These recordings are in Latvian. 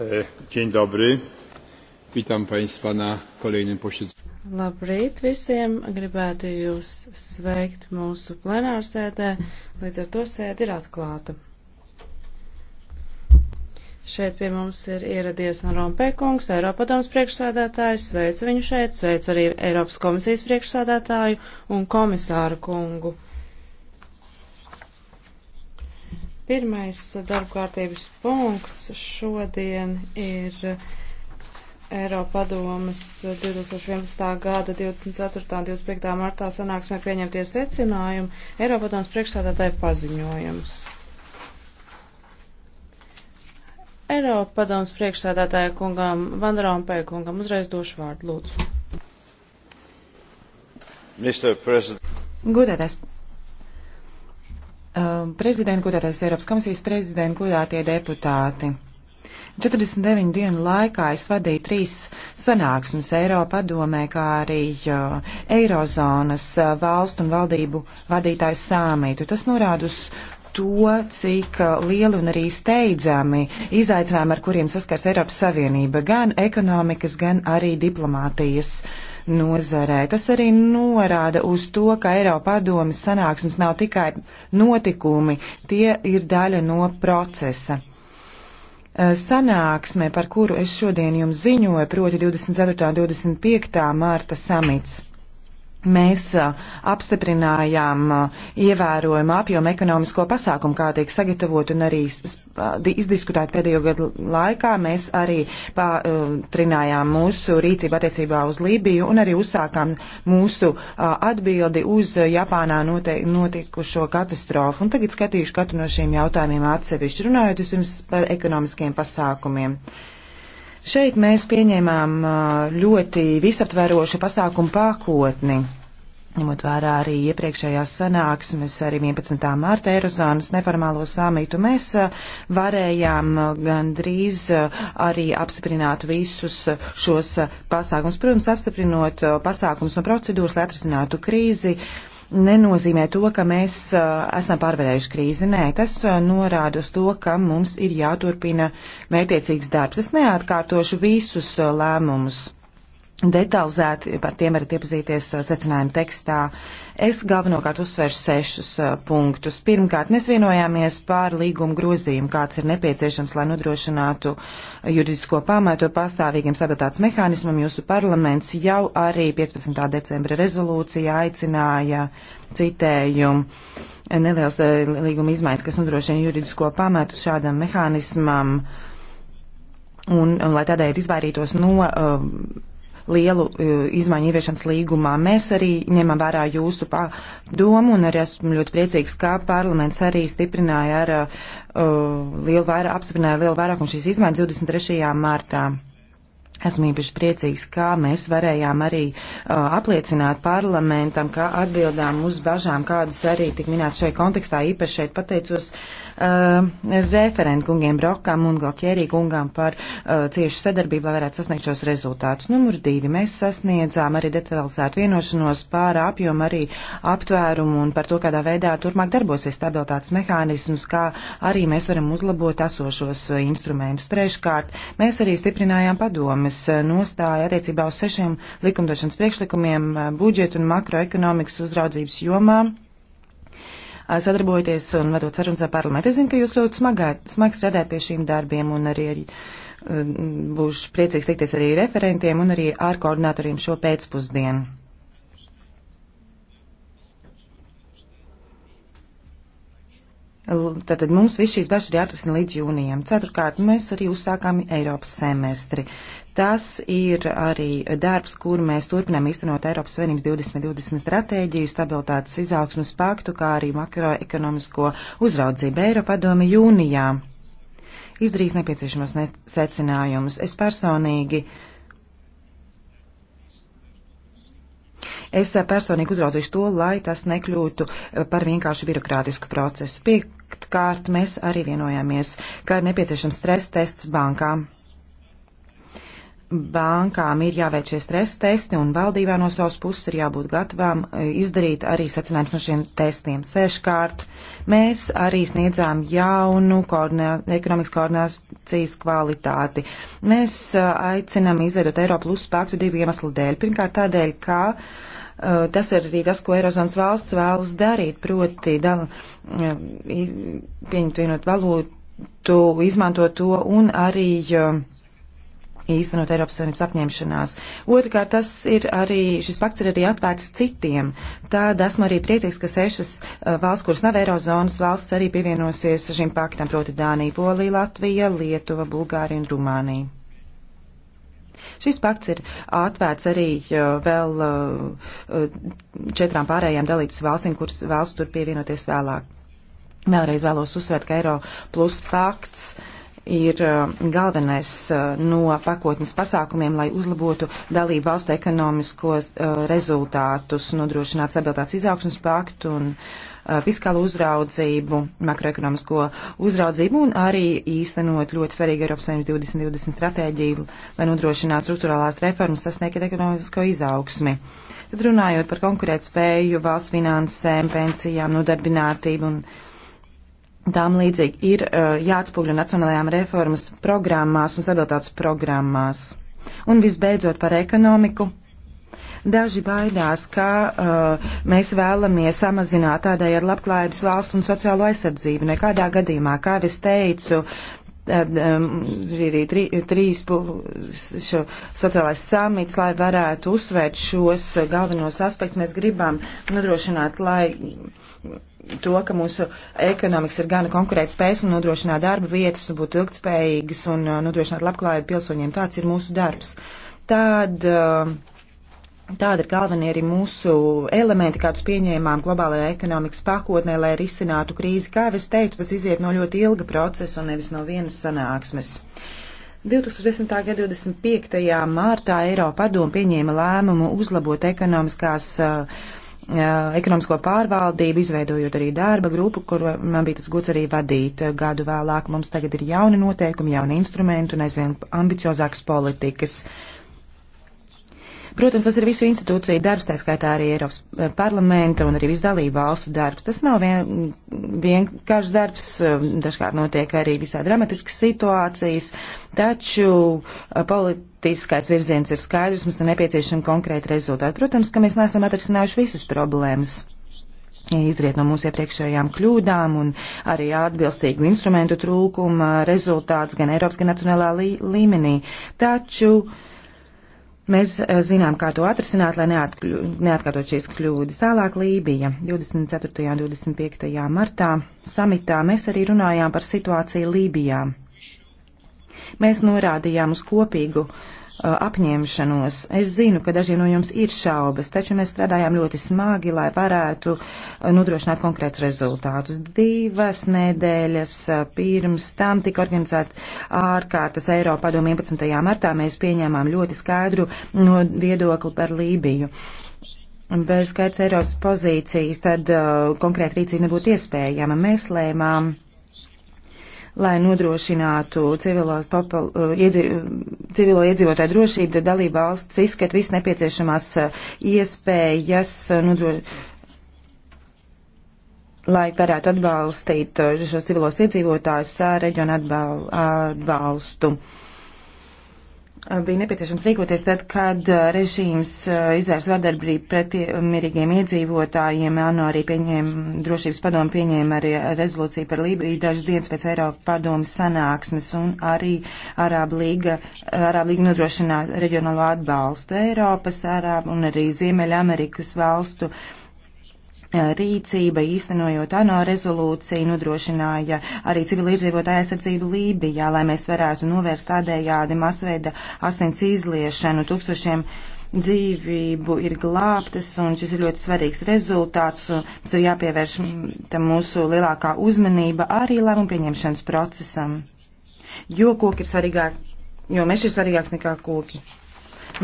E, dzień dobry. Witam Państwa na kolejnym posiedzeniu. Labrīt visiem! Gribētu jūs sveikt mūsu plenārsēdē, līdz ar to sēde ir atklāta. Šeit pie mums ir ieradies Van Rompēkungs, Eiropadoms priekšsādātājs, sveicu viņu šeit, sveicu arī Eiropas komisijas priekšsādātāju un komisāru kungu. Pirmais darbkārtības punkts šodien ir Eiropadomas 2011. gada 24. un 25. martā sanāksmē pieņemtie secinājumi Eiropadomas priekšsādātāja paziņojums. Eiropadomas priekšsādātāja kungam Vandarāmpē kungam uzreiz došu vārdu, lūdzu. Gudētājs um, prezidenta, godātais Eiropas komisijas prezidenta, godātie deputāti. 49 dienu laikā es vadīju trīs sanāksmes Eiropa padomē, kā arī uh, Eirozonas uh, valstu un valdību vadītājs sāmītu. Tas norāda uz to, cik uh, lieli un arī steidzami izaicinājumi, ar kuriem saskars Eiropas Savienība, gan ekonomikas, gan arī diplomātijas uh, nozarē. Tas arī norāda uz to, ka Eiropā domas sanāksmes nav tikai notikumi, tie ir daļa no procesa. Sanāksme, par kuru es šodien jums ziņoju, proti 24. un 25. mārta samits Mēs apstiprinājām ievērojumu apjomu ekonomisko pasākumu, kā tiek sagatavot un arī izdiskutēt pēdējo gadu laikā. Mēs arī pātrinājām mūsu rīcību attiecībā uz Lībiju un arī uzsākām mūsu atbildi uz Japānā notikušo katastrofu. Un tagad skatīšu katru no šiem jautājumiem atsevišķi, runājot vispirms par ekonomiskiem pasākumiem. Šeit mēs pieņēmām ļoti visaptverošu pasākumu pakotni ņemot vērā arī iepriekšējās sanāksmes, arī 11. mārta Eirozonas neformālo samitu, mēs uh, varējām uh, gandrīz uh, arī apstiprināt visus šos pasākumus. Protams, apstiprinot pasākumus un procedūras, lai atrisinātu krīzi. Nenozīmē to, ka mēs uh, esam pārvarējuši krīzi. Nē, tas uh, norāda uz to, ka mums ir jāturpina mērķiecīgs darbs. Es neatkārtošu visus uh, lēmumus Detalizēti par tiem varat iepazīties uh, secinājuma tekstā. Es galvenokārt uzsvēršu sešus uh, punktus. Pirmkārt, mēs vienojāmies pār līgumu grozījumu, kāds ir nepieciešams, lai nodrošinātu uh, juridisko pamatu pastāvīgiem sabatāts mehānismam. Jūsu parlaments jau arī 15. decembra rezolūcija aicināja citējumu nelielas līguma izmaiņas, kas nodrošina juridisko pamatu šādam mehānismam. Un, un lai tādēļ izvairītos no uh, lielu e, izmaiņu ieviešanas līgumā. Mēs arī ņemam vērā jūsu domu un arī esmu ļoti priecīgs, ka parlaments arī stiprināja ar uh, lielu vairāk, apstiprināja lielu vairāk un šīs izmaiņas 23. martā. Esmu īpaši priecīgs, kā mēs varējām arī uh, apliecināt parlamentam, kā atbildām uz bažām, kādas arī tik minētas šajā kontekstā. Īpaši šeit pateicos uh, Uh, referentu kungiem Brokam un Galķierī kungām par uh, ciešu sadarbību, lai varētu sasniegt šos rezultātus. Numur divi, mēs sasniedzām arī detalizētu vienošanos pār apjomu, arī aptvērumu un par to, kādā veidā turpmāk darbosies stabilitātes mehānisms, kā arī mēs varam uzlabot esošos uh, instrumentus. Treškārt, mēs arī stiprinājām padomes nostāju attiecībā uz sešiem likumdošanas priekšlikumiem budžetu un makroekonomikas uzraudzības jomā sadarbojoties un vedot sarunas ar parlamentu. Es zinu, ka jūs ļoti smagā, smagi strādājat pie šīm darbiem un arī, arī um, būšu priecīgs tikties arī referentiem un arī ārkoordinatoriem šo pēcpusdienu. Tātad mums viss šīs bažas ir jāatrisina līdz jūnijam. Ceturkārt, mēs arī uzsākām Eiropas semestri. Uh, Tas ir arī darbs, kur mēs turpinām īstenot Eiropas Savienības 2020 stratēģiju, stabilitātes izaugsmas paktu, kā arī makroekonomisko uzraudzību Eiropadomi jūnijā. Izdarīs nepieciešamos ne secinājumus. Es personīgi Es eh, personīgi uzraudzīšu to, lai tas nekļūtu eh, par vienkārši birokrātisku procesu. Piektkārt, mēs arī vienojāmies, ka ir nepieciešams stress tests bankām bankām ir jāveic šie stresa testi un valdībā no savas puses ir jābūt gatavām e, izdarīt arī secinājums no šiem testiem. Seškārt, mēs arī sniedzām jaunu koordinā, ekonomikas koordinācijas kvalitāti. Mēs e, aicinām izveidot Eiropu plus paktu divu iemeslu dēļ. Pirmkārt tādēļ, ka uh, tas ir arī tas, ko Eirozonas valsts vēlas darīt, proti dal, uh, pieņemt vienot valūtu, izmantot to un arī uh, īstenot Eiropas Savienības apņemšanās. Otrakārt, tas ir arī, šis pakts ir arī atvērts citiem. Tad esmu arī priecīgs, ka sešas valsts, kuras nav Eirozonas valsts, arī pievienosies šim paktam, proti Dānija, Polija, Latvija, Lietuva, Bulgārija un Rumānija. Šis pakts ir atvērts arī vēl četrām pārējām dalības valstīm, kuras vēlas tur pievienoties vēlāk. Vēlreiz vēlos uzsvērt, ka Eiro plus pakts uh, ir uh, galvenais uh, no pakotnes pasākumiem, lai uzlabotu dalību valstu ekonomiskos uh, rezultātus, nodrošinātu stabilitātes izaugsmas paktu un fiskālu uzraudzību, makroekonomisko uzraudzību un arī īstenot ļoti svarīgu Eiropas Savienības 2020 stratēģiju, lai nodrošinātu struktūrālās reformas sasniegt ekonomisko izaugsmi. Tad runājot par konkurētspēju, valsts finansēm, pensijām, nodarbinātību un Tām līdzīgi ir e, jāatspūgļo nacionālajām reformas programmās un stabilitātes programmās. Un visbeidzot par ekonomiku. Daži baidās, ka uh, mēs vēlamies samazināt tādai ar labklājības valstu un sociālo aizsardzību. Nekādā gadījumā, kā es teicu, tad um, ir arī tri, trīs šo sociālais samits, lai varētu uzsvērt šos galvenos aspektus. Mēs gribam nodrošināt, lai to, ka mūsu ekonomikas ir gana konkurētspējas un nodrošināt darba vietas un būt ilgtspējīgas un uh, nodrošināt labklājību pilsoņiem. Tāds ir mūsu darbs. Tad, uh, tāda ir galvenie arī mūsu elementi, kādus pieņēmām globālajā ekonomikas pakotnē, lai risinātu krīzi. Kā jau es teicu, tas iziet no ļoti ilga procesa un nevis no vienas sanāksmes. 2010. gada 25. mārtā Eiropa padomu pieņēma lēmumu uzlabot ekonomiskās uh, ekonomisko pārvaldību, izveidojot arī darba grupu, kur man bija tas gods arī vadīt. Gadu vēlāk mums tagad ir jauni noteikumi, jauni instrumenti un aizvien ambiciozākas politikas. Protams, tas ir visu institūciju darbs, tā skaitā arī Eiropas eh, parlamenta un arī visu dalību valstu darbs. Tas nav vien, vienkāršs darbs, eh, dažkārt notiek arī visā dramatiskas situācijas, taču eh, polit, politiskais virziens ir skaidrs, mums ir nepieciešama konkrēta rezultāta. Protams, ka mēs neesam atrisinājuši visas problēmas. Izriet no mūsu iepriekšējām kļūdām un arī atbilstīgu instrumentu trūkuma rezultāts gan Eiropas, gan nacionālā lī līmenī. Taču mēs eh, zinām, kā to atrisināt, lai neatkļu, neatkārtot šīs kļūdas. Tālāk Lībija 24. un 25. martā samitā mēs arī runājām par situāciju Lībijā. Mēs norādījām uz kopīgu uh, apņemšanos. Es zinu, ka dažiem no jums ir šaubas, taču mēs strādājām ļoti smagi, lai varētu uh, nodrošināt konkrētus rezultātus. Divas nedēļas uh, pirms tam tika organizēta ārkārtas Eiropa padomu 11. martā. Mēs pieņēmām ļoti skaidru no viedokli par Lībiju bez skaidrs Eiropas pozīcijas, tad uh, konkrēta rīcība nebūtu iespējama. Mēs lēmām lai nodrošinātu popul, uh, iedzi, civilo iedzīvotāju drošību, tad dalība valsts izskat viss nepieciešamās uh, iespējas, uh, nodro, lai varētu atbalstīt šos civilos iedzīvotājus ar reģionu atbal, atbalstu. Eh, bija nepieciešams rīkoties tad, kad eh, režīms eh, izvērs vardarbību pret mierīgiem iedzīvotājiem. ANO arī pieņēma, drošības padomu pieņēma arī rezolūciju par Lībiju dažas dienas pēc Eiropa padomas sanāksmes un arī Arāba līga, Arāba līga nodrošinā reģionālo atbalstu Eiropas, Arābu un arī Ziemeļa Amerikas valstu rīcība, īstenojot ANO rezolūciju, nodrošināja arī civilizētāju aizsardzību Lībijā, lai mēs varētu novērst tādējādi masveida asins izliešanu tūkstošiem dzīvību ir glābtas, un šis ir ļoti svarīgs rezultāts. Mums ir jāpievērš tam mūsu lielākā uzmanība arī lēmumu pieņemšanas procesam. Jo koki ir svarīgāk, jo meši ir svarīgāks nekā koki.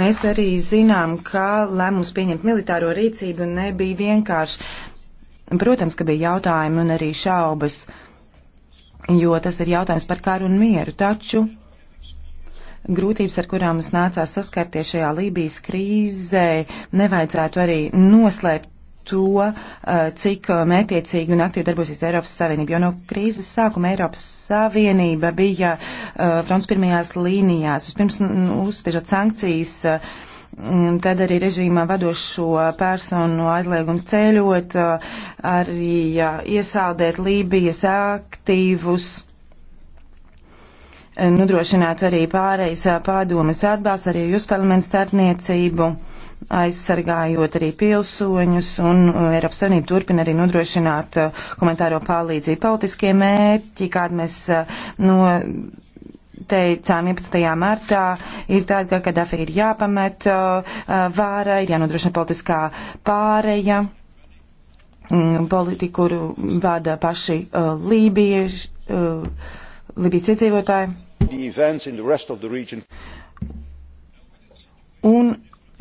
Mēs arī zinām, ka lēmums pieņemt militāro rīcību nebija vienkārši. Protams, ka bija jautājumi un arī šaubas, jo tas ir jautājums par karu un mieru, taču grūtības, ar kurām mums nācās saskarties šajā Lībijas krīzē, nevajadzētu arī noslēpt to, eh, cik eh, mētiecīgi un aktīvi darbosies Eiropas Savienība. Jo no krīzes sākuma Eiropas Savienība bija uh, fronts pirmajās līnijās, vispirms uzspiežot sankcijas. Uh, Tad arī režīmā vadošo personu aizliegums ceļot, uh, arī iesaldēt Lībijas aktīvus, nodrošināt arī pārējais pārdomas atbalstu, arī uz parlamentu starpniecību aizsargājot arī pilsoņus, un uh, Eiropas Savienība turpina arī nodrošināt uh, komentāro palīdzību politiskie mērķi, kādi mēs no teicām 11. martā, ir tāda, ka Kadafi ir jāpamet uh, vāra, ir jānodrošina politiskā pāreja, mm, politiku, kuru vada paši lībieši, Libijas iedzīvotāji. Un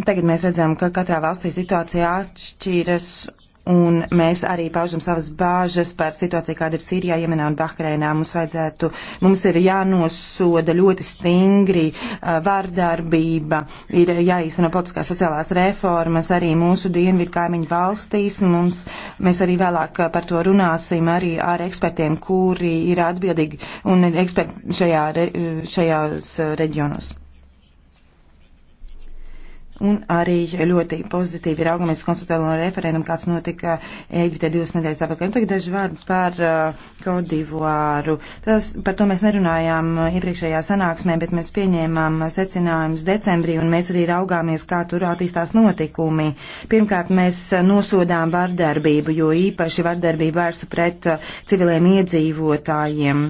Tagad mēs redzam, ka katrā valstī situācija atšķīras, un mēs arī paužam savas bāžas par situāciju, kāda ir Sīrijā, Jemenā un Bahreinā. Mums vajadzētu, mums ir jānosoda ļoti stingri uh, vārdarbība, ir jāīsteno politiskās sociālās reformas arī mūsu dienvidu kaimiņu valstīs. Mums, mēs arī vēlāk uh, par to runāsim arī ar ekspertiem, kuri ir atbildīgi un ir eksperti šajā, re, uh, šajās uh, reģionos un arī ļoti pozitīvi raugamies konsultālo referendumu, kāds notika Eģiptē divas nedēļas apakaļ. Un tagad daži vārdi par uh, Kodivāru. Tas, par to mēs nerunājām uh, iepriekšējā sanāksmē, bet mēs pieņēmām uh, secinājumus decembrī un mēs arī raugāmies, kā tur attīstās notikumi. Pirmkārt, mēs uh, nosodām vardarbību, jo īpaši vardarbību vērstu pret civiliem iedzīvotājiem.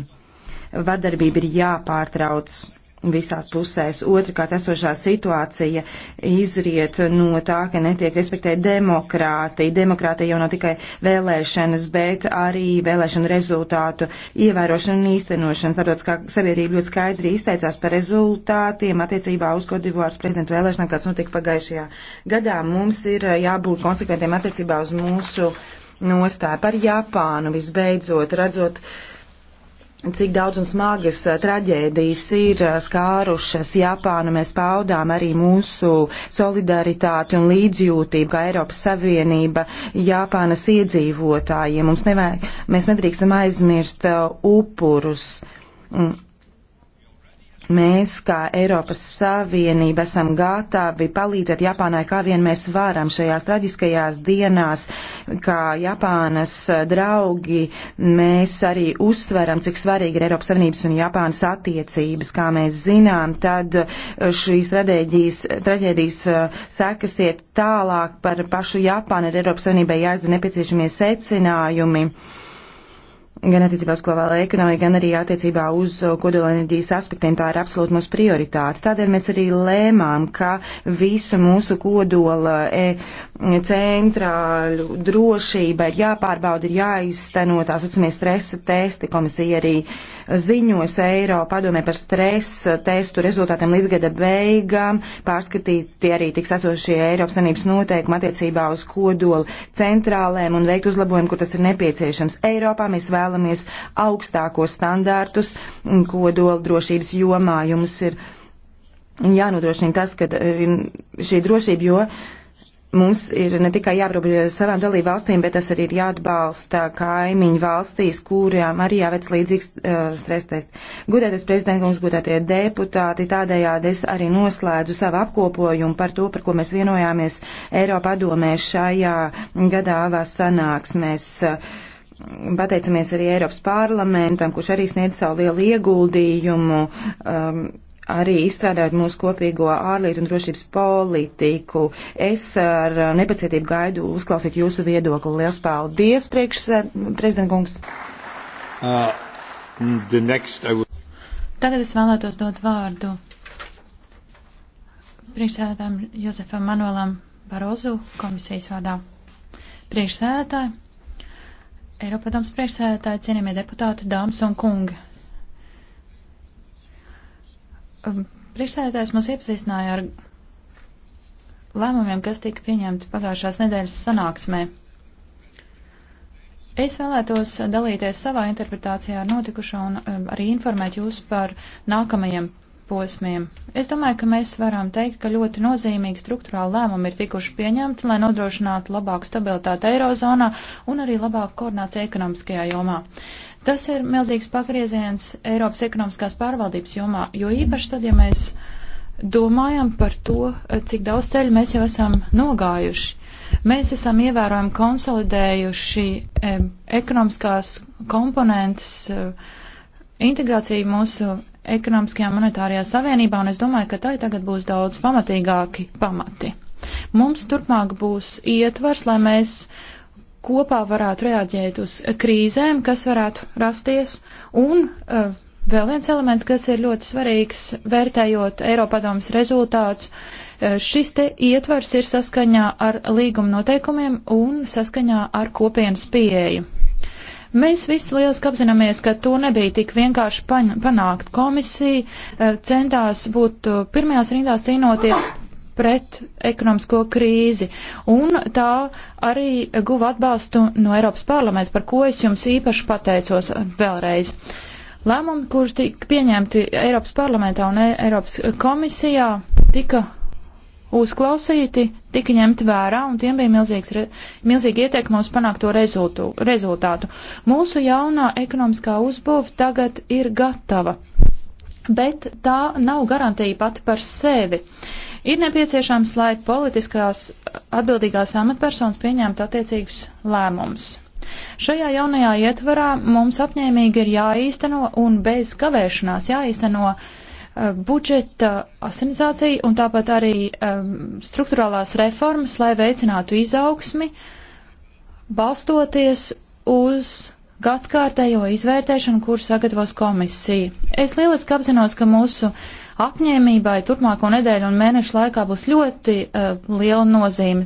Vardarbība ir jāpārtrauc visās pusēs. Otrakārt, esošā situācija izriet no tā, ka netiek respektēta demokrātija. Demokrātija jau nav tikai vēlēšanas, bet arī vēlēšanu rezultātu ievērošana un īstenošana. Starptautiskā sabiedrība ļoti skaidri izteicās par rezultātiem attiecībā uz Kodivārs prezidentu vēlēšanām, kāds notika pagājušajā gadā. Mums ir uh, jābūt konsekventiem attiecībā uz mūsu nostāju par Japānu visbeidzot, redzot. Uh, cik daudz un smagas eh, traģēdijas ir eh, skārušas Japānu. Mēs paudām arī mūsu solidaritāti un līdzjūtību kā Eiropas Savienība Japānas iedzīvotājiem. Mums nevajag, mēs nedrīkstam aizmirst eh, upurus. Mm. Mēs, kā Eiropas Savienība, esam gatavi palīdzēt Japānai, kā vien mēs varam šajās traģiskajās dienās, kā Japānas draugi. Mēs arī uzsveram, cik svarīgi ir Eiropas Savienības un Japānas attiecības. Kā mēs zinām, tad šīs traģēdijas eh, sekas iet tālāk par pašu Japānu. Ir Eiropas Savienībai jāizdara nepieciešamie secinājumi gan attiecībā uz globālo ekonomiku, gan arī attiecībā uz kodolenerģijas aspektiem. Tā ir absolūti mūsu prioritāte. Tādēļ mēs arī lēmām, ka visu mūsu kodola e, centrāļu drošība ir jāpārbauda, ir jāizsteno tās, atcīmies, stresa testi. Komisija arī uh, ziņos Eiropa padomē par stresa testu rezultātiem līdz gada beigām, pārskatīti arī tiks esošie Eiropas Sanības noteikumi attiecībā uz kodolu centrālēm un veikt uzlabojumu, kur tas ir nepieciešams. Eiropā mēs vēlamies augstākos standārtus kodola drošības jomā. Jums ir jānodrošina tas, ka šī drošība, jo mums ir ne tikai jāprobežo savām dalību valstīm, bet tas arī ir jāatbalsta kaimiņu valstīs, kurām arī jāveic līdzīgs uh, stres tests. Gudētais prezidentums, gudētie deputāti, tādējādi es arī noslēdzu savu apkopojumu par to, par ko mēs vienojāmies Eiropā domē šajā gadāvā sanāksmēs. Uh, pateicamies arī Eiropas parlamentam, kurš arī sniedz savu lielu ieguldījumu. Um, arī izstrādājot mūsu kopīgo ārlietu un drošības politiku. Es ar uh, nepacietību gaidu uzklausīt jūsu viedokli. Lielas paldies, priekšsēdētājs. Uh, will... Tagad es vēlētos dot vārdu priekšsēdētājiem Josefam Manuelam Barozu komisijas vārdā. Priekšsēdētāji, Eiropadoms priekšsēdētāji, cienījamie deputāti, dāmas un kungi. Um, priekšsēdētājs mums iepazīstināja ar lēmumiem, kas tika pieņemti pagājušās nedēļas sanāksmē. Es vēlētos dalīties savā interpretācijā ar notikušo un um, arī informēt jūs par nākamajiem posmiem. Es domāju, ka mēs varam teikt, ka ļoti nozīmīgi struktūrāli lēmumi ir tikuši pieņemti, lai nodrošinātu labāku stabilitāti Eirozonā un arī labāku koordināciju ekonomiskajā jomā. Tas ir milzīgs pagrieziens Eiropas ekonomiskās pārvaldības jomā, jo īpaši tad, ja mēs domājam par to, cik daudz ceļu mēs jau esam nogājuši. Mēs esam ievērojami konsolidējuši e, ekonomiskās komponentes e, integrāciju mūsu ekonomiskajā monetārajā savienībā, un es domāju, ka tai tagad būs daudz pamatīgāki pamati. Mums turpmāk būs ietvars, lai mēs uh, kopā varētu reaģēt uz krīzēm, kas varētu rasties, un uh, vēl viens elements, kas ir ļoti svarīgs, vērtējot Eiropadomas rezultātus, uh, šis te ietvars ir saskaņā ar līguma noteikumiem un saskaņā ar kopienas pieeju. Mēs visi lieliski apzināmies, ka to nebija tik vienkārši panākt. Komisija eh, centās būt pirmajās rindās cīnoties pret ekonomisko krīzi, un tā arī guva atbalstu no Eiropas parlamenta, par ko es jums īpaši pateicos vēlreiz. Lēmumi, kurus tika pieņemti Eiropas parlamentā un Eiropas komisijā, tika uzklausīti, tika ņemti vērā, un tiem bija milzīgs, milzīgi ieteikumi uz panākto rezultu, rezultātu. Mūsu jaunā ekonomiskā uzbūve tagad ir gatava, bet tā nav garantija pati par sevi. Uh, Ir nepieciešams, lai politiskās atbildīgās amatpersonas pieņemtu attiecīgus lēmumus. Šajā jaunajā ietvarā mums apņēmīgi ir jāīsteno un bez kavēšanās jāīsteno uh, budžeta asinizācija un tāpat arī um, struktūrālās reformas, lai veicinātu izaugsmi, balstoties uz gadskārtējo izvērtēšanu, kur sagatavos komisija. Es lieliski apzinos, ka mūsu uh, apņēmībai turpmāko nedēļu un mēnešu laikā būs ļoti uh, liela nozīme.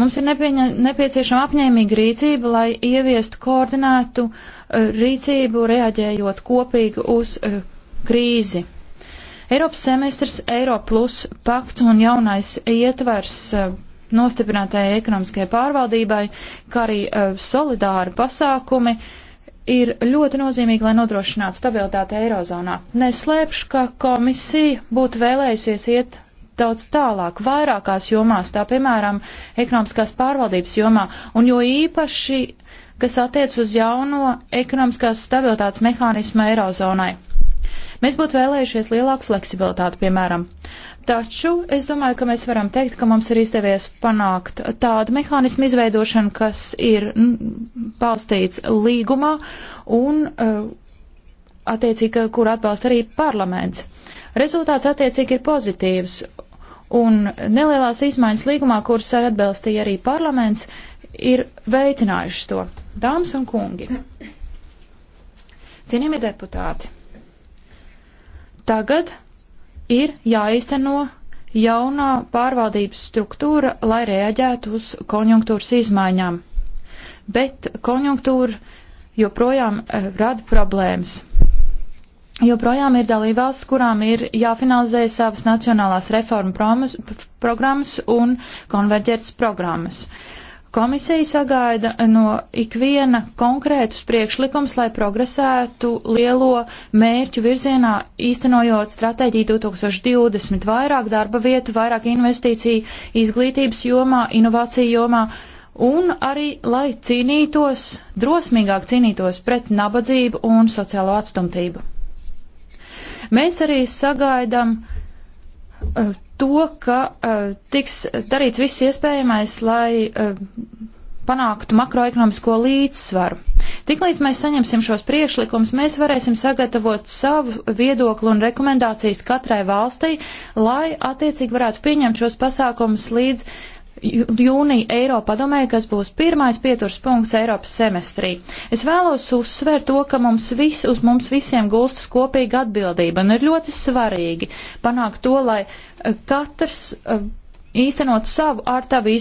Mums ir nepieņa, nepieciešama apņēmīga rīcība, lai ieviestu koordinētu uh, rīcību, reaģējot kopīgi uz uh, krīzi. Eiropas semestrs, Eiropa plus pakts un jaunais ietvers uh, nostiprinātajai ekonomiskajai pārvaldībai, kā arī uh, solidāri pasākumi uh, ir ļoti nozīmīgi, lai nodrošinātu stabilitāti Eirozonā. Neslēpšu, ka komisija būtu vēlējusies iet daudz tālāk, vairākās jomās, tā piemēram, ekonomiskās pārvaldības jomā, un jo īpaši, kas attiec uz jauno ekonomiskās stabilitātes mehānismu Eirozonai. Mēs būtu vēlējušies lielāku fleksibilitāti, piemēram. Taču es domāju, ka mēs varam teikt, ka mums ir izdevies panākt tādu mehānismu izveidošanu, kas ir balstīts līgumā un uh, attiecīgi, kur atbalsta arī parlaments. Rezultāts attiecīgi ir pozitīvs. Un nelielās izmaiņas līgumā, kuras atbalstīja arī parlaments, ir veicinājušas to. Dāmas un kungi, cienījami deputāti, tagad ir jāizteno jaunā pārvaldības struktūra, lai reaģētu uz konjunktūras izmaiņām. Bet konjunktūra joprojām eh, rada problēmas. Joprojām ir dalībvalsts, kurām ir jāfinalizē savas nacionālās reformu programmas un konverģētas programmas. Uh, Komisija sagaida no ikviena konkrētus priekšlikums, lai progresētu lielo mērķu virzienā, īstenojot stratēģiju 2020 vairāk darba vietu, vairāk investīciju izglītības jomā, inovāciju jomā un arī, lai cīnītos, drosmīgāk cīnītos pret nabadzību un sociālo atstumtību. Mēs arī sagaidām uh, to, ka uh, tiks darīts viss iespējamais, lai uh, panāktu makroekonomisko līdzsvaru. Tiklīdz mēs saņemsim šos priekšlikumus, mēs varēsim sagatavot savu viedokli un rekomendācijas katrai valstī, lai attiecīgi varētu pieņemt šos pasākumus līdz jūnija Eiropa padomē, kas būs pirmais pieturs punkts Eiropas semestrī. Es vēlos uzsvērt to, ka mums vis, uz mums visiem gulstas kopīga atbildība un ir ļoti svarīgi panākt to, lai katrs eh, īstenot savu ārtavu,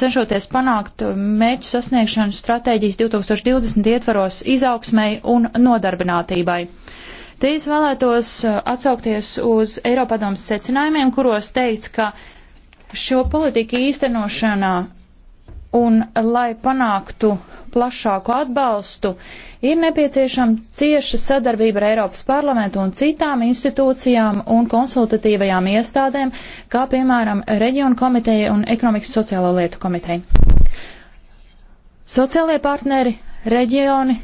cenšoties panākt eh, mērķu sasniegšanu stratēģijas 2020 ietvaros izaugsmai un nodarbinātībai. Te es vēlētos eh, atsaukties uz Eiropadomas secinājumiem, kuros teikts, ka šo politiku īstenošanā un lai panāktu plašāku atbalstu, Ir nepieciešama cieša sadarbība ar Eiropas parlamentu un citām institūcijām un konsultatīvajām iestādēm, kā piemēram Reģionu komiteja un Ekonomikas sociālo lietu komiteja. Sociālie partneri, reģioni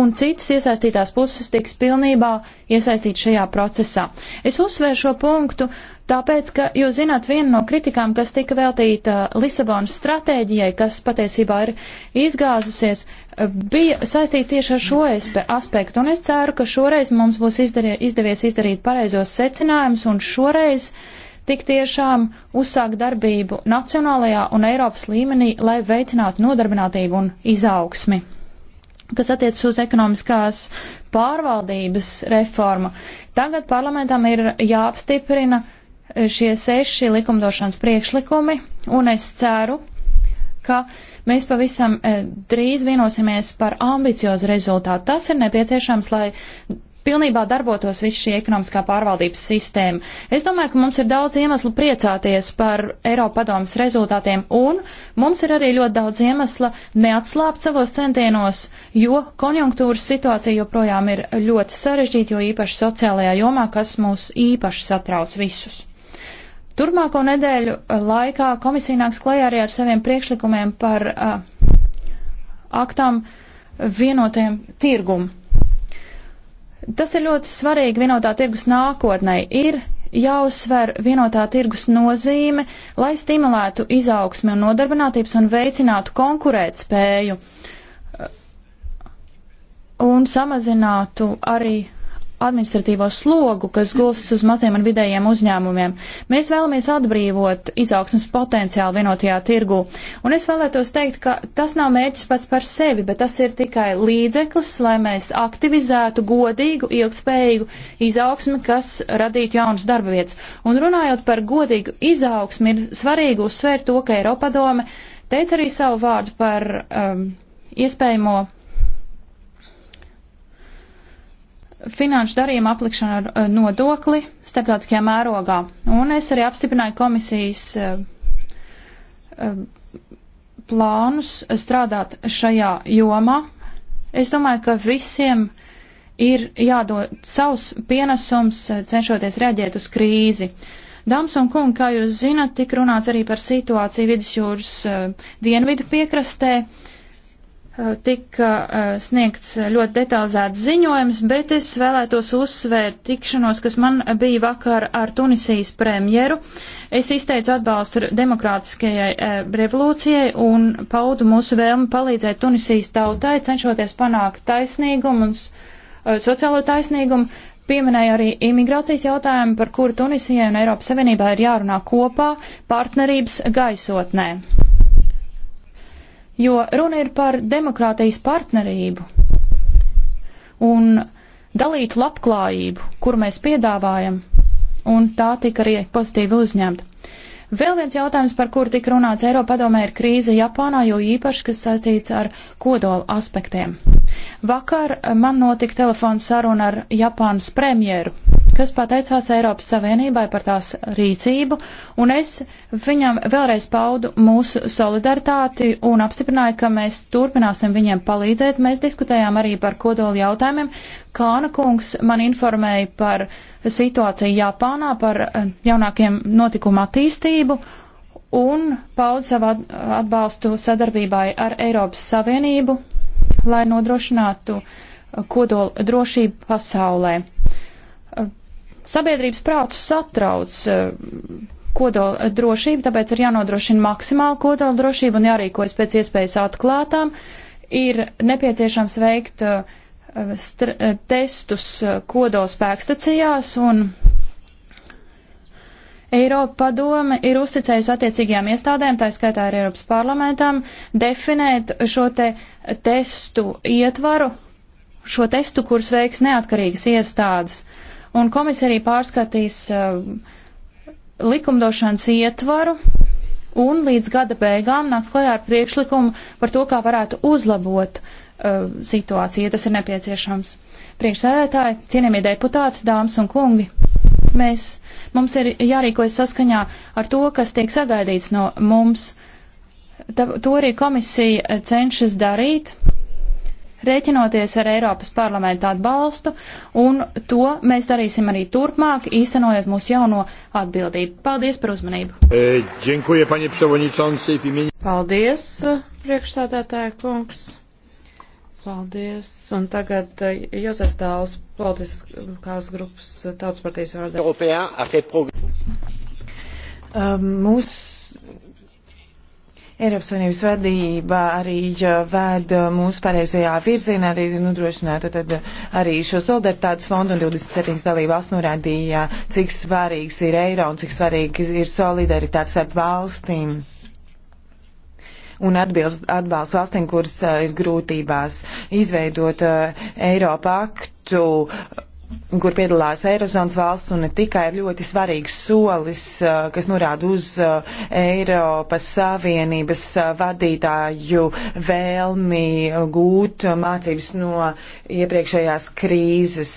un citas iesaistītās puses tiks pilnībā iesaistīt šajā procesā. Es uzsvēru šo punktu, tāpēc, ka jūs zināt vienu no kritikām, kas tika veltīta Lisabonas stratēģijai, kas patiesībā ir izgāzusies, bija saistīti tieši ar šo aspektu, un es ceru, ka šoreiz mums būs izdarie, izdevies izdarīt pareizos secinājumus, un šoreiz tik tiešām uzsākt darbību nacionālajā un Eiropas līmenī, lai veicinātu nodarbinātību un izaugsmi. Kas attiecas uz ekonomiskās pārvaldības reformu, tagad parlamentam ir jāapstiprina šie seši likumdošanas priekšlikumi, un es ceru, ka mēs pavisam eh, drīz vienosimies par ambiciozu rezultātu. Tas ir nepieciešams, lai pilnībā darbotos viss šī ekonomiskā pārvaldības sistēma. Es domāju, ka mums ir daudz iemeslu priecāties par Eiropa padomas rezultātiem, un mums ir arī ļoti daudz iemesla neatslāpt savos centienos, jo konjunktūras situācija joprojām ir ļoti sarežģīta, jo īpaši sociālajā jomā, kas mūs īpaši satrauc visus. Turmāko nedēļu eh, laikā komisija nāks klajā arī ar saviem priekšlikumiem par uh, aktām vienotiem tirgumu. Tas ir ļoti svarīgi vienotā tirgus nākotnē. Ir jāuzsver vienotā tirgus nozīme, lai stimulētu izaugsmi un nodarbinātības un veicinātu konkurētspēju eh, un samazinātu arī administratīvo slogu, kas gulstas uz maziem un vidējiem uzņēmumiem. Mēs vēlamies atbrīvot izaugsmas potenciālu vienotajā tirgu. Un es vēlētos teikt, ka tas nav mērķis pats par sevi, bet tas ir tikai līdzeklis, lai mēs aktivizētu godīgu, ilgspējīgu izaugsmi, kas radītu jaunas darba vietas. Un runājot par godīgu izaugsmi, ir svarīgi uzsvērt to, ka Eiropa doma teica arī savu vārdu par um, iespējamo finanšu darījumu aplikšanu ar eh, nodokli starptautiskajā mērogā. Un es arī apstiprināju komisijas eh, eh, plānus strādāt šajā jomā. Es domāju, ka visiem ir jādod savs pienesums, cenšoties reaģēt uz krīzi. Dāmas un kungi, kā jūs zinat, tik runāts arī par situāciju vidusjūras dienvidu piekrastē. Uh, Eh, tika eh, sniegts ļoti detalizēts ziņojums, bet es vēlētos uzsvērt tikšanos, kas man bija vakar ar Tunisijas premjeru. Es izteicu atbalstu demokrātiskajai eh, revolūcijai un paudu mūsu vēlmi palīdzēt Tunisijas tautai, cenšoties panākt taisnīgumu un sociālo taisnīgumu. Pieminēja arī imigrācijas jautājumu, par kuru Tunisijai un Eiropas Savienībā ir jārunā kopā partnerības gaisotnē jo runa ir par demokrātijas partnerību un dalītu labklājību, kur mēs piedāvājam, un tā tika arī pozitīvi uzņemta. Vēl viens jautājums, par kuru tika runāts Eiropadomē, ir krīze Japānā, jo īpaši, kas saistīts ar kodola aspektiem. Vakar man notika telefona saruna ar Japānas premjeru, kas pateicās Eiropas Savienībai par tās rīcību, un es viņam vēlreiz paudu mūsu solidaritāti un apstiprināju, ka mēs turpināsim viņiem palīdzēt. Mēs diskutējām arī par kodoli jautājumiem. Kāna kungs man informēja par situāciju Japānā, par eh, jaunākiem notikumu attīstību un paudu savu atbalstu sadarbībai ar Eiropas Savienību, lai nodrošinātu eh, kodolu drošību pasaulē. Eh, sabiedrības prātu satrauc eh, kodola drošība, tāpēc ir jānodrošina maksimāla kodola drošība un jārīkojas pēc iespējas atklātām. Ir nepieciešams veikt eh, testus kodola spēkstacijās un Eiropa padome ir uzticējusi attiecīgajām iestādēm, tā skaitā arī Eiropas parlamentam, definēt šo te testu ietvaru, šo testu, kurus veiks neatkarīgas iestādes. Un komisija arī pārskatīs uh, likumdošanas ietvaru un līdz gada beigām nāks klajā ar priekšlikumu par to, kā varētu uzlabot uh, situāciju, ja tas ir nepieciešams. Priekšsēdētāji, cienījamie deputāti, dāmas un kungi, mēs, mums ir jārīkojas saskaņā ar to, kas tiek sagaidīts no mums. Ta, to arī komisija eh, cenšas darīt, rēķinoties ar Eiropas parlamentu atbalstu, un to mēs darīsim arī turpmāk, īstenojot mūsu jauno atbildību. Paldies par uzmanību! E, Paldies, priekšsādātāja kungs! Paldies! Un tagad e, Josefs Dāls, politiskās grupas e, tautas partijas vārdā. Um, mūsu Eiropas Savienības vadība arī vēd uh, mūsu pareizajā virzienā, arī ir nodrošināta tad uh, arī šo solidaritātes fondu, un 27 dalībās norādīja, cik svarīgs ir eiro un cik svarīgi ir solidaritātes ar valstīm. Un atbilst, atbalsts valstīm, kuras uh, ir grūtībās izveidot uh, Eiropa aktu. Uh, kur piedalās Eirozonas valsts un ne tikai ir ļoti svarīgs solis, uh, kas norāda uz uh, Eiropas Savienības uh, vadītāju vēlmi gūt mācības no iepriekšējās krīzes.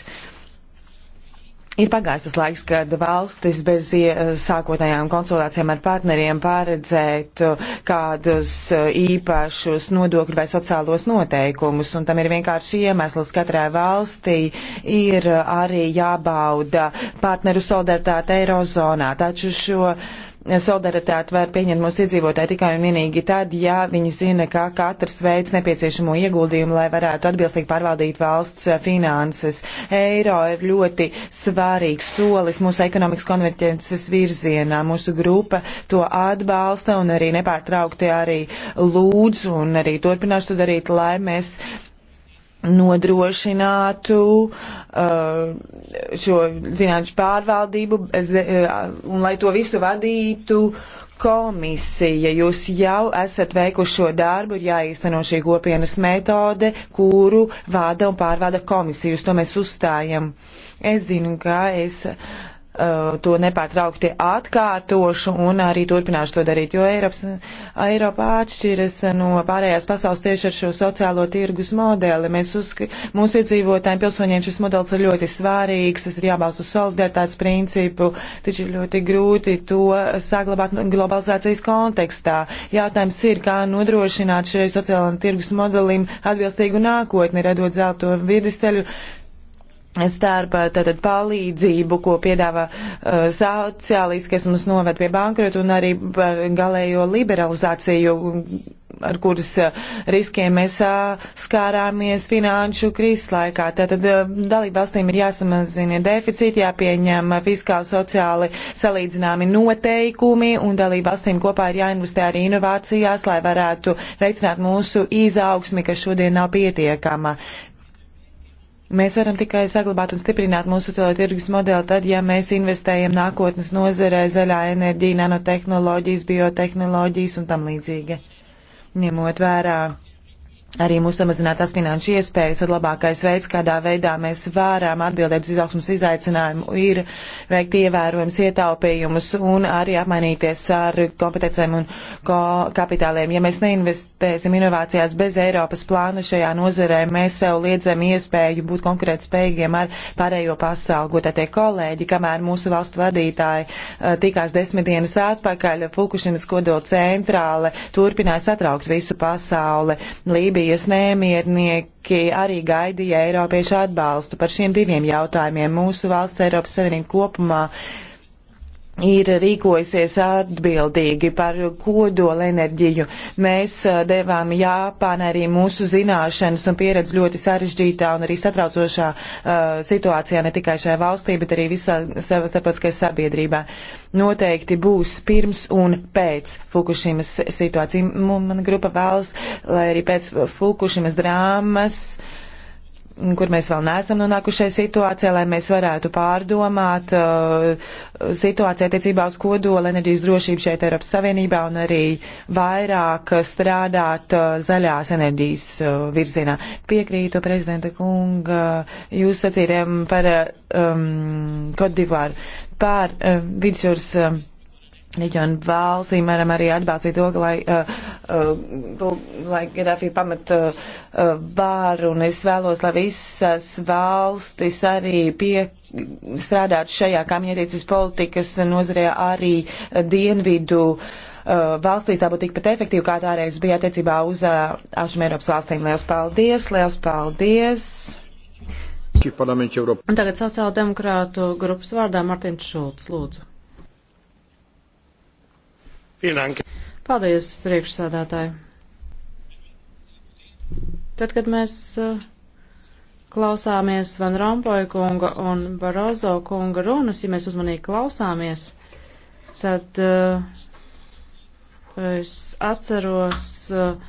Ir pagājis tas laiks, kad valstis bez eh, sākotnējām konsultācijām ar partneriem pārredzētu eh, kādus eh, īpašus nodokļu vai sociālos noteikumus, un tam ir vienkārši iemesls. Katrai valstī ir arī jābauda partneru solidaritāte Eirozonā, taču šo uh, solidaritāti var pieņemt mūsu iedzīvotāji tikai un vienīgi tad, ja viņi zina, ka katrs veids nepieciešamo ieguldījumu, lai varētu atbilstīgi pārvaldīt valsts finanses. Eiro ir ļoti svarīgs solis mūsu ekonomikas konverģences virzienā. Mūsu grupa to atbalsta un arī nepārtraukti arī lūdz un arī turpināšu to darīt, lai mēs nodrošinātu uh, šo finanšu pārvaldību uh, un lai to visu vadītu komisija. Jūs jau esat veikuši šo darbu, ir jāīsteno šī kopienas metode, kuru vada un pārvada komisija. Uz to mēs uzstājam. Es zinu, ka es Uh, to nepārtraukti atkārtošu un arī turpināšu to darīt, jo Eiropas, Eiropa atšķiras no pārējās pasaules tieši ar šo sociālo tirgus modeli. Mēs uzsk, mūsu iedzīvotājiem, pilsoņiem šis modelis ir ļoti svārīgs, tas ir jābalsta uz solidaritātes principu, taču ir ļoti grūti to saglabāt globalizācijas kontekstā. Jautājums ir, kā nodrošināt šai sociālajam tirgus modelim atbilstīgu nākotni, radot zelto vidusceļu starp tātad palīdzību, ko piedāvā uh, sociālisti, kas mums noved pie bankrota un arī par galējo liberalizāciju, ar kuras uh, riskiem mēs uh, skārāmies finanšu krīzes laikā. Tātad uh, dalību valstīm ir jāsamazina deficīti, jāpieņem uh, fiskāli sociāli salīdzināmi noteikumi un dalību valstīm kopā ir jāinvestē arī inovācijās, lai varētu veicināt mūsu izaugsmi, kas šodien nav pietiekama. Mēs varam tikai saglabāt un stiprināt mūsu sociālo tirgus modeli tad, ja mēs investējam nākotnes nozerē zaļā enerģija, nanotehnoloģijas, biotehnoloģijas un tam līdzīgi, ņemot vērā arī mūsu samazinātās finanšu iespējas, tad labākais veids, kādā veidā mēs varam atbildēt uz izaugsmas izaicinājumu, ir veikt ievērojams ietaupījumus un arī apmainīties ar kompetencēm un ko kapitāliem. Ja mēs neinvestēsim inovācijās bez Eiropas plāna šajā nozarē, mēs sev liedzam iespēju būt konkurētspējīgiem ar pārējo pasauli. Gotātie kolēģi, kamēr mūsu valstu vadītāji eh, tikās desmit dienas atpakaļ, Fukušinas kodola centrāle turpināja satraukt visu pasauli. Lībija Sīrijas nemiernieki arī gaidīja Eiropiešu atbalstu. Par šiem diviem jautājumiem mūsu valsts Eiropas Savienība kopumā ir rīkojusies atbildīgi par kodola enerģiju. Mēs uh, devām Japānai arī mūsu zināšanas un pieredzi ļoti sarežģītā un arī satraucošā uh, situācijā ne tikai šajā valstī, bet arī visā starptautiskajā sabiedrībā. Noteikti būs pirms un pēc Fukushimas situācija. Man grupa vēlas, lai arī pēc Fukushimas drāmas uh, kur mēs vēl neesam nonākušai situācijā, lai mēs varētu pārdomāt uh, situāciju attiecībā uz kodola enerģijas drošību šeit Eiropas Savienībā un arī vairāk strādāt uh, zaļās enerģijas uh, virzienā. Piekrītu prezidenta kunga jūs sacītiem um, par um, Kodivāru, par uh, vidusjūras. Uh, reģionu valstīm varam arī atbalstīt to, lai, uh, uh, lai Gaddafi pamat uh, vāru, uh, un es vēlos, lai visas valstis arī pie strādātu šajā kamietīcības politikas nozarē arī dienvidu uh, valstīs tā būtu tikpat efektīva, kā tā reiz bija attiecībā uz uh, Ašam Eiropas valstīm. Liels paldies, liels paldies! Un tagad sociāldemokrātu grupas vārdā Martins Šulcs, lūdzu. Paldies, priekšsādātāji. Tad, kad mēs uh, klausāmies Van Rompuy kunga un Barozo kunga runas, ja mēs uzmanīgi klausāmies, tad uh, es atceros uh,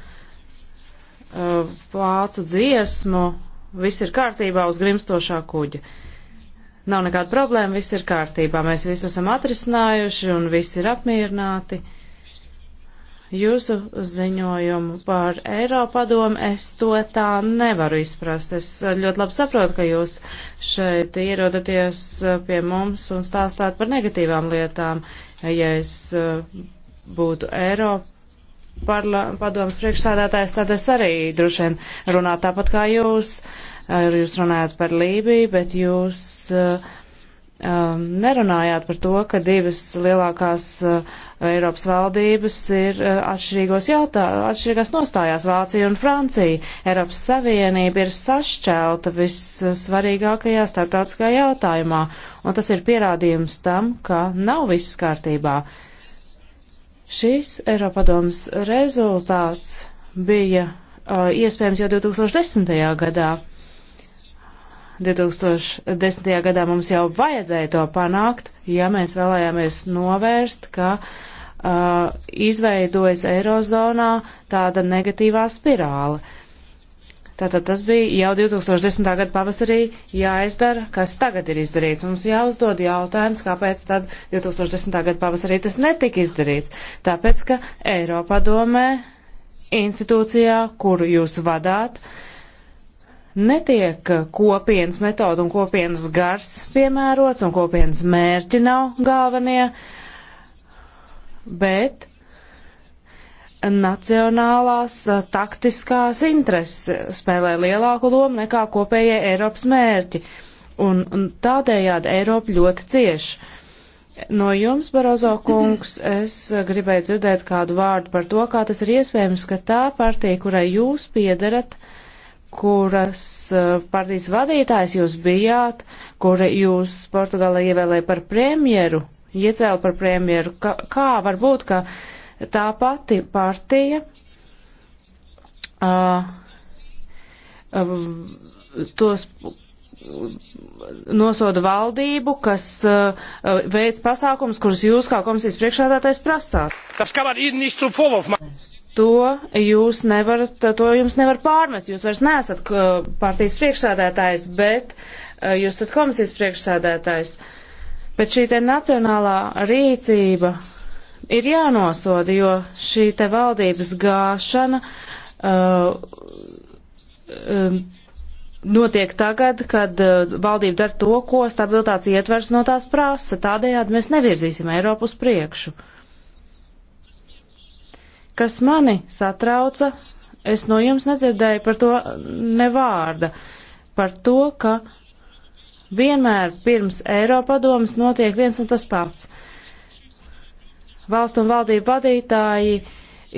uh, vācu dziesmu, viss ir kārtībā uz grimstošā kuģa. Nav nekāda problēma, viss ir kārtībā, mēs visu esam atrisinājuši un visi ir apmierināti. Uh, Jūsu ziņojumu par Eiropadomu es to tā nevaru izprast. Es ļoti labi saprotu, ka jūs šeit ierodaties pie mums un stāstāt par negatīvām lietām. Ja es eh, būtu Eiropadomas priekšsādātājs, tad es arī droši vien runātu tāpat kā jūs. Eh, jūs runājat par Lībiju, bet jūs eh, nerunājāt par to, ka divas lielākās uh, Eiropas valdības ir eh, atšķirīgos jautā, atšķirīgās nostājās Vācija un Francija. Eiropas Savienība ir sašķelta vissvarīgākajā starptautiskā jautājumā, un tas ir pierādījums tam, ka nav viss kārtībā. Šīs Eiropadomas rezultāts bija uh, iespējams jau 2010. gadā. 2010. gadā mums jau vajadzēja to panākt, ja mēs vēlējāmies novērst, ka uh, izveidojas Eirozonā tāda negatīvā spirāle. Tātad tas bija jau 2010. gada pavasarī jāizdara, kas tagad ir izdarīts. Mums jāuzdod jautājums, kāpēc tad 2010. gada pavasarī tas netika izdarīts. Tāpēc, ka Eiropadomē institūcijā, kuru jūs vadāt, uh, netiek kopienas metoda un kopienas gars piemērots, un kopienas mērķi nav galvenie, bet nacionālās taktiskās intereses spēlē lielāku lomu nekā kopējie Eiropas mērķi, un, un tādējādi Eiropa ļoti cieši. No jums, Barozo kungs, es gribēju dzirdēt kādu vārdu par to, kā tas ir iespējams, ka tā partija, kurai jūs piedarat, uh, kuras eh, partijas vadītājs jūs bijāt, kura jūs Portugālē ievēlēja par premjeru, iecēla par premjeru. Kā, kā var būt, ka tā pati partija uh, tos nosoda valdību, kas uh, veids pasākums, kurus jūs kā komisijas priekšādātais prasāt to jūs nevarat, to jums nevar pārmest. Jūs vairs nesat uh, partijas priekšsādētājs, bet uh, jūs esat komisijas priekšsādētājs. Bet šī te nacionālā rīcība ir jānosoda, jo šī te valdības gāšana uh, uh, notiek tagad, kad uh, valdība dara to, ko stabilitātes ietvers no tās prasa. Tādējādi mēs nevirzīsim Eiropu uz priekšu. Uh, Kas mani satrauca, es no jums nedzirdēju par to nevārda, par to, ka vienmēr pirms Eiropadomas notiek viens un tas pats. Valstu un valdību vadītāji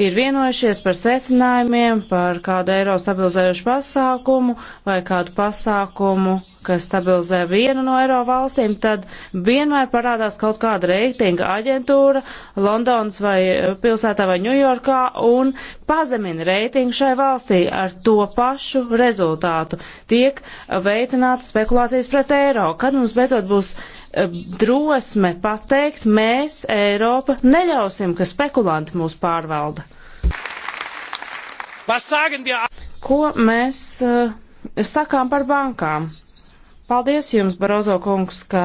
ir vienojušies par secinājumiem, par kādu eiro stabilizējušu pasākumu vai kādu pasākumu kas stabilizē vienu no eiro valstīm, tad vienmēr parādās kaut kāda reitinga aģentūra Londonas vai eh, pilsētā vai Ņujorkā un pazemina reitingu šai valstī ar to pašu rezultātu. Tiek veicināta spekulācijas pret eiro. Kad mums beidzot būs eh, drosme pateikt, mēs, Eiropa, neļausim, ka spekulanti mūs pārvalda. Ko mēs uh, sakām par bankām? Paldies jums, Barozo kungs, ka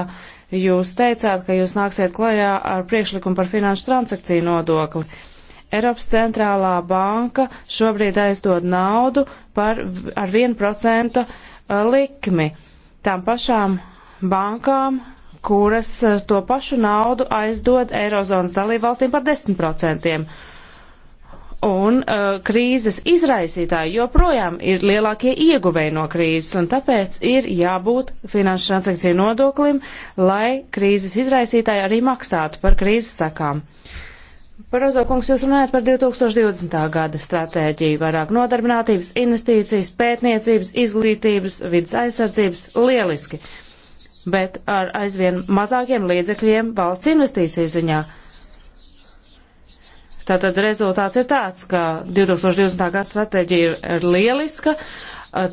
jūs teicāt, ka jūs nāksiet klajā ar priekšlikumu par finanšu transakciju nodokli. Eiropas centrālā banka šobrīd aizdod naudu par, ar 1% uh, likmi tām pašām bankām, kuras uh, to pašu naudu aizdod Eirozonas dalībvalstīm par 10% un uh, krīzes izraisītāji joprojām ir lielākie ieguvēji no krīzes, un tāpēc ir jābūt finanšu transakciju nodoklim, lai krīzes izraisītāji arī maksātu par krīzes sakām. Parozo kungs, jūs runājat par 2020. gada stratēģiju, vairāk nodarbinātības, investīcijas, pētniecības, izglītības, vidas aizsardzības, lieliski, bet ar aizvien mazākiem līdzekļiem valsts investīciju ziņā. Uh, Tātad rezultāts ir tāds, ka 2020. gada stratēģija ir lieliska,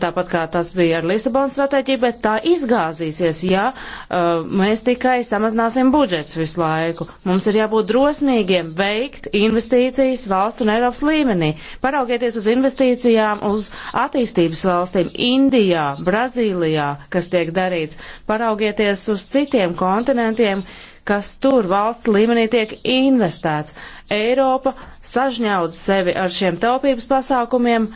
tāpat kā tas bija ar Lisabonas stratēģiju, bet tā izgāzīsies, ja uh, mēs tikai samazināsim budžets visu laiku. Mums ir jābūt drosmīgiem veikt investīcijas valsts un Eiropas līmenī. Paraugieties uz investīcijām uz attīstības valstīm Indijā, Brazīlijā, kas tiek darīts. Paraugieties uz citiem kontinentiem, kas tur valsts līmenī tiek investēts. Uh, Eiropa sažņaud sevi ar šiem taupības pasākumiem.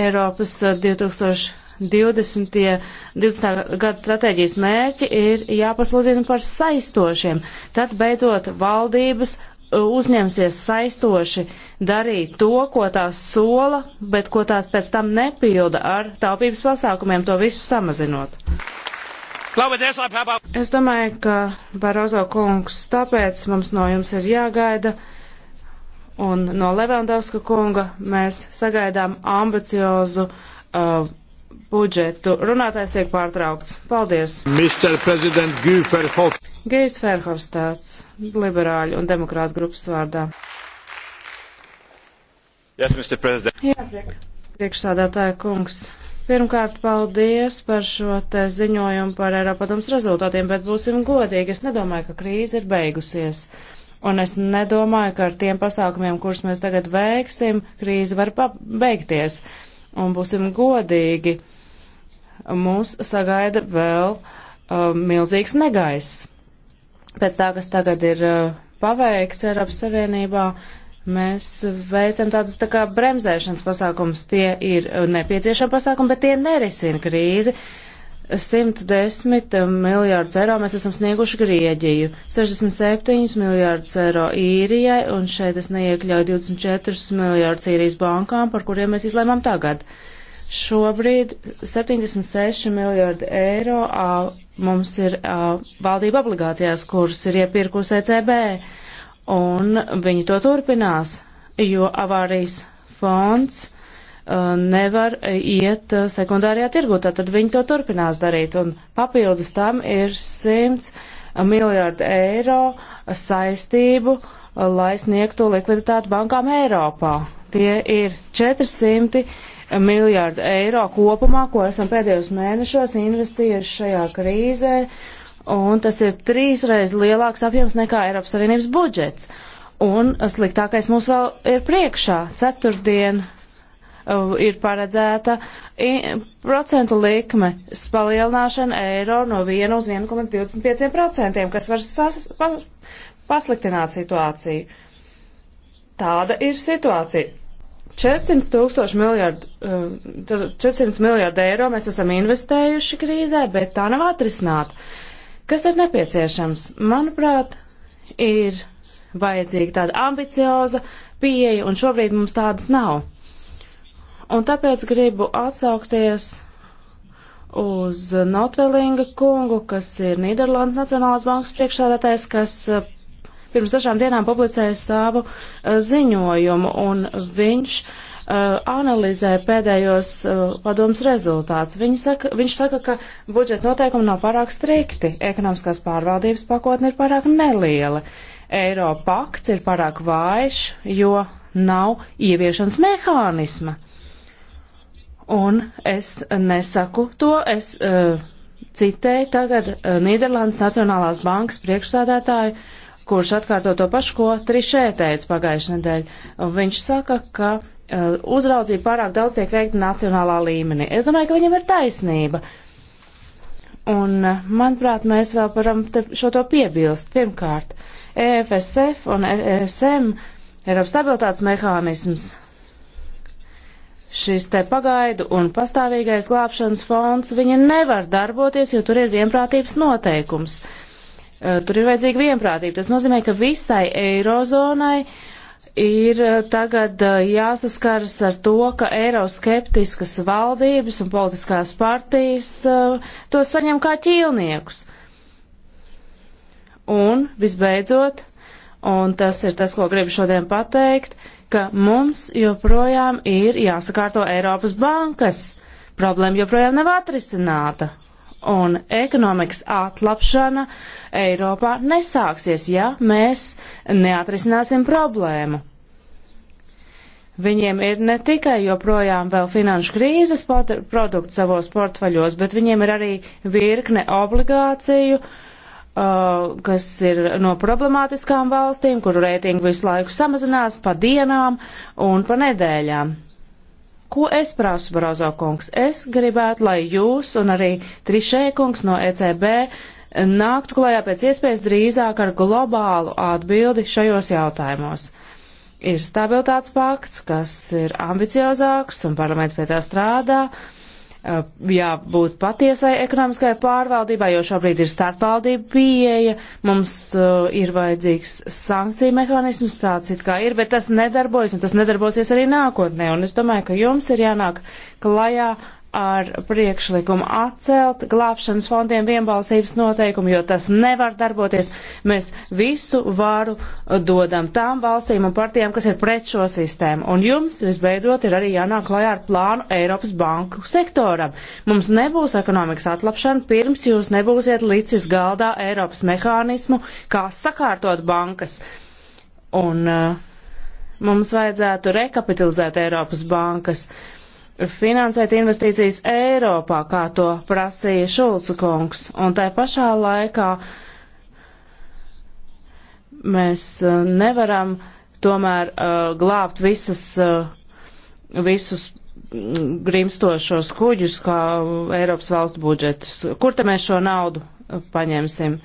Eiropas 2020. Eh, 20. gada stratēģijas mērķi ir jāpasludina par saistošiem. Tad beidzot valdības eh, uzņemsies saistoši darīt to, ko tās sola, bet ko tās pēc tam nepilda ar taupības pasākumiem, to visu samazinot. Es domāju, ka Barozo kungs, tāpēc mums no jums ir jāgaida, un no Levandovska kunga mēs sagaidām ambiciozu uh, budžetu. Runātājs tiek pārtraukts. Paldies. Gejs Ferhofstāts, liberāļu un demokrātu grupas vārdā. Yes, Jā, priek. priekšsādātāja kungs. Pirmkārt, paldies par šo te ziņojumu par Eiropadoms rezultātiem, bet būsim godīgi, es nedomāju, ka krīze ir beigusies. Un es nedomāju, ka ar tiem pasākumiem, kurus mēs tagad veiksim, krīze var beigties. Un būsim godīgi, mūs sagaida vēl uh, milzīgs negaiss. Pēc tā, kas tagad ir uh, paveikts Eiropas Savienībā, uh, Mēs veicam tādus tā kā bremzēšanas pasākums. Tie ir uh, nepieciešami pasākumi, bet tie nerisina krīzi. 110 miljārdus eiro mēs esam snieguši Grieģiju, 67 miljārdus eiro īrijai, un šeit es neiekļauju 24 miljārdus īrijas bankām, par kuriem mēs izlēmām tagad. Šobrīd 76 miljārdi eiro a, mums ir a, valdība obligācijās, kuras ir iepirkusi ECB un viņi to turpinās, jo avārijas fonds uh, nevar iet uh, sekundārajā tirgu, tad viņi to turpinās darīt, un papildus tam ir 100 miljārdu eiro saistību, uh, lai sniegtu likviditāti bankām Eiropā. Tie ir 400 miljārdu eiro kopumā, ko esam pēdējos mēnešos investījuši šajā krīzē, uh, un tas ir trīsreiz lielāks apjoms nekā Eiropas Savienības budžets. Un sliktākais mums vēl ir priekšā. Ceturtdien uh, ir paredzēta procentu likme palielināšana eiro no 1 uz 1,25%, kas var sas, pas, pasliktināt situāciju. Tāda ir situācija. 400 tūkstoši miljardu, uh, 400 miljardu eiro mēs esam investējuši krīzē, bet tā nav atrisināta. Kas ir nepieciešams? Manuprāt, ir vajadzīga tāda ambicioza pieeja, un šobrīd mums tādas nav. Un tāpēc gribu atsaukties uz Notvelinga kungu, kas ir Nīderlandes Nacionālās bankas priekšsādātais, kas uh, pirms dažām dienām publicēja savu uh, ziņojumu, un viņš uh, Uh, analizē pēdējos uh, padomus rezultātus. Saka, viņš saka, ka budžeta noteikumi nav pārāk strikti, ekonomiskās pārvaldības pakotne ir pārāk neliela, eiro pakts ir pārāk vājš, jo nav ieviešanas mehānisma. Un es nesaku to, es uh, citēju tagad uh, Nīderlandes Nacionālās bankas priekšsādātāju, kurš atkārto to pašu, ko Trišē teica pagājušajā nedēļā. Viņš saka, ka uh, Uh, uzraudzība pārāk daudz tiek veikta nacionālā līmenī. Es domāju, ka viņam ir taisnība. Un, uh, manuprāt, mēs vēl varam šo to piebilst. Pirmkārt, EFSF un ESM, Eiropas stabilitātes mehānisms, šis te pagaidu un pastāvīgais glābšanas fonds, viņi nevar darboties, jo tur ir vienprātības noteikums. Uh, tur ir vajadzīga vienprātība. Tas nozīmē, ka visai eirozonai uh, ir eh, tagad eh, jāsaskaras ar to, ka eiroskeptiskas valdības un politiskās partijas eh, to saņem kā ķīlniekus. Un, visbeidzot, un tas ir tas, ko gribu šodien pateikt, ka mums joprojām ir jāsakārto Eiropas bankas. Problēma joprojām nav atrisināta, un ekonomikas atlapšana Eiropā nesāksies, ja mēs neatrisināsim problēmu. Viņiem ir ne tikai joprojām vēl finanšu krīzes produkti savos portfaļos, bet viņiem ir arī virkne obligāciju, uh, kas ir no problemātiskām valstīm, kuru reitingu visu laiku samazinās pa dienām un pa nedēļām. Ko es prasu, Barozo kungs? Es gribētu, lai jūs un arī Trišē kungs no ECB nāktu klajā pēc iespējas drīzāk ar globālu atbildi šajos jautājumos. Ir stabilitātes pakts, kas ir ambiciozāks, un parlaments pie tā strādā. Uh, Eh, jābūt patiesai ekonomiskai pārvaldībai, jo šobrīd ir starpvaldība pieeja, mums uh, ir vajadzīgs sankciju mehānisms, tāds it kā ir, bet tas nedarbojas un tas nedarbosies arī nākotnē. Un es domāju, ka jums ir jānāk klajā ar priekšlikumu atcelt glābšanas fondiem vienbalsības noteikumu, jo tas nevar darboties. Mēs visu varu dodam tām valstīm un partijām, kas ir pret šo sistēmu. Un jums visbeidzot ir arī jānāk klajā ar plānu Eiropas banku sektoram. Mums nebūs ekonomikas atlapšana, pirms jūs nebūsiet licis galdā Eiropas mehānismu, kā sakārtot bankas. Un uh, mums vajadzētu rekapitalizēt Eiropas bankas. Uh, finansēt investīcijas Eiropā, kā to prasīja Šulca kungs. Un tai pašā laikā mēs uh, nevaram tomēr uh, glābt visas, uh, visus mm, grimstošos kuģus, kā Eiropas valstu budžetus. Kur te mēs šo naudu uh, paņemsim?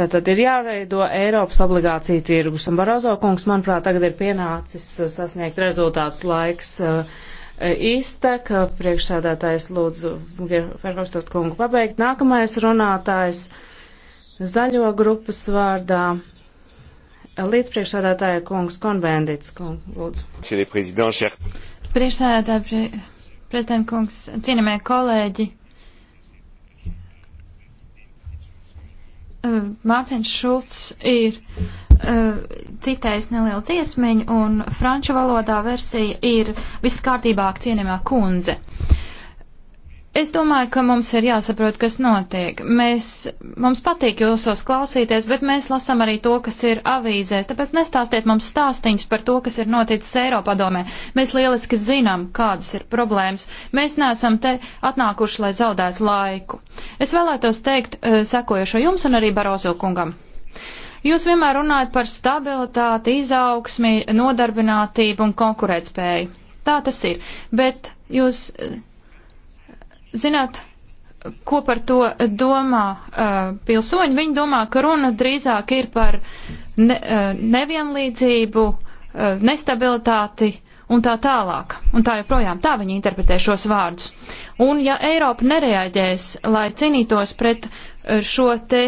Tātad ir jāveido Eiropas obligācija tirgus, un Barozo kungs, manuprāt, tagad ir pienācis uh, sasniegt rezultātus laiks. Uh, iztek. Priekšsēdētājs lūdzu Ferhofstot kungu pabeigt. Nākamais runātājs zaļo grupas vārdā. Līdzpriekšsēdētāja kungs Konbendits kungu lūdzu. Priekšsēdētāja pre, prezidenta kungs, cienījamie kolēģi. Mārtiņš Šulcs ir Eh, citējis nelielu dziesmiņu, un franču valodā versija ir viss kārtībāk cienījamā kundze. Es domāju, ka mums ir jāsaprot, kas notiek. Mēs, mums patīk jūsos klausīties, bet mēs lasām arī to, kas ir avīzēs. Tāpēc nestāstiet mums stāstīņus par to, kas ir noticis Eiropadomē. Mēs lieliski zinām, kādas ir problēmas. Mēs neesam te atnākuši, lai zaudētu laiku. Es vēlētos teikt eh, sekojošo jums un arī Barozo kungam. Uh, Jūs vienmēr runājat par stabilitāti, izaugsmi, nodarbinātību un konkurētspēju. Tā tas ir. Bet jūs eh, zināt, ko par to domā uh, pilsoņi? Viņi domā, ka runa drīzāk ir par ne, uh, nevienlīdzību, uh, nestabilitāti un tā tālāk. Un tā joprojām tā viņi interpretē šos vārdus. Un ja Eiropa nereaģēs, lai cīnītos pret uh, šo te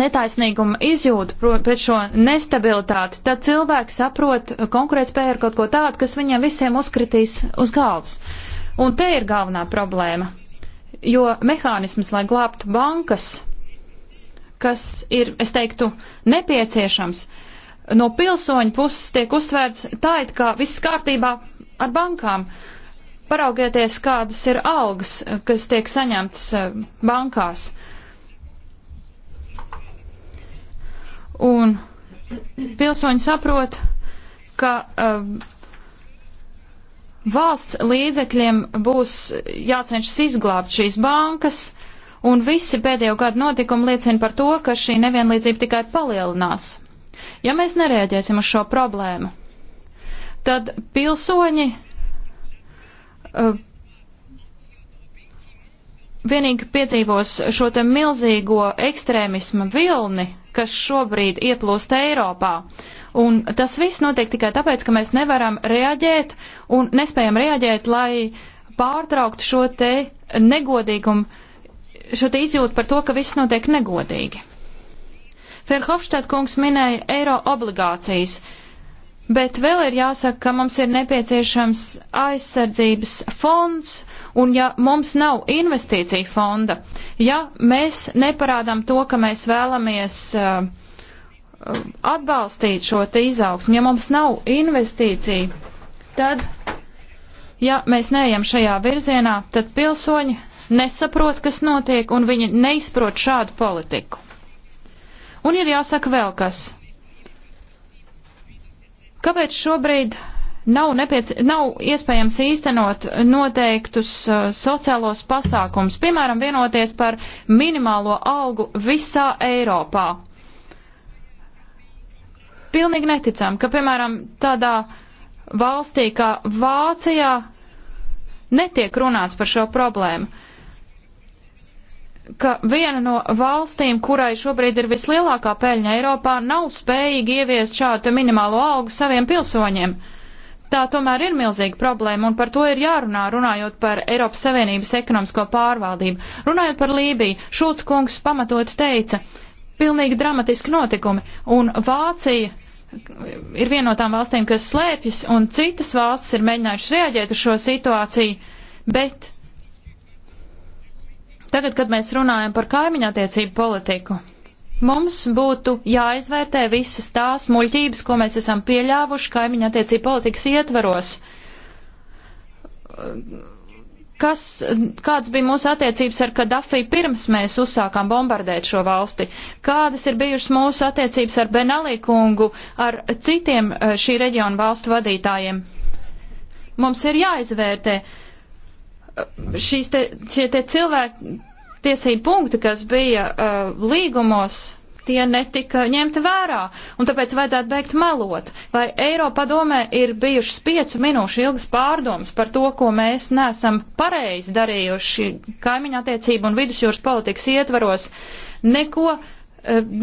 netaisnīguma izjūtu pret šo nestabilitāti, tad cilvēki saprot konkurētspēju ar kaut ko tādu, kas viņiem visiem uzkritīs uz galvas. Un te ir galvenā problēma, jo mehānisms, lai glābtu bankas, kas ir, es teiktu, nepieciešams, no pilsoņu puses tiek uztvērts tā, it kā viss kārtībā ar bankām. Paraugieties, kādas ir algas, kas tiek saņemtas eh, bankās. Uh, un pilsoņi saprot, ka uh, valsts līdzekļiem būs jācenšas izglābt šīs bankas, un visi pēdējo gadu notikumi liecina par to, ka šī nevienlīdzība tikai palielinās. Ja mēs nereaģēsim uz šo problēmu, tad pilsoņi uh, vienīgi piedzīvos šo te milzīgo ekstrēmisma vilni, kas šobrīd ieplūst Eiropā. Un tas viss notiek tikai tāpēc, ka mēs nevaram reaģēt un nespējam reaģēt, lai pārtrauktu šo te negodīgumu, šo te izjūtu par to, ka viss notiek negodīgi. Ferhofštēt kungs minēja eiro obligācijas, bet vēl ir jāsaka, ka mums ir nepieciešams aizsardzības fonds, Un ja mums nav investīcija fonda, ja mēs neparādām to, ka mēs vēlamies uh, atbalstīt šo te izaugsmu, ja mums nav investīcija, tad, ja mēs neejam šajā virzienā, tad pilsoņi nesaprot, kas notiek, un viņi neizprot šādu politiku. Un ir jāsaka vēl kas. Kāpēc šobrīd nav, nepiec, nav iespējams īstenot noteiktus uh, sociālos pasākums, piemēram, vienoties par minimālo algu visā Eiropā. Pilnīgi neticam, ka, piemēram, tādā valstī kā Vācijā netiek runāts par šo problēmu ka viena no valstīm, kurai šobrīd ir vislielākā peļņa Eiropā, nav spējīga ieviest šādu minimālo algu saviem pilsoņiem. Uh, tā tomēr ir milzīga problēma, un par to ir jārunā, runājot par Eiropas Savienības ekonomisko pārvaldību. Runājot par Lībiju, Šulc kungs pamatot teica, pilnīgi dramatiski notikumi, un Vācija ir viena no tām valstīm, kas slēpjas, un citas valstis ir mēģinājušas reaģēt uz šo situāciju, bet tagad, kad mēs runājam par kaimiņattiecību politiku, Mums būtu jāizvērtē visas tās muļķības, ko mēs esam pieļāvuši kaimiņa attiecību politikas ietvaros. Kas, kāds bija mūsu attiecības ar Kadafī pirms mēs uzsākām bombardēt šo valsti? Kādas ir bijušas mūsu attiecības ar Benalī kungu, ar citiem eh, šī reģiona valstu vadītājiem? Mums ir jāizvērtē eh, šīs te, šie te cilvēki tiesību punkti, kas bija uh, līgumos, tie netika ņemti vērā, un tāpēc vajadzētu beigt melot. Vai Eiropa domē ir bijušas piecu minūšu ilgas pārdomas par to, ko mēs nesam pareizi darījuši kaimiņa attiecību un vidusjūras politikas ietvaros, neko uh,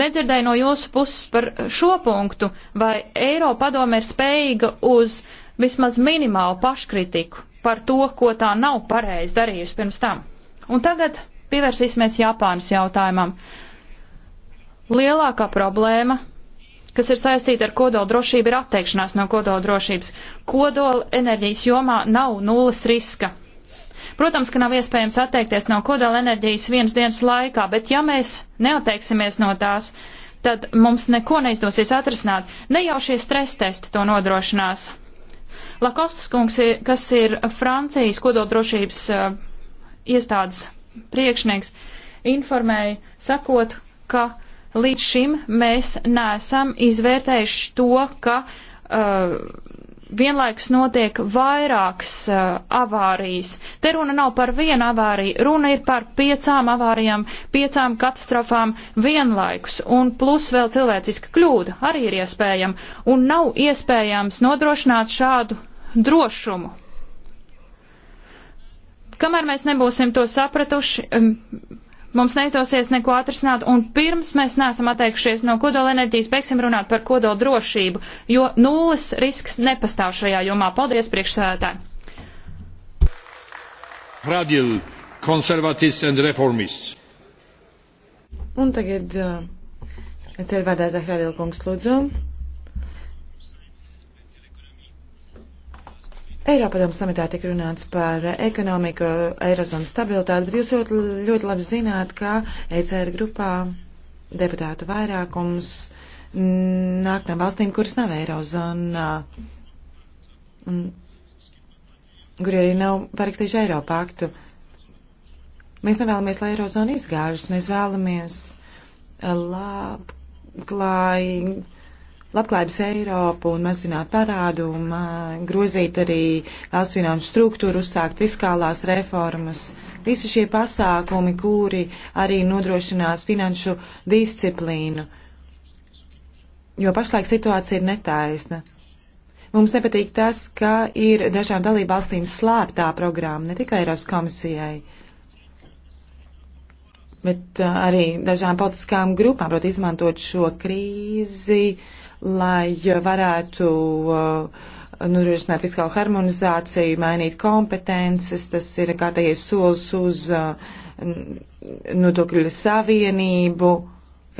nedzirdēju no jūsu puses par šo punktu, vai Eiropa domē ir spējīga uz vismaz minimālu paškritiku par to, ko tā nav pareizi darījusi pirms tam. Un tagad Pievērsīsimies Japānas jautājumam. Lielākā problēma, kas ir saistīta ar kodoldrošību, ir atteikšanās no kodoldrošības. Kodola enerģijas jomā nav nulles riska. Protams, ka nav iespējams atteikties no kodola enerģijas vienas dienas laikā, bet ja mēs neatteiksimies no tās, tad mums neko neizdosies atrasināt. Ne jau šie stres testi to nodrošinās. Lakostas kungs, kas ir Francijas kododrošības uh, eh, iestādes priekšnieks informēja, sakot, ka līdz šim mēs nesam izvērtējuši to, ka uh, vienlaikus notiek vairākas uh, avārijas. Te runa nav par vienu avāriju, runa ir par piecām avārijām, piecām katastrofām vienlaikus, un plus vēl cilvēciska kļūda arī ir iespējama, un nav iespējams nodrošināt šādu drošumu. Kamēr mēs nebūsim to sapratuši, mums neizdosies neko atrisināt, un pirms mēs neesam atteikšies no kodolenerģijas, beigsim runāt par kodola drošību, jo nulles risks nepastāv šajā jomā. Paldies, priekšsēdētāji! Radio konservatists and reformists. Un tagad uh, eh, ceļvārdā Zahradil kungs lūdzu. Eiropadomu samitā tika runāts par ekonomiku, eirozonas stabilitāti, bet jūs ļoti, ļoti labi zināt, ka ECR grupā deputātu vairākums nāk no valstīm, kuras nav eirozonā, kur arī nav parakstījuši Eiropā aktu. Mēs nevēlamies, lai eirozona izgāžas, mēs vēlamies eh, labklājīgi labklājības Eiropu un mazināt parādu, un grozīt arī valsts finanšu struktūru, uzsākt fiskālās reformas. Visi šie pasākumi, kuri arī nodrošinās finanšu disciplīnu, jo pašlaik situācija ir netaisna. Mums nepatīk tas, ka ir dažām dalībvalstīm slēptā programma, ne tikai Eiropas komisijai bet arī dažām politiskām grupām, proti izmantot šo krīzi, uh, lai varētu uh, nodrošināt fiskālu harmonizāciju, mainīt kompetences. Tas ir kārtējais solis uz uh, nodokļu savienību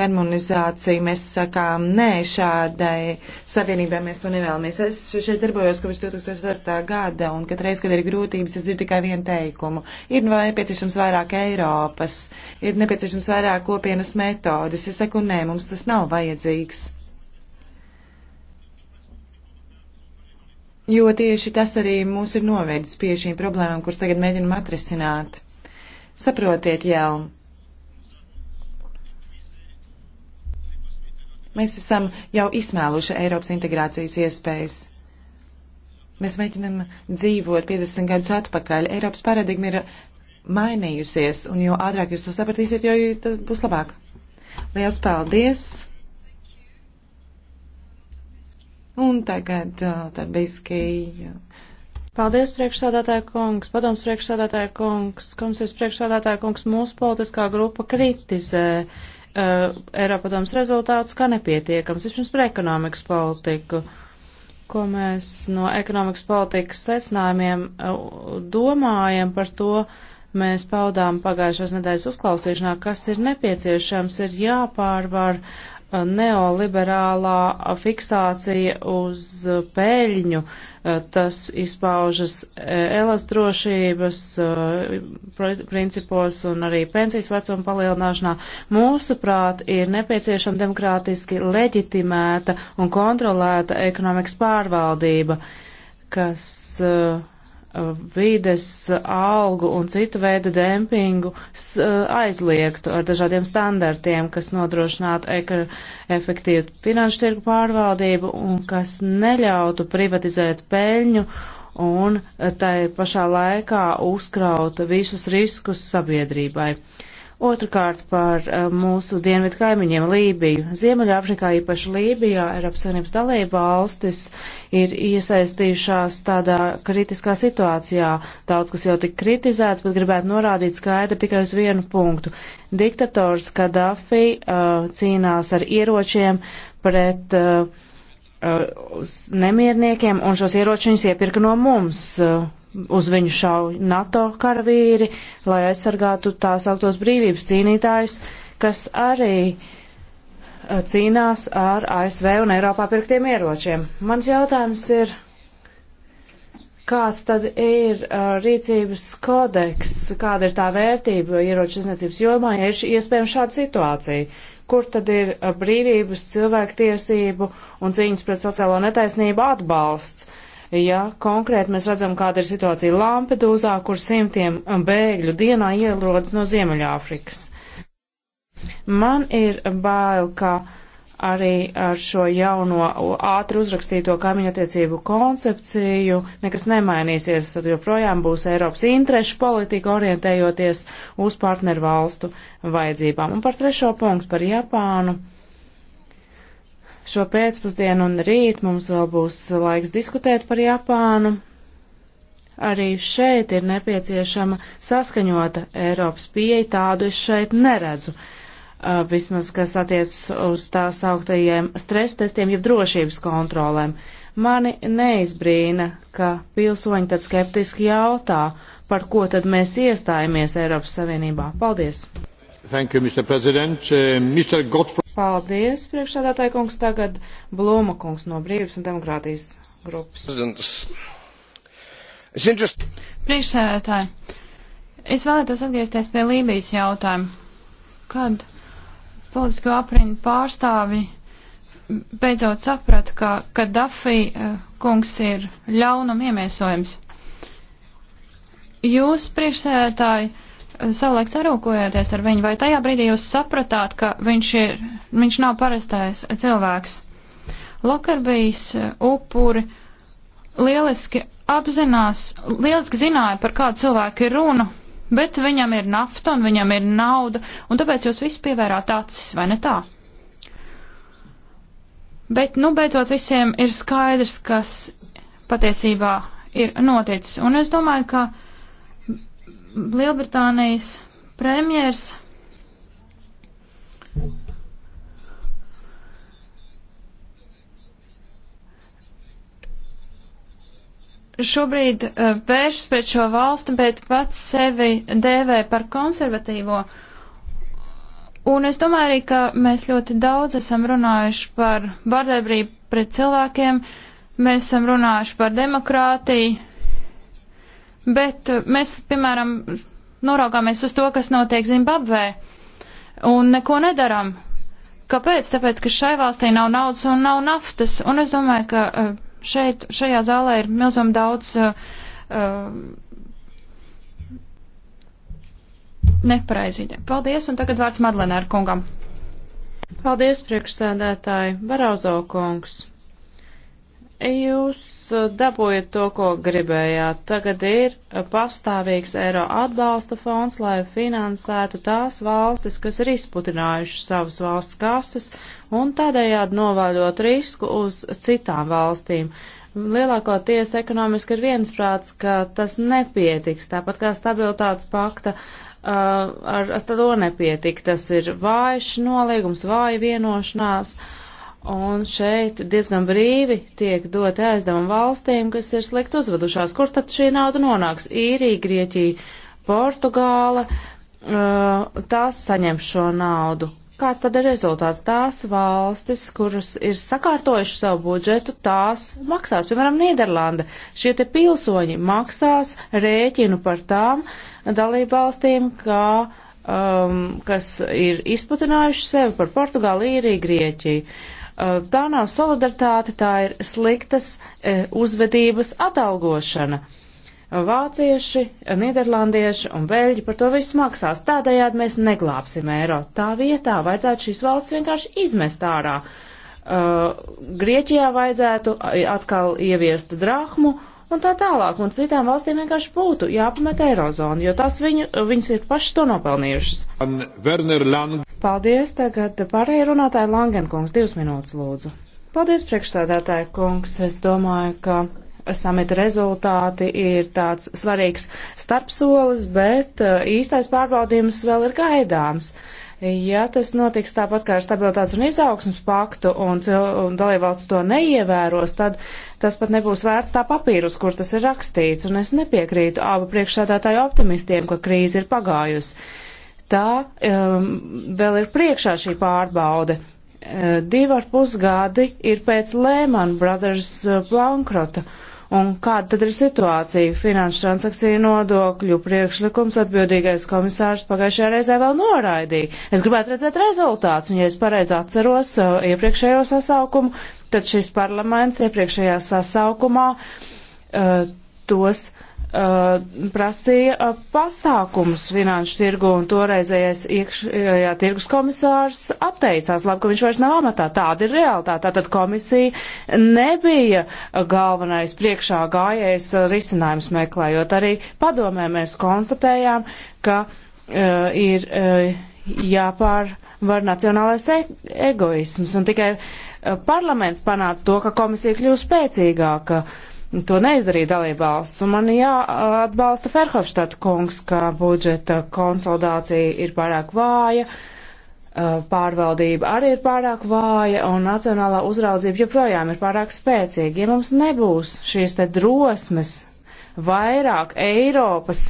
harmonizāciju, mēs sakām, nē, šādai savienībai mēs to nevēlamies. Es šeit darbojos kopš 2004. gada, un katreiz, kad ir grūtības, es dzirdu tikai vienu teikumu. Ir nepieciešams vairāk Eiropas, ir nepieciešams vairāk kopienas metodes. Es saku, nē, mums tas nav vajadzīgs. Jo tieši tas arī mūs ir novēdis pie šīm problēmām, kuras tagad mēģinam atrisināt. Saprotiet jau. Mēs esam jau izsmēluši Eiropas integrācijas iespējas. Mēs mēģinam dzīvot 50 gadus atpakaļ. Eiropas paradigma ir mainījusies, un jo ātrāk jūs to sapratīsiet, jo tas būs labāk. Liels paldies! Un tagad uh, tad bezkeja. Paldies, priekšsādātāja kungs, padoms priekšsādātāja kungs, komisijas priekšsādātāja kungs. Mūsu politiskā grupa kritizē uh, Eiropadoms rezultātus kā nepietiekams, vispirms par ekonomikas politiku, ko mēs no ekonomikas politikas secinājumiem uh, domājam par to. Mēs paudām pagājušās nedēļas uzklausīšanā, kas ir nepieciešams, ir jāpārvar neoliberālā fiksācija uz peļņu, eh, tas izpaužas eh, elas drošības eh, principos un arī pensijas vecuma palielināšanā, mūsuprāt, ir nepieciešama demokrātiski leģitimēta un kontrolēta ekonomikas pārvaldība, kas uh, Uh, vides, algu un citu veidu dempingu uh, aizliegtu ar dažādiem standartiem, kas nodrošinātu efektīvu finanšu tirgu pārvaldību un kas neļautu privatizēt peļņu un uh, tai pašā laikā uzkraut visus riskus sabiedrībai. Uh, Otrakārt par eh, mūsu dienvidu kaimiņiem Lībiju. Ziemeļāfrikā, īpaši Lībijā, Eiropas Savienības dalība valstis ir iesaistījušās tādā kritiskā situācijā. Daudz, kas jau tik kritizēts, bet gribētu norādīt skaidri tikai uz vienu punktu. Diktators Kadafi uh, eh, cīnās ar ieročiem pret. Uh, nemierniekiem, un šos ieročiņus iepirka no mums. Uh, uz viņu šauj NATO karavīri, lai aizsargātu tās augtos brīvības cīnītājus, kas arī eh, cīnās ar ASV un Eiropā pirktiem ieročiem. Mans jautājums ir, kāds tad ir eh, rīcības kodeks, kāda ir tā vērtība ieroču izniecības jomā, ja ir iespējama šāda situācija? Kur tad ir eh, brīvības, cilvēktiesību un cīņas pret sociālo netaisnību atbalsts? Uh, Ja konkrēti mēs redzam, kāda ir situācija Lampedūzā, kur simtiem bēgļu dienā ierodas no Ziemeļāfrikas. Man ir bail, ka arī ar šo jauno ātri uzrakstīto kaimiņu attiecību koncepciju nekas nemainīsies, tad joprojām būs Eiropas interešu politika orientējoties uz partneru valstu vajadzībām. Un par trešo punktu par Japānu. Šo pēcpusdienu un rīt mums vēl būs laiks diskutēt par Japānu. Arī šeit ir nepieciešama saskaņota Eiropas pieeja, tādu es šeit neredzu. Uh, vismaz, kas attiecas uz tā sauktajiem stresa testiem, jeb drošības kontrolēm. Mani neizbrīna, ka pilsoņi tad skeptiski jautā, par ko tad mēs iestājamies Eiropas Savienībā. Paldies! Thank you, Mr. President. Uh, Mr. Godfrey. Paldies, priekšsādātāja kungs. Tagad Bloma kungs no Brīvības un demokrātijas grupas. Just... Priekšsādātāji, es vēlētos atgriezties pie Lībijas jautājuma. Kad politisko aprindu pārstāvi beidzot saprata, ka Kadafi eh, kungs ir ļaunam iemiesojums. Jūs, priekšsēdētāji, savulaik sarūkojāties ar viņu, vai tajā brīdī jūs sapratāt, ka viņš, ir, viņš nav parastais cilvēks? Lokarbijas eh, upuri lieliski apzinās, lieliski zināja, par kādu cilvēku ir runa, bet viņam ir nafta un viņam ir nauda, un tāpēc jūs visi pievērāt acis, vai ne tā? Bet, nu, beidzot visiem ir skaidrs, kas patiesībā ir noticis, un es domāju, ka Lielbritānijas premjers šobrīd eh, vēršas pret šo valsti, bet pats sevi dēvē par konservatīvo. Un es domāju arī, ka mēs ļoti daudz esam runājuši par vardarbību pret cilvēkiem, mēs esam runājuši par demokrātiju, Bet eh, mēs, piemēram, noraugāmies uz to, kas notiek Zimbabvē un neko nedaram. Kāpēc? Tāpēc, ka šai valstī nav naudas un nav naftas. Un es domāju, ka eh, šeit, šajā zālē ir milzam daudz uh, eh, nepareizīņa. Paldies, un tagad vārds Madlenē ar kungam. Paldies, priekšsēdētāji, Barauzo kungs. Jūs uh, dabūjat to, ko gribējāt. Tagad ir uh, pastāvīgs eiro atbalsta fonds, lai finansētu tās valstis, kas ir izputinājušas savas valsts kases un tādējādi novēļot risku uz citām valstīm. Lielākoties ekonomiski ir viensprāts, ka tas nepietiks, tāpat kā stabilitātes pakta. Uh, ar, ar to nepietiek. Tas ir vājš nolīgums, vāja vienošanās. Uh, Un šeit diezgan brīvi tiek dot aizdevumu valstīm, kas ir slikt uzvedušās. Kur tad šī nauda nonāks? Īrija, Grieķija, Portugāla, uh, tās saņem šo naudu. Kāds tad ir rezultāts? Tās valstis, kuras ir sakārtojuši savu budžetu, tās maksās. Piemēram, Nīderlanda. Šie te pilsoņi maksās rēķinu par tām dalību valstīm, kā um, kas ir izputinājuši sevi par Portugāli, Īriju, Grieķiju. Uh, Uh, tā nav solidaritāte, tā ir sliktas uh, uzvedības atalgošana. Uh, vācieši, Nīderlandieši un Beļģi par to visu maksās. Tādējādi mēs neglābsim eiro. Tā vietā vajadzētu šīs valsts vienkārši izmest ārā. Grieķijā vajadzētu atkal ieviest drahmu un tā tālāk. Un citām valstīm vienkārši būtu jāpamet eirozonu, jo tās viņu, viņas ir pašas to nopelnījušas. Paldies, tagad pārējie runātāji Langenkungs, divas minūtes lūdzu. Paldies, priekšsēdētāji kungs. Es domāju, ka samita rezultāti ir tāds svarīgs starpsolis, bet eh, īstais pārbaudījums vēl ir gaidāms. Uh, Ja tas notiks tāpat kā ar stabilitātes un izaugsmas paktu un, un dalībvalsts to neievēros, tad tas pat nebūs vērts tā papīrus, kur tas ir rakstīts, un es nepiekrītu abu priekšsādātāju optimistiem, ka krīze ir pagājusi. Tā um, vēl ir priekšā šī pārbaude. Uh, divi ar pusgadi ir pēc Lehman Brothers uh, bankrota. Uh, Un kāda tad ir situācija? Finanšu transakciju nodokļu priekšlikums atbildīgais komisārs pagājušajā reizē vēl noraidīja. Es gribētu redzēt rezultātus, un ja es pareizi atceros uh, iepriekšējo sasaukumu, tad šis parlaments iepriekšējā sasaukumā uh, tos uh, Uh, prasīja uh, pasākums finanšu tirgu un toreizējais iekšējā tirgus komisārs atteicās, labi, ka viņš vairs nav amatā. Tāda ir realitāte. Tātad komisija nebija galvenais priekšā gājējs uh, risinājums meklējot. Arī padomē mēs konstatējām, ka uh, ir uh, jāpārvar nacionālais e egoisms un tikai uh, parlaments panāca to, ka komisija kļūst spēcīgāka. Uh, to neizdarīja dalībvalsts, un man jāatbalsta Ferhofštata kungs, ka budžeta konsolidācija ir pārāk vāja, pārvaldība arī ir pārāk vāja, un nacionālā uzraudzība joprojām ir pārāk spēcīga. Ja mums nebūs šīs te drosmes vairāk Eiropas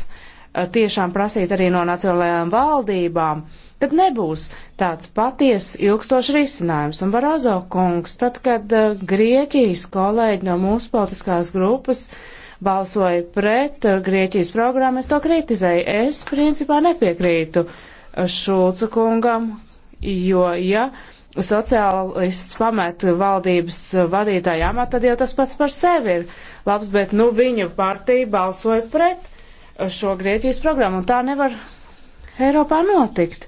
tiešām prasīt arī no nacionālajām valdībām, uh, tad nebūs tāds paties ilgstošs risinājums. Un Barozo kungs, tad, kad uh, Grieķijas kolēģi no mūsu politiskās grupas balsoja pret uh, Grieķijas programmu, es to kritizēju. Es principā nepiekrītu uh, Šulca kungam, jo, ja sociālists pamet valdības vadītāju amatu, tad jau tas pats par sevi ir labs, bet, nu, viņa partija balsoja pret šo Grieķijas programmu, un tā nevar Eiropā notikt.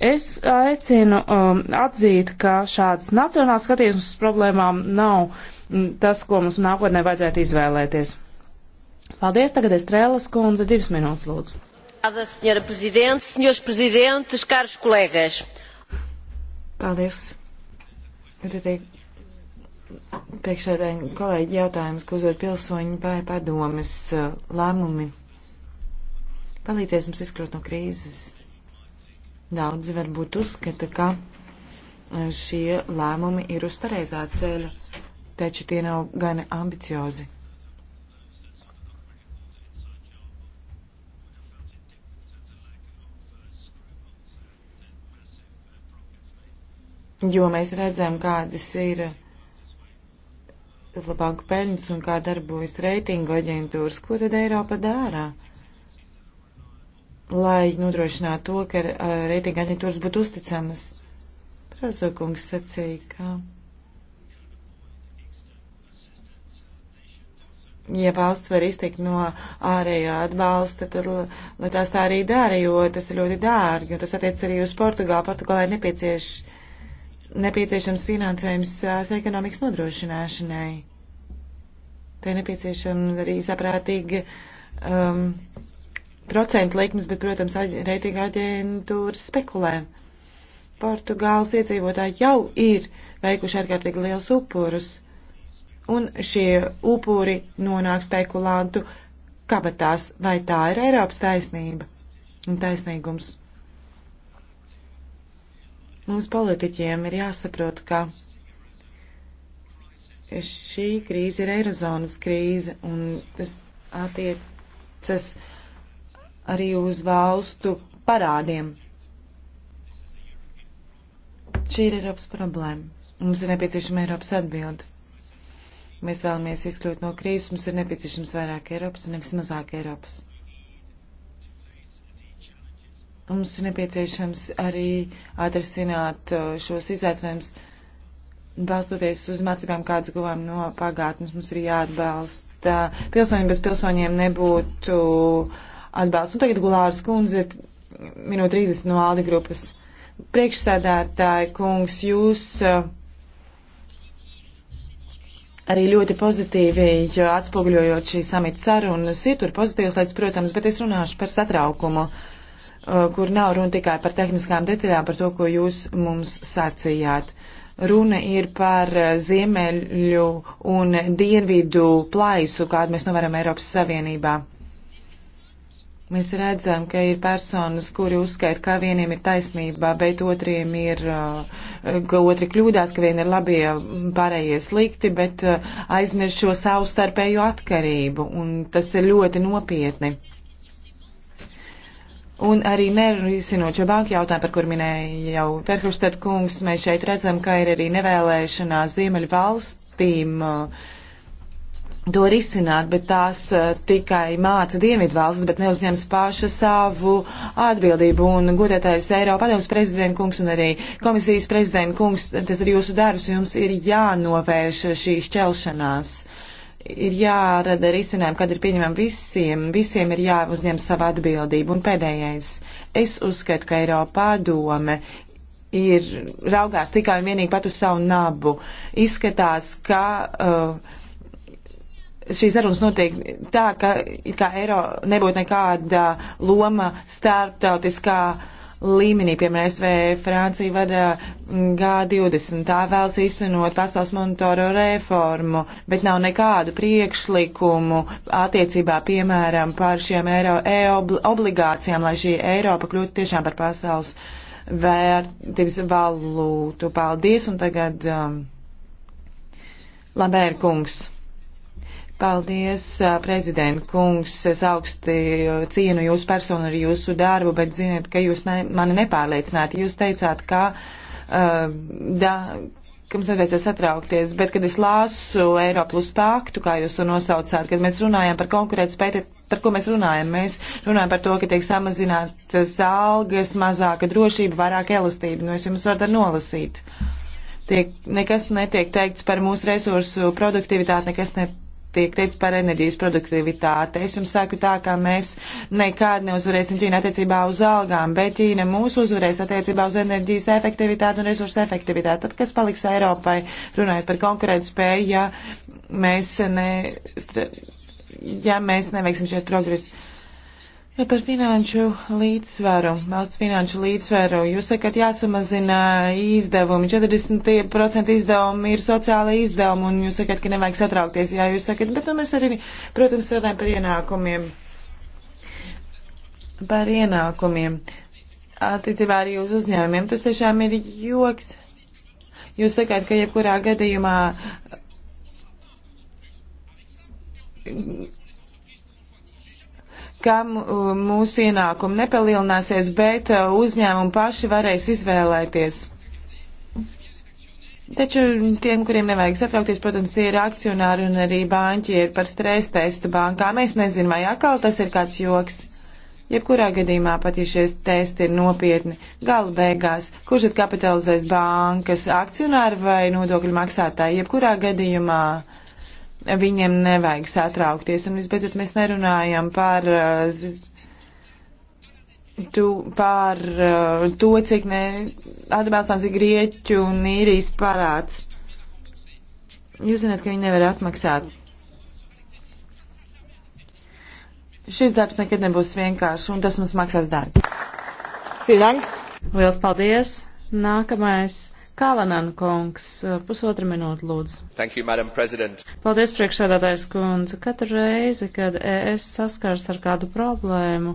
Es aicinu um, atzīt, ka šāds nacionāls skatījums uz problēmām nav mm, tas, ko mums nākotnē vajadzētu izvēlēties. Paldies, tagad es Trēlas kundze, divas minūtes lūdzu. Paldies. Priekšsēdēji kolēģi jautājums, ko uzdod pilsoņi vai padomas uh, lēmumi. Palīdzēs mums izkļūt no krīzes. Daudzi varbūt uzskata, ka e, šie lēmumi ir uz pareizā ceļa, taču tie nav gana ambiciozi. Jo mēs redzam, kādas ir labāku peļņas un kā darbojas reitingu aģentūras, ko tad Eiropa dārā? lai nodrošinātu to, ka reitinga aģentūras būtu uzticamas. Prāzokungs sacīja, ka. ja valsts var iztikt no ārējā atbalsta, tad lai tās tā arī dara, jo tas ir ļoti dārgi, un tas attiec arī uz Portugālu. Portugālē ir nepiecieš, nepieciešams finansējums ās ekonomikas nodrošināšanai. Te ir nepieciešama arī saprātīga um, procentu likmes, bet, protams, reitinga aģentūras spekulē. Portugāles iedzīvotāji jau ir veikuši ārkārtīgi liels upurus, un šie upuri nonāk spekulantu kabatās. Vai tā ir Eiropas taisnība un taisnīgums? Mums politiķiem ir jāsaprot, ka šī krīze ir Eirozonas krīze, un tas attiecas arī uz valstu parādiem. Šī ir Eiropas problēma. Mums ir nepieciešama Eiropas atbilde. Mēs vēlamies izkļūt no krīzes, mums ir nepieciešams vairāk Eiropas un nevis mazāk Eiropas. Mums ir nepieciešams arī atrisināt uh, šos izaicinājumus, balstoties uz mācībām, kādas guvām no pagātnes. Mums ir jāatbalsta pilsoņi, bez pilsoņiem nebūtu uh, atbalsts. Un tagad Gulāras kundze ir minūte 30 no Aldi grupas. Priekšsēdētāji kungs, jūs eh, arī ļoti pozitīvi eh, atspoguļojot šī samita sarunas, ir tur pozitīvas lietas, protams, bet es runāšu par satraukumu, eh, kur nav runa tikai par tehniskām detaļām, par to, ko jūs mums sacījāt runa ir par ziemeļu un dienvidu plaisu, kādu mēs novaram Eiropas Savienībā. Mēs redzam, ka ir personas, kuri uzskait, ka vieniem ir taisnība, bet otriem ir, uh, ka otri kļūdās, ka vieni ir labie, pārējie slikti, bet uh, aizmirst šo savstarpēju atkarību, un tas ir ļoti nopietni. Un arī nerisinot šo banku jautājumu, par kur minēja jau Ferhustad kungs, mēs šeit redzam, ka ir arī nevēlēšanās Ziemeļu valstīm uh, to risināt, bet tās uh, tikai māca Dienvidvalstis, bet neuzņems paša savu atbildību. Un godētais Eiropa padomus prezidenta kungs un arī komisijas prezidenta kungs, tas ir jūsu darbs, jums ir jānovērš šī šķelšanās. Ir jārada risinājumi, kad ir pieņemami visiem, visiem ir jāuzņem sava atbildība. Un pēdējais, es uzskatu, ka Eiropa padome ir raugās tikai un vienīgi pat uz savu nabu. Izskatās, ka. Uh, šīs sarunas notiek tā, ka it kā eiro nebūtu nekāda loma starptautiskā līmenī, piemēram, SV, Francija vada G20, tā vēlas īstenot pasaules monitoru reformu, bet nav nekādu priekšlikumu attiecībā, piemēram, par šiem eiro e obligācijām, lai šī Eiropa kļūtu tiešām par pasaules vērtības valūtu. Paldies, un tagad um, Lambērkungs. Paldies, prezident kungs. Es augsti cienu jūsu personu ar jūsu darbu, bet ziniet, ka jūs ne, mani nepārliecināt. Jūs teicāt, ka, uh, da, ka mums nevajadzētu satraukties, bet kad es lāsu Eiro plus paktu, kā jūs to nosaucāt, kad mēs runājam par konkurētspēju, par ko mēs runājam. Mēs runājam par to, ka tiek samazinātas algas, mazāka drošība, vairāk elastība. Nu, es jums varu nolasīt. Tiek, nekas netiek teikts par mūsu resursu produktivitāti, nekas netiek tiek teikt par enerģijas produktivitāti. Es jums saku tā, ka mēs nekād neuzvarēsim Ķīnu attiecībā uz algām, bet Ķīna mūs uzvarēs attiecībā uz enerģijas efektivitāti un resursu efektivitāti. Tad, kas paliks Eiropai, runājot par konkurētu spēju, ja mēs, ne, ja mēs neveiksim šeit progresu. Par finanšu līdzsvaru, valsts finanšu līdzsvaru. Jūs sakat, jāsamazina izdevumi. 40% izdevumi ir sociāla izdevuma, un jūs sakat, ka nevajag satraukties. Jā, jūs sakat, bet nu, mēs arī, protams, strādājam par ienākumiem. Par ienākumiem. Attiecībā arī uz uzņēmumiem. Tas tiešām ir joks. Jūs sakāt, ka jebkurā gadījumā ka uh, mūsu ienākumi nepalielināsies, bet uh, uzņēmumi paši varēs izvēlēties. Taču tiem, kuriem nevajag satraukties, protams, tie ir akcionāri un arī bāņķieri par stresa testu bankā. Mēs nezinām, vai atkal tas ir kāds joks. Jebkurā gadījumā pat, ja šie testi ir nopietni, gala beigās, kurš tad kapitalizēs bankas akcionāri vai nodokļu maksātāji? Jebkurā gadījumā uh, viņiem nevajag satraukties. Un visbeidzot, mēs nerunājam par, uh, tu, par uh, to, cik ne atbalstāms ir Grieķu un īrijas parāds. Jūs zināt, ka viņi nevar atmaksāt. Šis darbs nekad nebūs vienkāršs, un tas mums maksās dārgi. Vielen Dank! Liels paldies! Nākamais Kālanan kungs, pusotra minūte lūdzu. Thank you, Madam President. Paldies, priekšsēdātājs kundze. Katru reizi, kad es saskars ar kādu problēmu,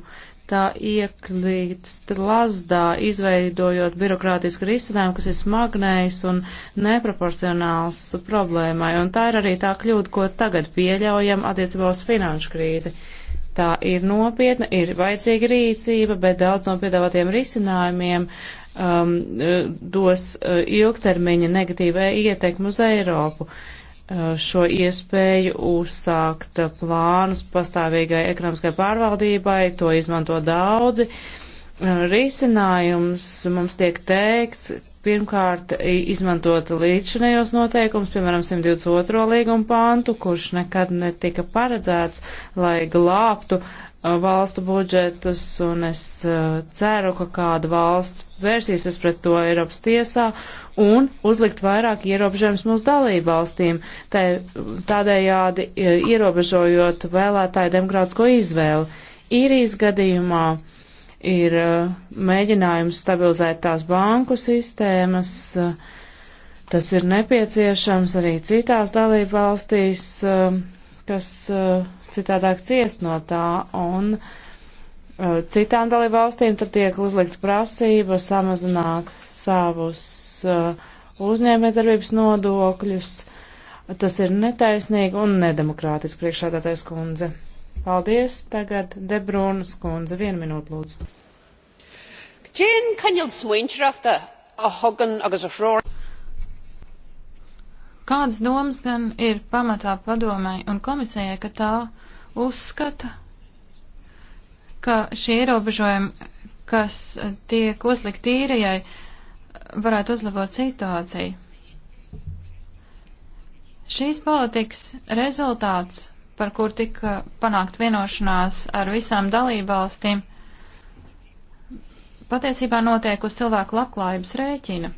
tā ieklīst lazdā, izveidojot birokrātisku risinājumu, kas ir smagnējs un neproporcionāls problēmai. Un tā ir arī tā kļūda, ko tagad pieļaujam attiecībā uz finanšu krīzi. Tā ir nopietna, ir vajadzīga rīcība, bet daudz no piedāvātiem risinājumiem uh, um, e, dos e, ilgtermiņa negatīvai ietekmi uz Eiropu e, šo iespēju uzsākt plānus pastāvīgai ekonomiskai pārvaldībai, to izmanto daudzi. Risinājums mums tiek teikts, pirmkārt, izmantot līdzšanējos noteikumus, piemēram, 122. līguma pantu, kurš nekad netika paredzēts, lai glābtu uh, valstu budžetus, un es ceru, ka kāda valsts vērsīsies pret to Eiropas tiesā un uzlikt vairāk ierobežojums mūsu dalību valstīm, tādējādi ierobežojot vēlētāju demokrātisko izvēli. Īrijas gadījumā ir mēģinājums stabilizēt tās banku sistēmas, tas ir nepieciešams arī citās dalību valstīs, kas citādāk ciest no tā, un uh, citām dalībvalstīm tad tiek uzlikt prasība samazināt savus uh, uzņēmējdarbības nodokļus. Tas ir netaisnīgi un nedemokrātiski priekšādātais kundze. Paldies, tagad Debrūnas kundze, vienu minūtu lūdzu. Ģin, kan jūs svinčrafta, ahogan, agas ašror. Kādas domas gan ir pamatā padomai un komisijai, ka tā uzskata, ka šie ierobežojumi, kas tiek uzlikt īrijai, varētu uzlabot situāciju. Šīs politikas rezultāts, par kur tika panākt vienošanās ar visām dalībvalstīm, patiesībā notiek uz cilvēku labklājības rēķina.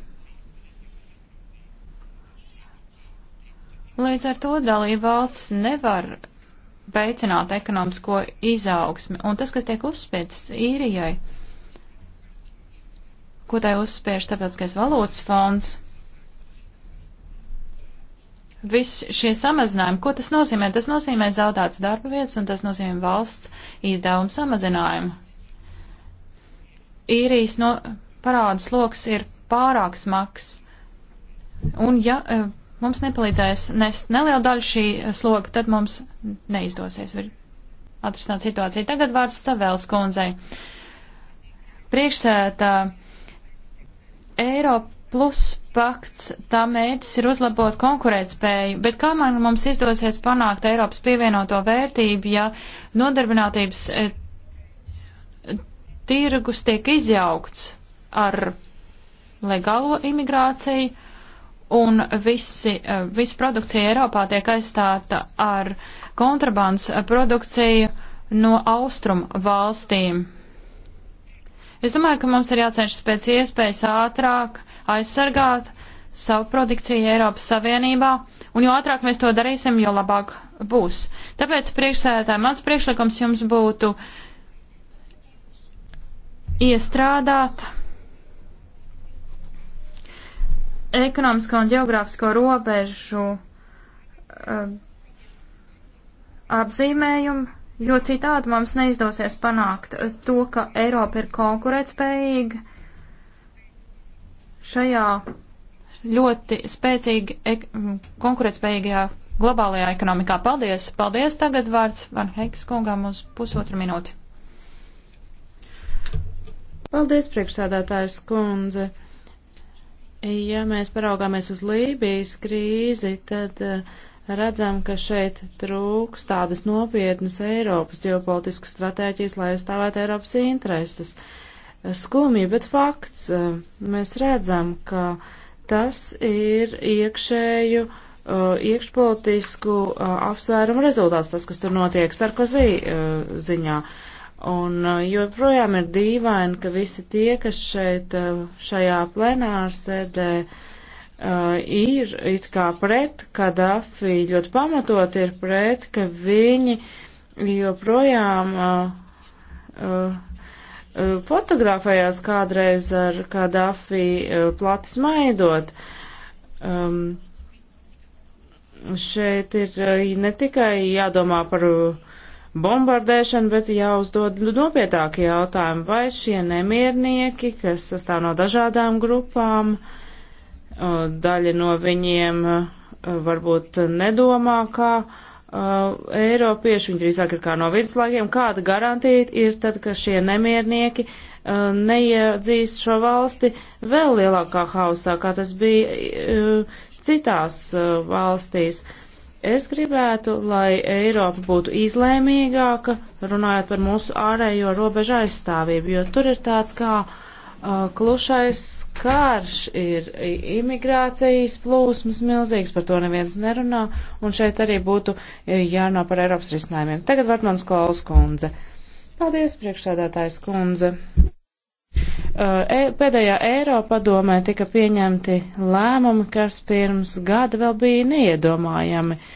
Līdz ar to dalībvalsts nevar veicināt ekonomisko izaugsmi. Un tas, kas tiek uzspiedz īrijai, ko tai uzspiež starptautiskais valūtas fonds, viss šie samazinājumi, ko tas nozīmē? Tas nozīmē zaudētas darba vietas un tas nozīmē valsts izdevumu samazinājumu. Īrijas no, parādu sloks ir pārāk smags. Un ja eh, mums nepalīdzēs nest nelielu daļu šī sloga, tad mums neizdosies atrisināt situāciju. Tagad vārds Cavēls kundzei. Priekšsētā Eiropa plus pakts, tā mērķis ir uzlabot konkurētspēju, bet kā man mums izdosies panākt Eiropas pievienoto vērtību, ja nodarbinātības e, tirgus tiek izjaukts ar legālo imigrāciju? un visi, eh, visa produkcija Eiropā tiek aizstāta ar kontrabandas produkciju no austrum valstīm. Es domāju, ka mums ir jācenšas pēc iespējas ātrāk aizsargāt savu produkciju Eiropas Savienībā, un jo ātrāk mēs to darīsim, jo labāk būs. Tāpēc priekšsēdētāji, mans priekšlikums jums būtu iestrādāt ekonomisko un geogrāfisko robežu uh, apzīmējumu, jo citādi mums neizdosies panākt eh, to, ka Eiropa ir konkurētspējīga šajā ļoti spēcīgi ek mm, konkurētspējīgajā globālajā ekonomikā. Paldies! Paldies! Tagad vārds Van Heikas kungām uz pusotru minūti. Paldies, priekšsēdētājs kundze! Ja mēs paraugāmies uz Lībijas krīzi, tad eh, redzam, ka šeit trūks tādas nopietnas Eiropas ģeopolitiskas stratēģijas, lai aizstāvētu Eiropas intereses. Skumji, bet fakts. Eh, mēs redzam, ka tas ir iekšēju, eh, iekšpolitisku apsvērumu rezultāts, tas, kas tur notiek Sarkozī ziņā. Un uh, joprojām ir dīvaini, ka visi tie, kas šeit uh, šajā plenāra sēdē uh, ir it kā pret, Kadafi ļoti pamatot ir pret, ka viņi joprojām fotografējās kādreiz ar Kadafi plati smaidot. Um, šeit ir ne tikai jādomā par uh, bombardēšanu, bet jāuzdod nopietnākie jautājumi, vai šie nemiernieki, kas sastāv no dažādām grupām, daļa no viņiem varbūt nedomā, kā Eiropieši, viņi drīzāk ir kā no viduslaikiem, kāda garantīta ir tad, ka šie nemiernieki neiedzīs šo valsti vēl lielākā hausā, kā tas bija citās valstīs. Uh, Es gribētu, lai Eiropa būtu izlēmīgāka, runājot par mūsu ārējo robežu aizstāvību, jo tur ir tāds kā uh, klušais karš, ir imigrācijas plūsmas milzīgs, par to neviens nerunā, un šeit arī būtu jārunā par Eiropas risinājumiem. Tagad Vartmans Kols kundze. Paldies, priekšsādātājs kundze. Uh, e, pēdējā Eiropadomē tika pieņemti lēmumi, kas pirms gada vēl bija neiedomājami. Uh,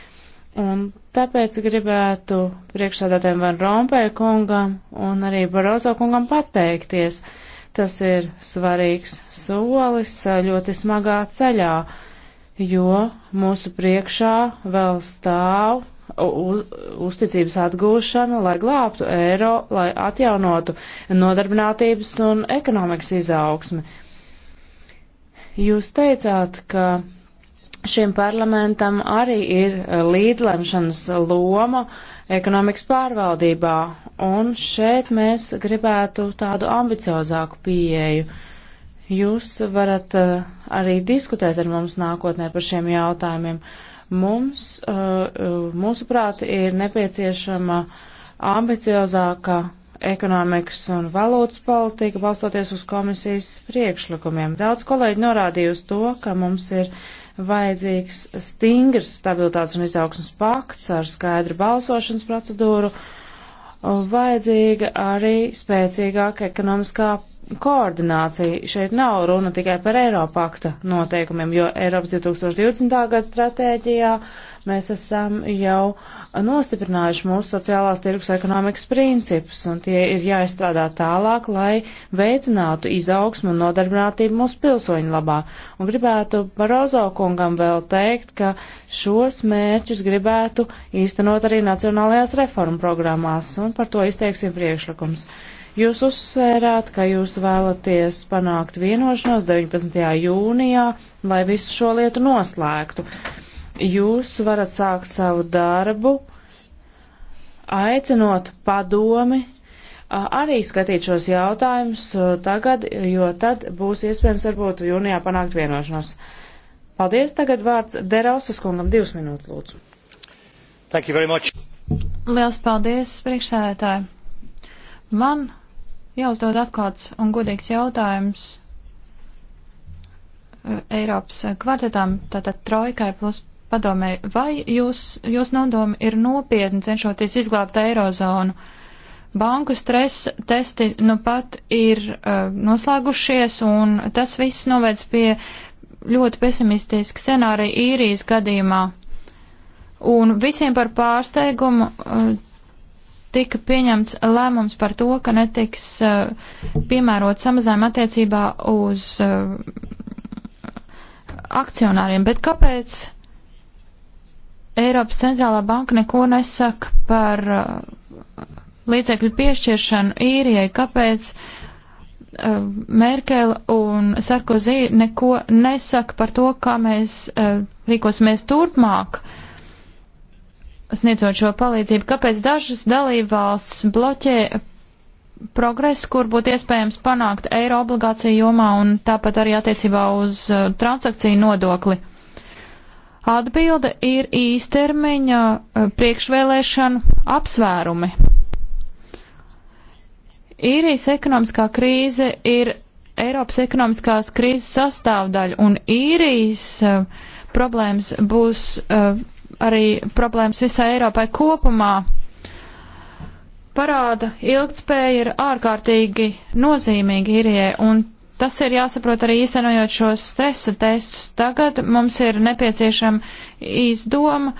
Un tāpēc gribētu priekšsādātēm Van Rompēja kungam un arī Barozo kungam pateikties. Tas ir svarīgs solis ļoti smagā ceļā, jo mūsu priekšā vēl stāv uzticības atgūšana, lai glābtu eiro, lai atjaunotu nodarbinātības un ekonomikas izaugsmi. Jūs teicāt, ka šim parlamentam arī ir e, līdzlemšanas loma ekonomikas pārvaldībā, un šeit mēs gribētu tādu ambiciozāku pieeju. Jūs varat uh, arī diskutēt ar mums nākotnē par šiem jautājumiem. Mums, uh, mūsuprāt, ir nepieciešama ambiciozāka ekonomikas un valūtas politika, balstoties uz komisijas priekšlikumiem. Daudz kolēģi norādīja uz to, ka mums ir uh, vajadzīgs stingrs stabilitātes un izaugsmas pakts ar skaidru balsošanas procedūru, vajadzīga arī spēcīgāka ekonomiskā koordinācija. Šeit nav runa tikai par Eiropakta noteikumiem, jo Eiropas 2020. gada stratēģijā uh, mēs esam jau nostiprinājuši mūsu sociālās tirgus ekonomikas principus, un tie ir jāizstrādā tālāk, lai veicinātu izaugsmu un nodarbinātību mūsu pilsoņu labā. Un gribētu Barozo kungam vēl teikt, ka šos mērķus gribētu īstenot arī nacionālajās reformu programmās, un par to izteiksim priekšlikums. Jūs uzsvērāt, ka jūs vēlaties panākt vienošanos 19. jūnijā, lai visu šo lietu noslēgtu jūs varat sākt savu darbu, aicinot padomi arī skatīt šos jautājumus tagad, jo tad būs iespējams varbūt jūnijā panākt vienošanos. Paldies, tagad vārds Derausas kungam, divas minūtes lūdzu. Thank you very much. Liels paldies, priekšsēdētāji. Man jāuzdod atklāts un godīgs jautājums e, Eiropas kvartetām, tātad trojkai plus padomē, vai jūs, jūs nodomi ir nopietni cenšoties izglābt eirozonu? Banku stresa testi nu pat ir uh, noslēgušies, un tas viss novēc pie ļoti pesimistiska scenārija īrijas gadījumā. Un visiem par pārsteigumu uh, tika pieņemts lēmums par to, ka netiks uh, piemērot samazinājumi attiecībā uz uh, akcionāriem. Bet kāpēc? Eiropas centrālā banka neko nesaka par uh, līdzekļu piešķiršanu īrijai, kāpēc uh, Merkele un Sarkozī neko nesaka par to, kā mēs uh, rīkosimies turpmāk, sniedzot šo palīdzību, kāpēc dažas dalībvalsts bloķē progresu, kur būtu iespējams panākt eiro obligāciju jomā un tāpat arī attiecībā uz uh, transakciju nodokli. Atbilde ir īstermiņa eh, priekšvēlēšanu apsvērumi. Īrijas ekonomiskā krīze ir Eiropas ekonomiskās krīzes sastāvdaļa, un īrijas uh, problēmas būs uh, arī problēmas visai Eiropai kopumā. Parāda ilgtspēja ir ārkārtīgi nozīmīga īrijai, un Tas ir jāsaprot arī īstenojot šos stresa testus. Tagad mums ir nepieciešama izdoma,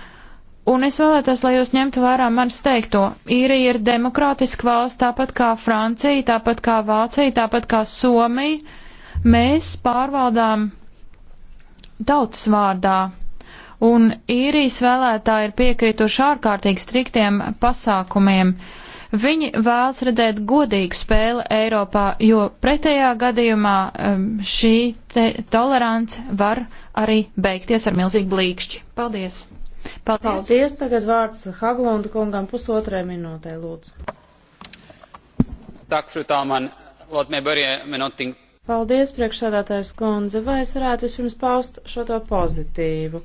un es vēlētos, lai jūs ņemtu vērā manis teikto. Īrija ir demokrātiska valsts, tāpat kā Francija, tāpat kā Vācija, tāpat kā Somija. Mēs pārvaldām tautas vārdā. Un īrijas vēlētāji ir piekrituši ārkārtīgi striktiem pasākumiem. Uh, Viņi vēlas redzēt godīgu spēli Eiropā, jo pretējā gadījumā um, šī tolerance var arī beigties ar milzīgu blīkšķi. Paldies! Paldies! Paldies. Tagad vārds Haglunda kungam pusotrē minūtē, lūdzu. Tak, fru Tāman, låt mig börja med någonting Paldies, priekšsādātājs kundze, vai es varētu vispirms paust šo to pozitīvu?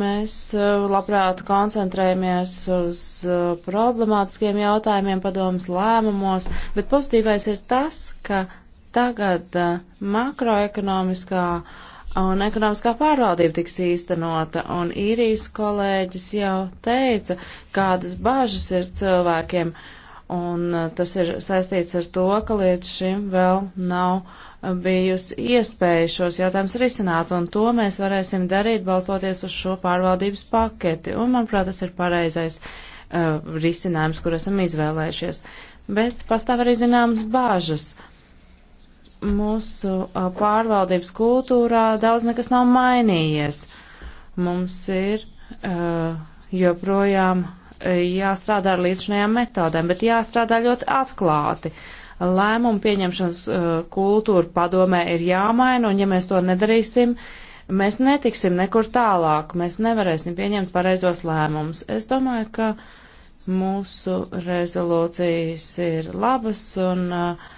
Mēs eh, labprāt koncentrējamies uz eh, problemātiskiem jautājumiem padomas lēmumos, bet pozitīvais ir tas, ka tagad eh, makroekonomiskā un ekonomiskā pārvaldība tiks īstenota, un īrijas kolēģis jau teica, kādas bažas ir cilvēkiem, un tas ir saistīts ar to, ka līdz šim vēl nav bijusi iespēja šos jautājumus risināt, un to mēs varēsim darīt balstoties uz šo pārvaldības paketi. Un, manuprāt, tas ir pareizais uh, risinājums, kur esam izvēlējušies. Bet pastāv arī zināmas bāžas. Mūsu uh, pārvaldības kultūrā daudz nekas nav mainījies. Mums ir uh, joprojām uh, jāstrādā ar līdzinājām metodēm, bet jāstrādā ļoti atklāti. Uh, lēmumu pieņemšanas uh, kultūra padomē ir jāmaina, un ja mēs to nedarīsim, mēs netiksim nekur tālāk, mēs nevarēsim pieņemt pareizos lēmumus. Es domāju, ka mūsu rezolūcijas ir labas, un uh,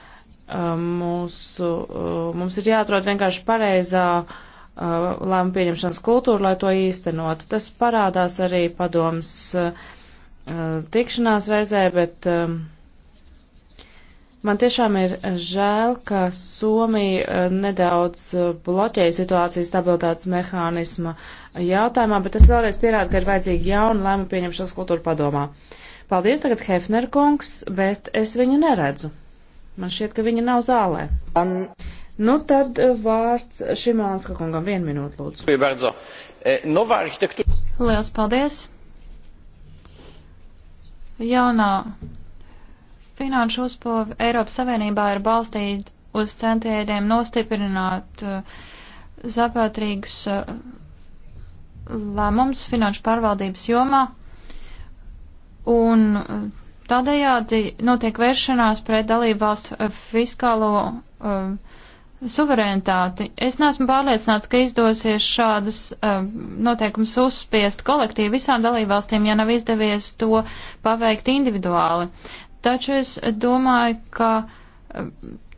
uh mūsu, uh, mums ir jāatrod vienkārši pareizā uh, lēmumu pieņemšanas kultūru, lai to īstenotu. Tas parādās arī padoms uh, tikšanās reizē, bet um, Man tiešām ir eh, žēl, ka Somija eh, nedaudz eh, bloķēja situāciju stabilitātes mehānisma jautājumā, bet tas vēlreiz pierāda, ka ir vajadzīga jauna lēma pieņemšanas kultūra padomā. Paldies tagad Hefner kungs, bet es viņu neredzu. Man šķiet, ka viņa nav zālē. Um. Nu tad vārds Šimānska kungam. Vienu minūtu, lūdzu. E, Liels paldies. Jaunā Finanšu uzpūve Eiropas Savienībā ir balstīta uz centieniem nostiprināt uh, zapātrīgus uh, lēmums finanšu pārvaldības jomā, un uh, tādējādi notiek vēršanās pret dalību valstu uh, fiskālo uh, suverēnitāti. Es neesmu pārliecināts, ka izdosies šādas um, uh, noteikums uzspiest kolektīvi visām dalībvalstīm, ja nav izdevies to paveikt individuāli. Taču es domāju, ka eh,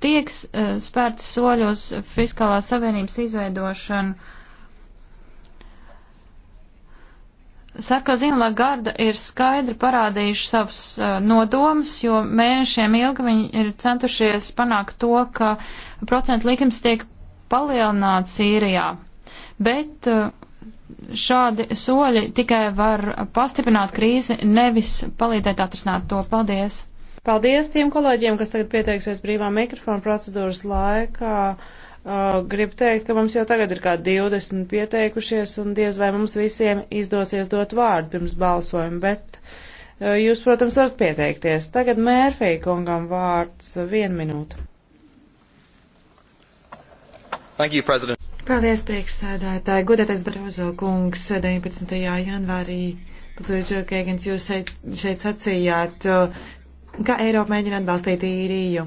tieks eh, spērti soļos fiskālās savienības izveidošanu. Sarkozina Lagarda ir skaidri parādījuši savus uh, nodomus, jo mēnešiem ilgi viņi ir centušies panākt to, ka procentu likums tiek palielināts īrijā. Bet uh, šādi soļi tikai var pastiprināt krīzi, nevis palīdzēt atrisināt to. Paldies! Paldies tiem kolēģiem, kas tagad pieteiksies brīvā mikrofona procedūras laikā. Uh, gribu teikt, ka mums jau tagad ir kā 20 pieteikušies un diez vai mums visiem izdosies dot vārdu pirms balsojuma, bet uh, jūs, protams, varat pieteikties. Tagad Mērfī kungam vārds uh, vienu minūtu. Thank you, President. Paldies, priekšsēdētāji. Godētais Barozo kungs 19. janvārī. Lūdzu, Kēgens, jūs šeit, šeit sacījāt, uh, ka Eiropa mēģina atbalstīt īriju.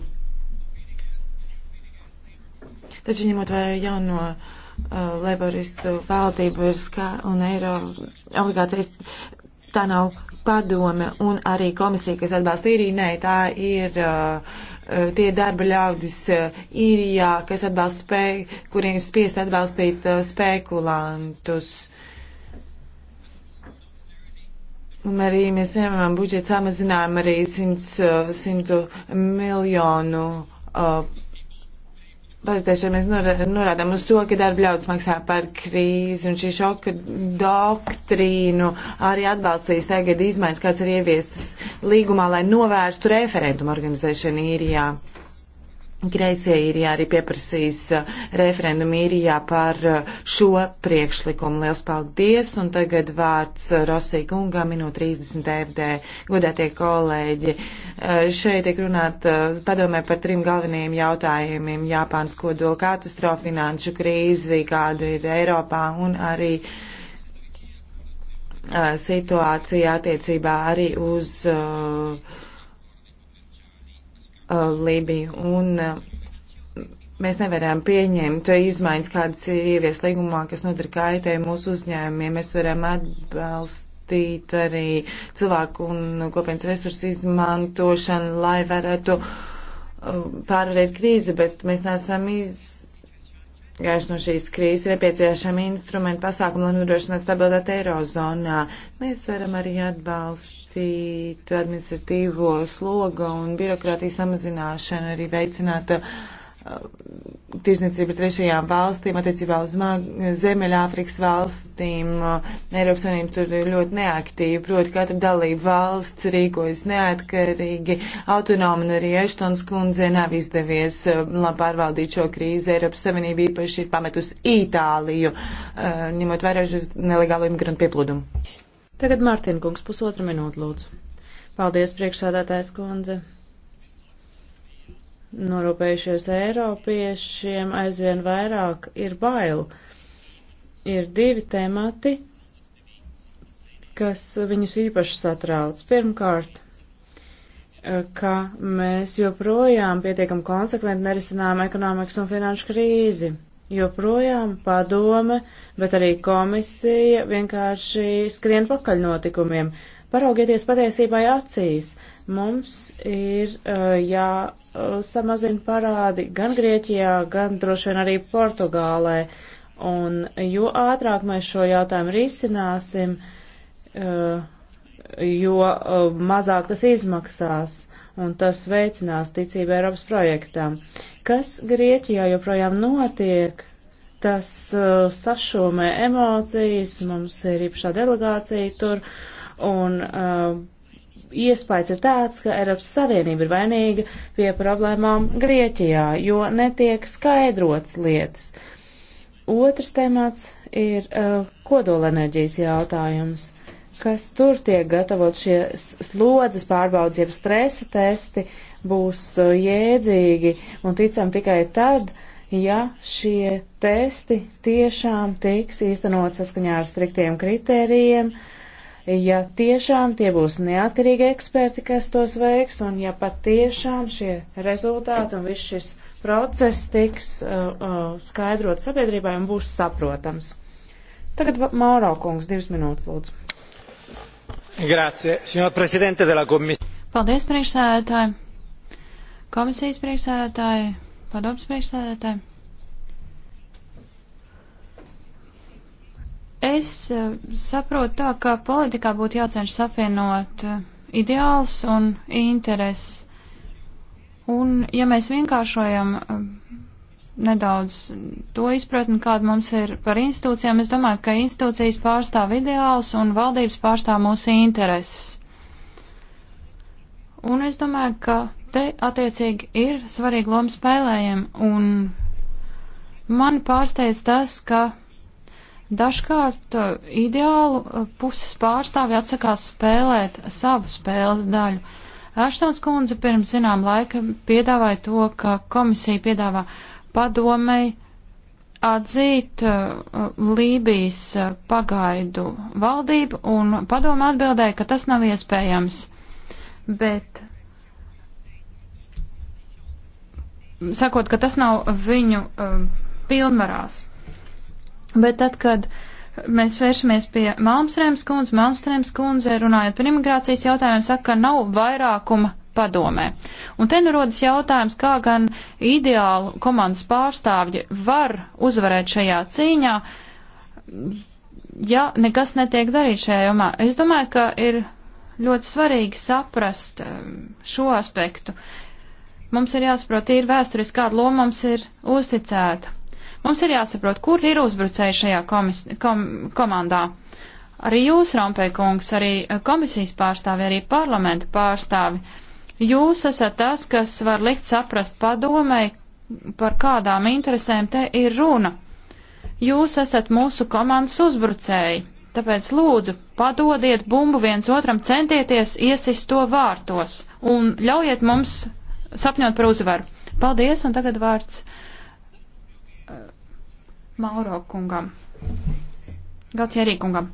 Taču ņemot vērā jauno uh, laboristu valdību skā, un eiro obligācijas, tā nav padome un arī komisija, kas atbalsta īriju. Nē, tā ir uh, uh tie darba ļaudis uh, īrijā, kas atbalsta spēku, kuriem spiest atbalstīt uh, spekulantus. Uh, Un arī mēs ņemam budžeta samazinājumu arī 100, 100 uh, miljonu. Uh, Paredzēšana mēs norādām uz to, ka darba ļaudis maksā par krīzi un šī šoka doktrīnu arī atbalstīs tagad izmaiņas, kāds ir ieviestas līgumā, lai novērstu referendumu organizēšanu īrijā. Ja Greisija ir arī pieprasījis uh, referendumu īrijā par uh, šo priekšlikumu. Liels paldies! Un tagad vārds uh, Rosī kungam minūte 30 FD. Godētie kolēģi, šeit tiek runāt padomē par trim galvenajiem jautājumiem - Japānas kodola katastrofa, finanšu krīzi, kāda ir Eiropā un arī situācija attiecībā arī uz uh, Uh, Lībiju. Un uh, mēs nevaram pieņemt izmaiņas, kādas ir ievies līgumā, kas nodara kaitējumu mūsu uzņēmumiem. Mēs varam atbalstīt arī cilvēku un kopienas resursu izmantošanu, lai varētu uh, pārvarēt krīzi, bet mēs neesam iz Gājuši no šīs krīzes nepieciešami instrumenti pasākumi, lai nodrošinātu stabilitāti Eirozonā. Mēs varam arī atbalstīt administratīvo slogu un birokrātiju samazināšanu, arī veicināt uh, tirzniecība trešajām valstīm, attiecībā uz Ziemeļāfrikas valstīm. Uh, Eiropas Savienība tur ir ļoti neaktīva, proti katra dalība valsts rīkojas neatkarīgi, autonomi un arī Eštons kundze nav izdevies uh, labi pārvaldīt šo krīzi. Eiropas Savienība īpaši ir pametusi Itāliju, uh, ņemot vērā nelegālo imigrantu pieplūdumu. Tagad Mārtiņa kungs pusotra minūte lūdzu. Paldies, priekšsādātājs kundze norūpējušies Eiropiešiem aizvien vairāk ir bailu. Ir divi temati, kas viņus īpaši satrauc. Pirmkārt, eh, ka mēs joprojām pietiekam konsekventi nerisinām ekonomikas un finanšu krīzi. Joprojām padome, bet arī komisija vienkārši skrien pakaļ notikumiem. Paraugieties patiesībai acīs. Mums ir uh, jā Uh, samazina parādi gan Grieķijā, gan droši vien arī Portugālē. Un jo ātrāk mēs šo jautājumu risināsim, uh, jo uh, mazāk tas izmaksās un tas veicinās ticību Eiropas projektām. Kas Grieķijā joprojām notiek, tas uh, sašomē emocijas, mums ir īpašā delegācija tur, un uh, iespējas ir tāds, ka Eiropas Savienība ir vainīga pie problēmām Grieķijā, jo netiek skaidrots lietas. Otrs temats ir uh, kodolenerģijas jautājums, kas tur tiek gatavot šie slodzes pārbaudas, jeb stresa testi būs uh, jēdzīgi un ticam tikai tad, ja šie testi tiešām tiks īstenot saskaņā ar striktiem kritērijiem. Uh, ja tiešām tie būs neatkarīgi eksperti, kas tos veiks, un ja patiešām šie rezultāti un viss šis process tiks uh, uh, skaidrot sabiedrībai un būs saprotams. Tagad Mauro kungs, divas minūtes, lūdzu. Grācie, signor prezidente de la komisija. Paldies, priekšsēdētāji. Komisijas priekšsēdētāji, padoms priekšsēdētāji. Es eh, saprotu tā, ka politikā būtu jācenšas apvienot eh, ideāls un intereses. Un ja mēs vienkāršojam eh, nedaudz to izpratni, kāda mums ir par institūcijām. Es domāju, ka institūcijas pārstāv ideāls un valdības pārstāv mūsu intereses. Un es domāju, ka te attiecīgi ir svarīga loma spēlējiem. Un man pārsteidz tas, ka Dažkārt uh, ideālu uh, puses pārstāvi atsakās spēlēt savu spēles daļu. Ashtons kundze pirms zinām laika piedāvāja to, ka komisija piedāvā padomei atzīt uh, uh, Lībijas uh, pagaidu valdību, un padoma atbildēja, ka tas nav iespējams. Bet sakot, ka tas nav viņu uh, pilnvarās. Bet tad, kad mēs vēršamies pie Malmstrēms kundze, Malmstrēms kundze runājot par imigrācijas jautājumiem, saka, ka nav vairākuma padomē. Un te nu rodas jautājums, kā gan ideālu komandas pārstāvji var uzvarēt šajā cīņā, ja nekas netiek darīts šajā jomā. Es domāju, ka ir ļoti svarīgi saprast um, šo aspektu. Mums ir jāsaprot, ir vēsturiski kāda loma mums ir uzticēta. Mums ir jāsaprot, kur ir uzbrucēji šajā komis, kom, komandā. Arī jūs, Rompēkungs, arī eh, komisijas pārstāvi, arī parlamenta pārstāvi. Jūs esat tas, kas var likt saprast padomai, par kādām interesēm te ir runa. Jūs esat mūsu komandas uzbrucēji, tāpēc lūdzu, padodiet bumbu viens otram, centieties iesist to vārtos un ļaujiet mums sapņot par uzvaru. Paldies, un tagad vārds Mauro kungam. Gatsierī kungam.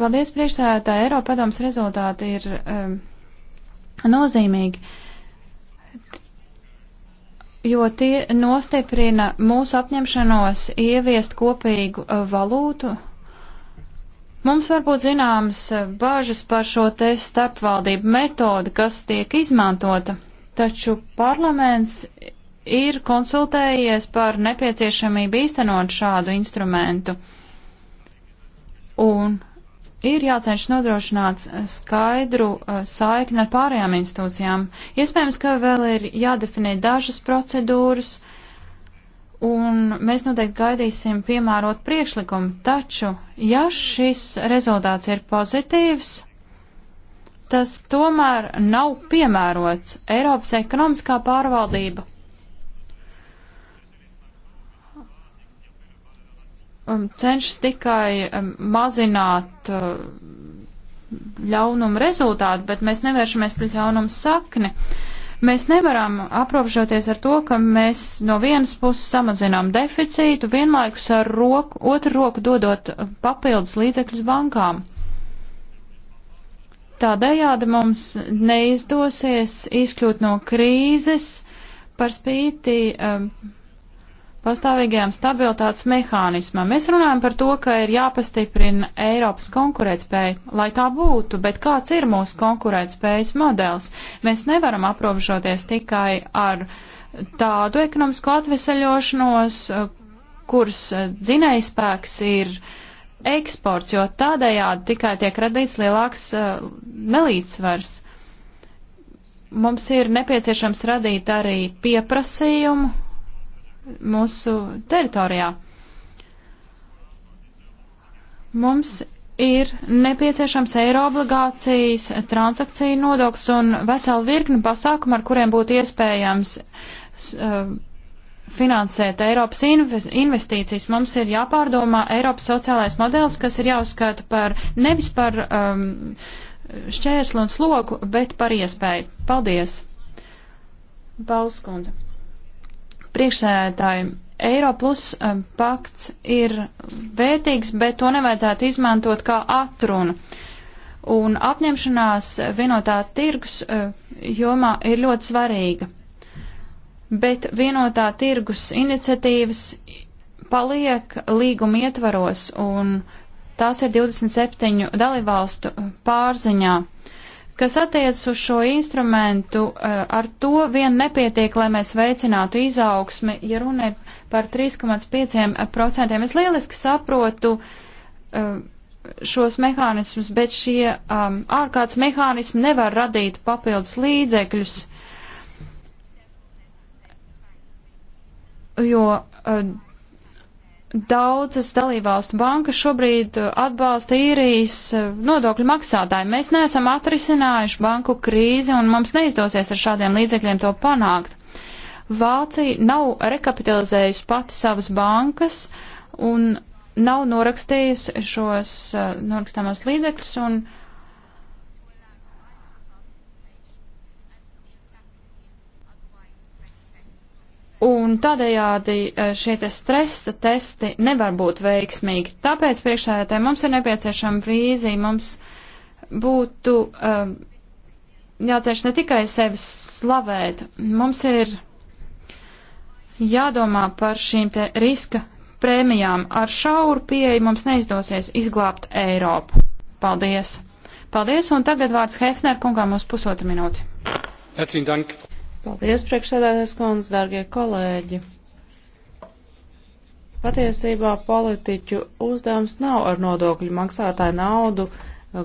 Paldies priekšsēdētāji. Eiropadoms rezultāti ir um, nozīmīgi, jo tie nostiprina mūsu apņemšanos ieviest kopīgu uh, valūtu. Mums varbūt zināmas uh, bāžas par šo te starpvaldību metodi, kas tiek izmantota, taču parlaments ir konsultējies par nepieciešamību īstenot šādu instrumentu. Un ir jācenšas nodrošināt skaidru uh, saikni ar pārējām institūcijām. Iespējams, ka vēl ir jādefinē dažas procedūras, un mēs noteikti gaidīsim piemērot priekšlikumu. Taču, ja šis rezultāts ir pozitīvs, tas tomēr nav piemērots Eiropas ekonomiskā pārvaldība Um, cenšas tikai um, mazināt uh, ļaunumu rezultātu, bet mēs nevēršamies pret ļaunumu sakni. Mēs nevaram aprobežoties ar to, ka mēs no vienas puses samazinām deficītu, vienlaikus ar roku, otru roku dodot papildus līdzekļus bankām. Tādējādi mums neizdosies izkļūt no krīzes par spīti um, pastāvīgajam stabilitātes mehānismam. Mēs runājam par to, ka ir jāpastiprina Eiropas konkurētspēja, lai tā būtu, bet kāds ir mūsu konkurētspējas modelis? Mēs nevaram aprobežoties tikai ar tādu ekonomisko atveseļošanos, kuras eh, dzinējspēks ir eksports, jo tādējādi tikai tiek radīts lielāks eh, nelīdzsvars. Mums ir nepieciešams radīt arī pieprasījumu mūsu teritorijā. Mums ir nepieciešams eiro obligācijas, transakciju nodoklis un vesela virkni pasākumu, ar kuriem būtu iespējams uh, finansēt Eiropas investīcijas. Mums ir jāpārdomā Eiropas sociālais modelis, kas ir jāuzskata par nevis par um, šķērslu un sloku, bet par iespēju. Paldies! Balskundze. Priekšsēdētāji, Eiro plus eh, pakts ir vērtīgs, bet to nevajadzētu izmantot kā atrunu. Un apņemšanās vienotā tirgus eh, jomā ir ļoti svarīga. Bet vienotā tirgus iniciatīvas paliek līguma ietvaros, un tās ir 27 dalībvalstu eh, pārziņā. Uh, Kas attiecas uz šo instrumentu, eh, ar to vien nepietiek, lai mēs veicinātu izaugsmi, ja runa ir par 3,5%. Es lieliski saprotu eh, šos mehānismus, bet šie um, ārkārtas mehānismi nevar radīt papildus līdzekļus, jo uh, daudzas dalībvalstu bankas šobrīd atbalsta īrijas eh, nodokļu maksātāju. Mēs neesam atrisinājuši banku krīzi un mums neizdosies ar šādiem līdzekļiem to panākt. Vācija nav rekapitalizējusi pati savas bankas un nav norakstījusi šos eh, norakstāmos līdzekļus un uh, Un tādējādi e, šie te stresa testi nevar būt veiksmīgi. Tāpēc priekšsēdētāji mums ir nepieciešama vīzija, mums būtu um, e, jācieš ne tikai sevi slavēt, mums ir jādomā par šīm te riska prēmijām. Ar šauru pieeju mums neizdosies izglābt Eiropu. Paldies! Paldies, un tagad vārds Hefner kungām uz pusotru minūti. Herzlichen Dank, Paldies, priekšsēdētājs kundze, dārgie kolēģi. Patiesībā politiķu uzdevums nav ar nodokļu maksātāju naudu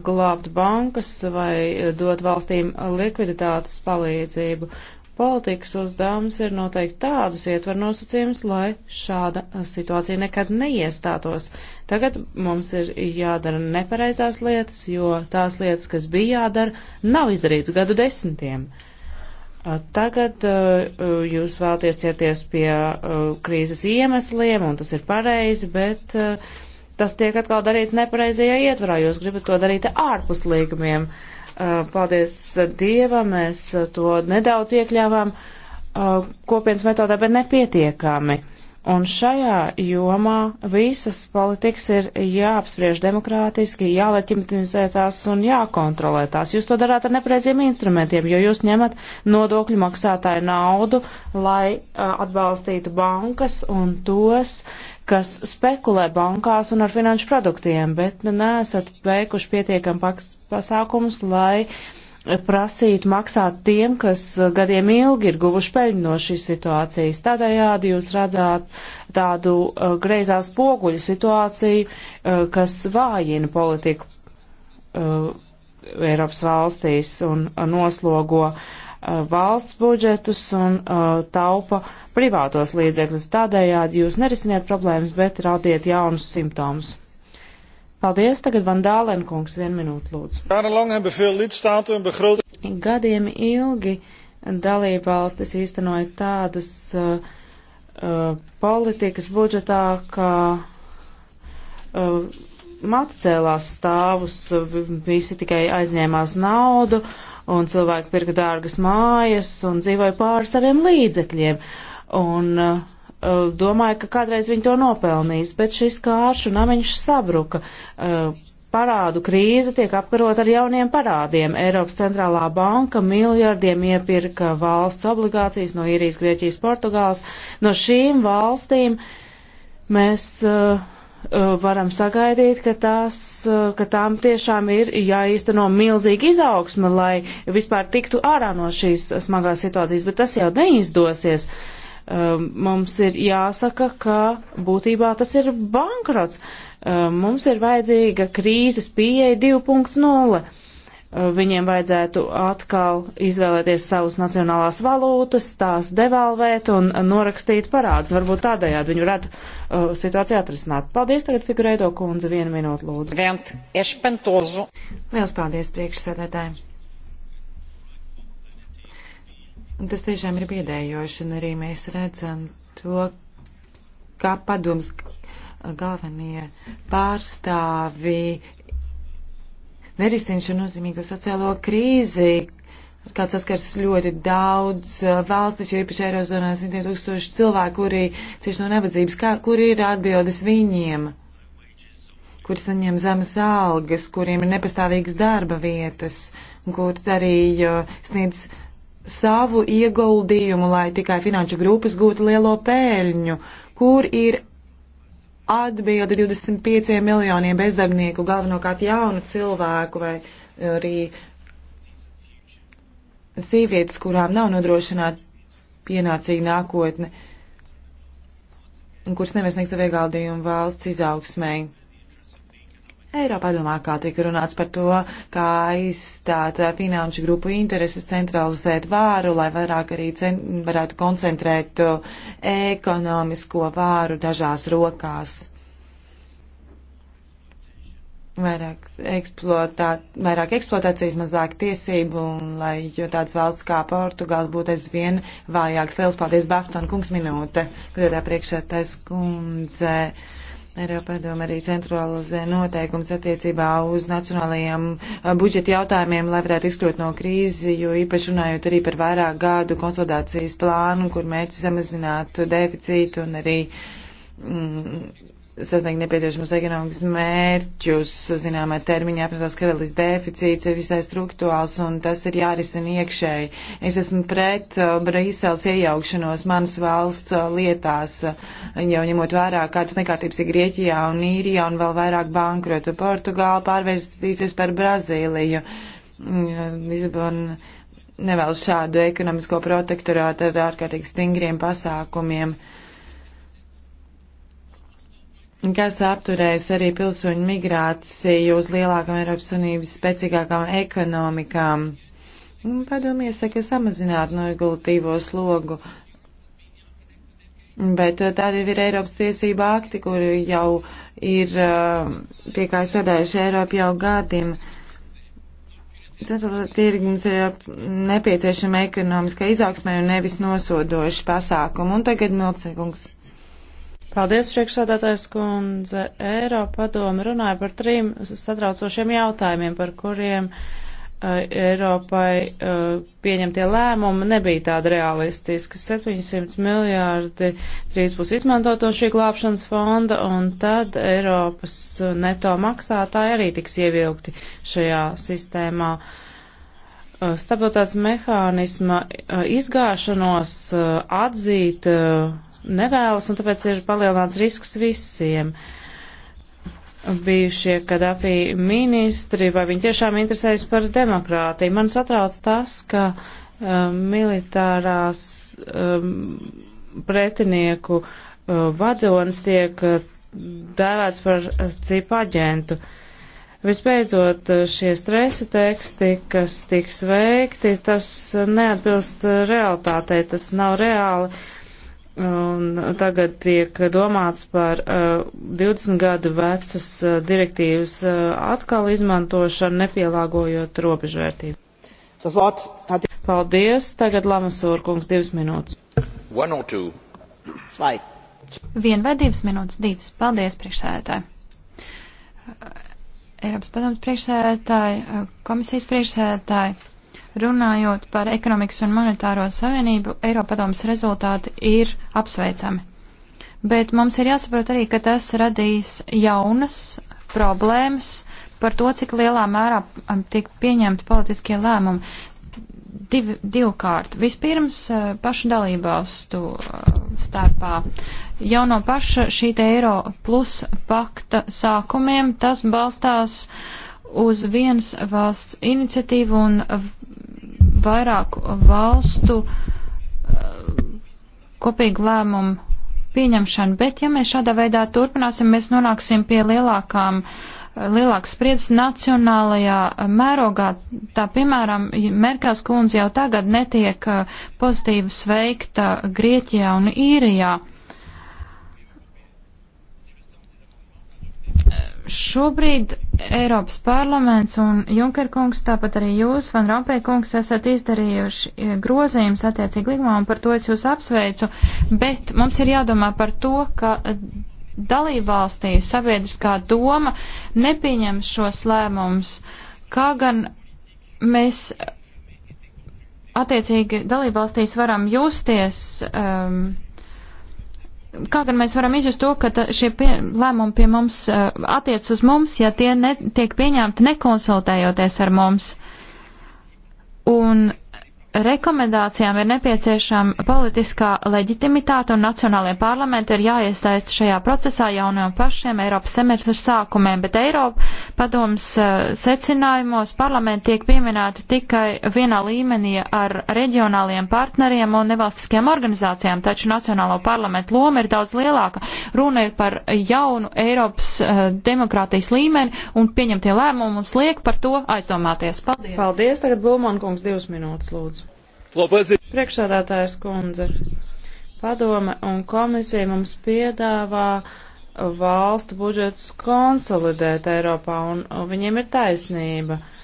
glābt bankas vai dot valstīm likviditātes palīdzību. Politikas uzdevums ir noteikti tādus ietver nosacījumus, lai šāda situācija nekad neiestātos. Tagad mums ir jādara nepareizās lietas, jo tās lietas, kas bija jādara, nav izdarīts gadu desmitiem. Uh, Tagad uh, uh, jūs vēlaties ķerties pie uh, krīzes iemesliem, un tas ir pareizi, bet tas tiek atkal darīts nepareizajā ietvarā. Jūs gribat to darīt ārpus līgumiem. Paldies Dievam, mēs to nedaudz iekļāvām kopienas metodā, bet nepietiekami. Un šajā jomā visas politikas ir jāapspriež demokrātiski, jāleķimtinizē tās un jākontrolē tās. Jūs to darāt ar nepareiziem instrumentiem, jo jūs ņemat nodokļu maksātāju naudu, lai atbalstītu bankas un tos, kas spekulē bankās un ar finanšu produktiem, bet nesat veikuši pietiekam pasākums, lai uh, prasīt maksāt tiem, kas gadiem ilgi ir guvuši peļņu no šīs situācijas. Tādējādi jūs redzāt tādu uh, greizās poguļu situāciju, uh, kas vājina politiku uh, Eiropas valstīs un uh, noslogo uh, valsts budžetus un uh, taupa privātos līdzekļus. Tādējādi jūs nerisiniet problēmas, bet radiet jaunus simptomus. Paldies, tagad Van Dālenkungs, vienu minūtu lūdzu. Gadiem ilgi dalība valstis īstenoja tādas uh, uh, politikas budžetā, kā uh, matcēlās stāvus, visi tikai aizņēmās naudu un cilvēki pirka dārgas mājas un dzīvoja pāri saviem līdzekļiem. Un, uh, Eh, domāju, ka kādreiz viņi to nopelnīs, bet šis kāršu namiņš sabruka. Eh, parādu krīze tiek apkarot ar jauniem parādiem. Eiropas centrālā banka miljardiem iepirka valsts obligācijas no Īrijas, Grieķijas, Portugāles. No šīm valstīm mēs uh, varam sagaidīt, ka, tās, ka tām tiešām ir jāīsteno milzīga izaugsme, lai vispār tiktu ārā no šīs smagās situācijas, bet tas jau neizdosies um, mums ir jāsaka, ka būtībā tas ir bankrots. Um, mums ir vajadzīga krīzes pieeja 2.0. Uh, viņiem vajadzētu atkal izvēlēties savas nacionālās valūtas, tās devalvēt un norakstīt parādus. Varbūt tādējādi viņu varētu uh, situāciju atrisināt. Paldies tagad figurēto kundze, vienu minūtu lūdzu. Liels paldies priekšsēdētājiem. Un tas tiešām ir biedējoši, un arī mēs redzam to, kā padoms galvenie pārstāvi nerisina šo nozīmīgo sociālo krīzi, kāds saskars ļoti daudz uh, valstis, jo īpaši Eirozonā simtiem tūkstoši cilvēku, kuri cieši no nabadzības, kā, kur ir atbildes viņiem, kuri saņem zemes algas, kuriem ir nepastāvīgas darba vietas, kur arī uh, sniedz savu ieguldījumu, lai tikai finanšu grupas gūtu lielo pēļņu, kur ir atbilde 25 miljoniem bezdarbnieku, galvenokārt jaunu cilvēku vai arī sievietes, kurām nav nodrošināta pienācīga nākotne un kuras nevar sniegt savu ieguldījumu valsts izaugsmēji. Eiropā domā, kā tika runāts par to, kā aizstāt finanšu grupu intereses, centralizēt vāru, lai vairāk arī varētu koncentrēt ekonomisko vāru dažās rokās. Vairāk, eksploatā, vairāk eksploatācijas, mazāk tiesību, un lai, jo tāds valsts kā Portugāls būtu aizvien vājāks. Liels paldies, Bafton kungs, minūte, kad tā priekšētais kundze. Uh, Eiropadoma arī centralizē noteikums attiecībā uz nacionālajiem uh, budžeta jautājumiem, lai varētu izkļūt no krīzi, jo īpaši runājot arī par vairāk gādu konsolidācijas plānu, kur mērķis samazināt deficītu un arī mm, sasniegt nepieciešamos ekonomikas mērķus, zināmā termiņā, protams, karalīs deficīts ir visai struktūrāls un tas ir jārisina iekšēji. Es esmu pret uh, Brīseles iejaukšanos manas valsts uh, lietās, uh, jau ņemot vērā, kādas nekārtības ir Grieķijā un Īrijā un vēl vairāk bankrotu. Portugāla pārvērstīsies par Brazīliju. Mm, Lisabona nevēlas šādu ekonomisko protektorātu ar ārkārtīgi stingriem pasākumiem. Uh, kas apturēs arī pilsoņu migrāciju uz lielākām Eiropas Unības spēcīgākām ekonomikām. Padomju iesaka samazināt nogulatīvo slogu, bet uh, tādi ir Eiropas tiesība akti, kuri jau ir pie uh, kā sadājuši Eiropu jau gadiem. Ceturtā tirgums ir nepieciešama ekonomiskā izaugsmē un nevis nosodoši pasākumu. Un tagad Milcekungs. Paldies, priekšsādātājs kundze. Eiropa padome runāja par trim satraucošiem jautājumiem, par kuriem uh, Eiropai uh, pieņemtie lēmumi nebija tādi realistiski. 700 miljārdi drīz būs izmantot no šī glābšanas fonda, un tad Eiropas eh, neto maksātāji arī tiks ievilkti šajā sistēmā. Uh, Stabilitātes mehānisma izgāšanos atzīt nevēlas, un tāpēc ir palielināts risks visiem. Bijušie Kadafī ministri, vai viņi tiešām interesējas par demokrātiju? Man satrauc tas, ka uh, militārās um, pretinieku uh, vadonis tiek uh, dēvēts par uh, cipu aģentu. Uh, Visbeidzot, šie stresa teksti, kas tiks veikti, tas uh, neatbilst uh, realitātei, tas nav reāli. Un tagad tiek domāts par uh, 20 gadu vecas uh, direktīvas uh, atkal izmantošanu, nepielāgojot robežvērtību. Tas vārds. At... Paldies. Tagad Lamasūra kungs divas minūtes. One or two. Svai. Vien vai divas minūtes? Divas. Paldies, priekšsēdētāji. Eiropas padomus priekšsēdētāji, komisijas priekšsēdētāji Runājot par ekonomikas un monetāro savienību, Eiropadomas rezultāti ir apsveicami. Bet mums ir jāsaprot arī, ka tas radīs jaunas problēmas par to, cik lielā mērā tiek pieņemti politiskie lēmumi. Div, divkārt. Vispirms eh, pašu dalībvalstu eh, starpā. Jau no paša šī te eiro plus pakta sākumiem tas balstās uz vienas valsts iniciatīvu un vairāku valstu eh, kopīgu lēmumu pieņemšanu, bet ja mēs šādā veidā turpināsim, mēs nonāksim pie lielākām uh, lielāks spriedzes nacionālajā mērogā. Tā piemēram, Merkels kundze jau tagad netiek eh, pozitīvi sveikta Grieķijā un Īrijā. Šobrīd Eiropas parlaments un Junker kungs, tāpat arī jūs, Van Rompē kungs, esat izdarījuši eh, grozījums attiecīgi līgumā, un par to es jūs apsveicu, bet mums ir jādomā par to, ka dalībvalstī sabiedriskā doma nepieņem šos lēmumus, kā gan mēs attiecīgi dalībvalstīs varam justies. Um, kā gan mēs varam izjust to, ka ta, šie pie, lēmumi pie mums uh, attiec uz mums, ja tie netiek pieņemti nekonsultējoties ar mums. Un rekomendācijām ir nepieciešama politiskā leģitimitāte un nacionālajiem parlamentiem ir jāiestaist šajā procesā jau no pašiem Eiropas semestra sākumiem, bet Eiropa padoms eh, secinājumos parlamenti tiek pieminēti tikai vienā līmenī ar reģionāliem partneriem un nevalstiskajām organizācijām, taču nacionālo parlamentu loma ir daudz lielāka. Runa ir par jaunu Eiropas uh, demokrātijas līmeni un pieņemtie lēmumi mums liek par to aizdomāties. Paldies! Paldies! Tagad Bulman kungs divas minūtes, lūdzu. Priekšsādātājs kundze, padome un komisija mums piedāvā valstu budžetus konsolidēt Eiropā, un viņiem ir taisnība. Uh,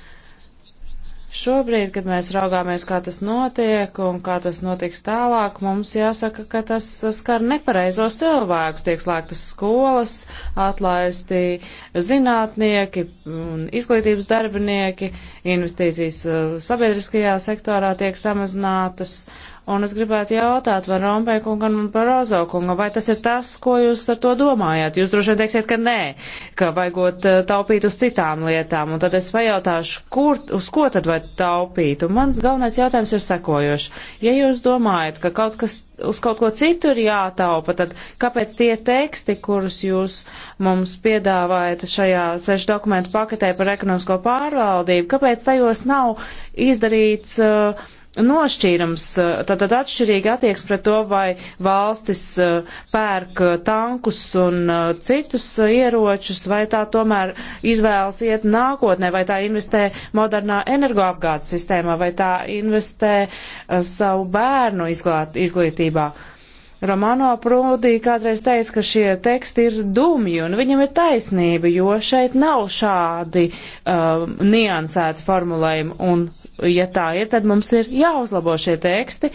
Šobrīd, kad mēs raugāmies, kā tas notiek un kā tas notiks tālāk, mums jāsaka, ka tas skar nepareizos cilvēkus. Tiek slēgtas skolas, atlaisti zinātnieki un izglītības darbinieki, investīcijas uh, sabiedriskajā sektorā tiek samazinātas. Uh, Un es gribētu jautāt, vai Rompēja kungam un Parozo kungam, vai tas ir tas, ko jūs ar to domājat? Jūs droši vien teiksiet, ka nē, ka vajagot eh, taupīt uz citām lietām. Un tad es pajautāšu, kur, uz ko tad vajag taupīt? Un mans galvenais jautājums ir sekojošs. Ja jūs domājat, ka kaut kas, uz kaut ko citu ir jātaupa, tad kāpēc tie teksti, kurus jūs mums piedāvājat šajā sešu dokumentu paketē par ekonomisko pārvaldību, kāpēc tajos nav izdarīts uh, nošķīrums, eh, tātad atšķirīga attieks pret to, vai valstis eh, pērk eh, tankus un citus ieročus, vai tā tomēr izvēlas iet nākotnē, vai tā investē modernā energoapgādes sistēmā, vai tā investē savu bērnu izglāt, izglītībā. Romano Prūdī kādreiz teica, ka šie teksti ir dumji, un viņam ir taisnība, jo šeit nav šādi um, niansēti formulējumi, un ja tā ir, tad mums ir jāuzlabo šie teksti,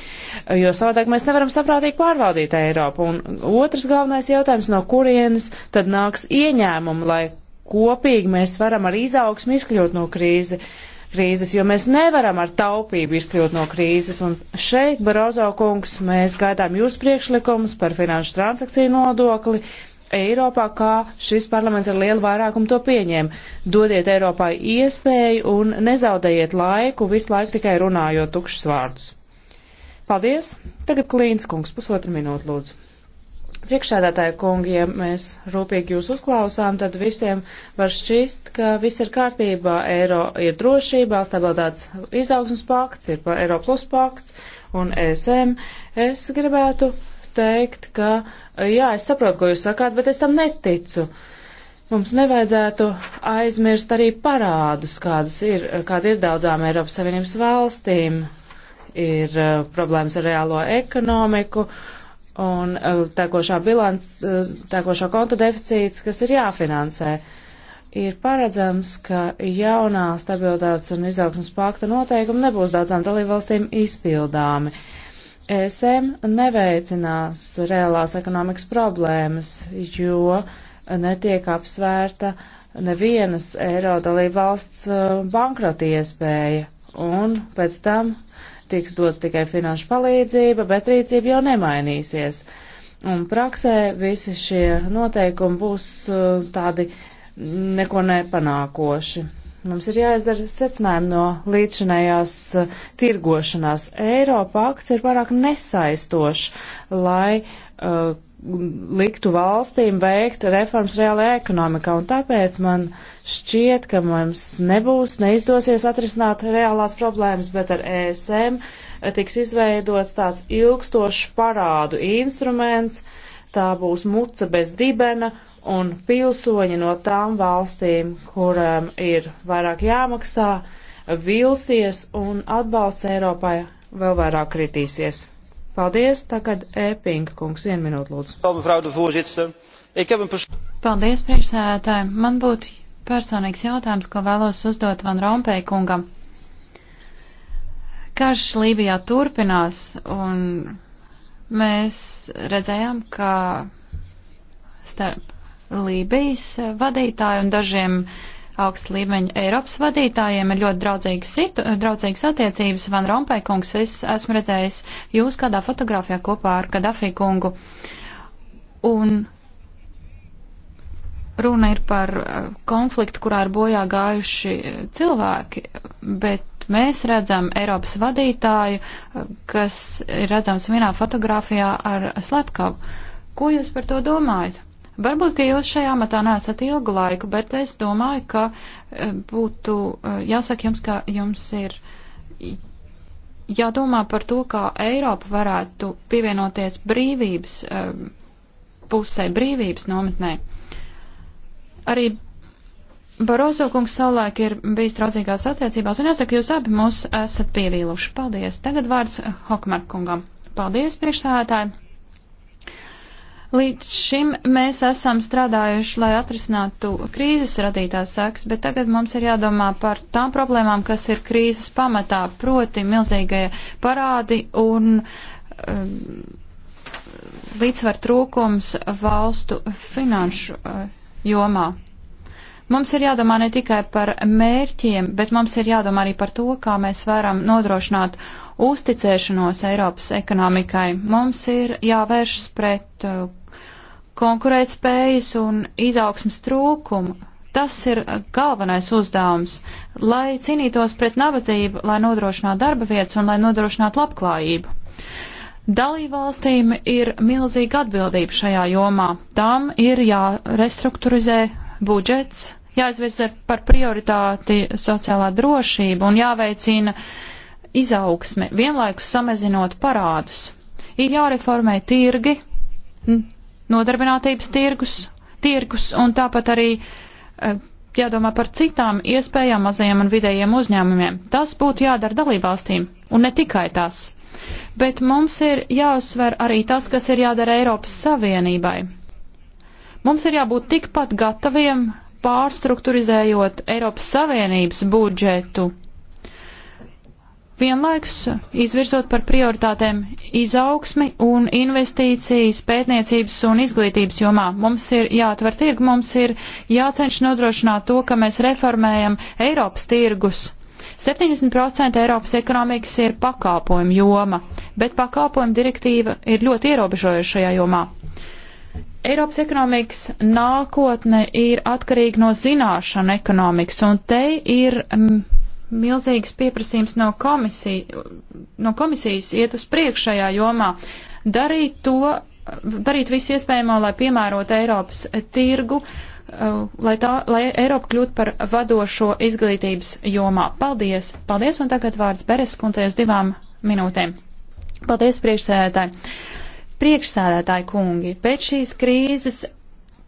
jo savādāk mēs nevaram saprātīgi pārvaldīt Eiropu. Un otrs galvenais jautājums, no kurienes tad nāks ieņēmumi, lai kopīgi mēs varam ar izaugsmu izkļūt no krīzi, krīzes, jo mēs nevaram ar taupību izkļūt no krīzes. Un šeit, Barozo kungs, mēs gaidām jūs priekšlikumus par finanšu transakciju nodokli, Eiropā, kā šis parlaments ar lielu vairākumu to pieņēma. Dodiet Eiropai iespēju un nezaudējiet laiku, visu laiku tikai runājot tukšus vārdus. Paldies! Tagad Klīns kungs, pusotra minūte lūdzu. Priekšsēdētāju kungi, ja mēs rūpīgi jūs uzklausām, tad visiem var šķist, ka viss ir kārtībā. Eiro ir drošībā, stabilitātes izaugsmas pakts, ir Eiro plus pakts un ESM. Es gribētu teikt, ka jā, es saprotu, ko jūs sakāt, bet es tam neticu. Mums nevajadzētu aizmirst arī parādus, kādas ir, kāda ir daudzām Eiropas Savienības valstīm. Ir uh, problēmas ar reālo ekonomiku un uh, tekošā bilants, uh, tekošā konta deficīts, kas ir jāfinansē. Ir paredzams, ka jaunā stabilitātes un izaugsmas pakta noteikumi nebūs daudzām dalībvalstīm izpildāmi. Uh, ESM neveicinās reālās ekonomikas problēmas, jo netiek apsvērta nevienas eiro dalība valsts bankrota iespēja, un pēc tam tiks dots tikai finanšu palīdzība, bet rīcība jau nemainīsies. Un praksē visi šie noteikumi būs tādi neko nepanākoši. Mums ir jāizdara secinājumi no līdzinējās eh, tirgošanās. Eiropa akts ir pārāk nesaistošs, lai uh, liktu valstīm veikt reformas reālajā ekonomikā, un tāpēc man šķiet, ka mums nebūs, neizdosies atrisināt reālās problēmas, bet ar ESM tiks izveidots tāds ilgstošs parādu instruments, tā būs muca bez dibena, un pilsoņi no tām valstīm, kurām ir vairāk jāmaksā, vilsies un atbalsts Eiropai vēl vairāk kritīsies. Paldies, tagad Ēpinga e kungs, vienu minūtu lūdzu. Paldies, priekšsēdētāji. Man būtu personīgs jautājums, ko vēlos uzdot Van Rompēj kungam. Karš Lībijā turpinās, un mēs redzējām, ka starp Lībijas vadītāju un dažiem augstu līmeņu Eiropas vadītājiem ir ļoti draudzīgas, situ, draudzīgas attiecības. Van Rompē kungs, es esmu redzējis jūs kādā fotografijā kopā ar Kadafī kungu. Un runa ir par eh, konfliktu, kurā ir bojā gājuši eh, cilvēki, bet mēs redzam Eiropas vadītāju, eh, kas ir redzams vienā fotografijā ar slepkavu. Ko jūs par to domājat? Varbūt, ka jūs šajā matā nesat ilgu laiku, bet es domāju, ka eh, būtu eh, jāsaka jums, ka jums ir jādomā par to, kā Eiropa varētu pievienoties brīvības eh, pusē, brīvības nometnē. Arī Barozo kungs savulaik ir bijis traucīgās attiecībās, un jāsaka, jūs abi mūs esat pievīluši. Paldies. Tagad vārds Hokmark kungam. Paldies, priekšsēdētāji. Līdz šim mēs esam strādājuši, lai atrisinātu krīzes radītās sekas, bet tagad mums ir jādomā par tām problēmām, kas ir krīzes pamatā, proti milzīgie parādi un um, līdzsvar trūkums valstu finanšu uh, jomā. Mums ir jādomā ne tikai par mērķiem, bet mums ir jādomā arī par to, kā mēs varam nodrošināt uzticēšanos Eiropas ekonomikai. Mums ir jāvēršas pret uh, konkurētspējas un izaugsmas trūkumu. Tas ir galvenais uzdevums, lai cīnītos pret nabadzību, lai nodrošinātu darba vietas un lai nodrošinātu labklājību. Dalībvalstīm ir milzīga atbildība šajā jomā. Tam ir jārestruktūrizē budžets, jāizvirza par prioritāti sociālā drošība un jāveicina izaugsme, vienlaikus samazinot parādus. Ir jāreformē tirgi, nodarbinātības tirgus, tirgus un tāpat arī eh, jādomā par citām iespējām mazajiem un vidējiem uzņēmumiem. Tas būtu jādara dalībvalstīm un ne tikai tas. Bet mums ir jāuzsver arī tas, kas ir jādara Eiropas Savienībai. Mums ir jābūt tikpat gataviem pārstrukturizējot Eiropas Savienības budžetu vienlaikus izvirzot par prioritātēm izaugsmi un investīcijas pētniecības un izglītības jomā. Mums ir jāatver tirgu, mums ir jācenš nodrošināt to, ka mēs reformējam Eiropas tirgus. 70% Eiropas ekonomikas ir pakalpojumu joma, bet pakalpojumu direktīva ir ļoti ierobežojuša šajā jomā. Eiropas ekonomikas nākotne ir atkarīga no zināšanu ekonomikas, un te ir mm, milzīgs pieprasījums no, komisija, no komisijas iet uz priekšējā jomā, darīt to, darīt visu iespējamo, lai piemērot Eiropas tirgu, uh, lai, tā, lai Eiropa kļūtu par vadošo izglītības jomā. Paldies! Paldies! Un tagad vārds Beres kundzei uz divām minūtēm. Paldies, priekšsēdētāji! Priekšsēdētāji kungi, pēc šīs krīzes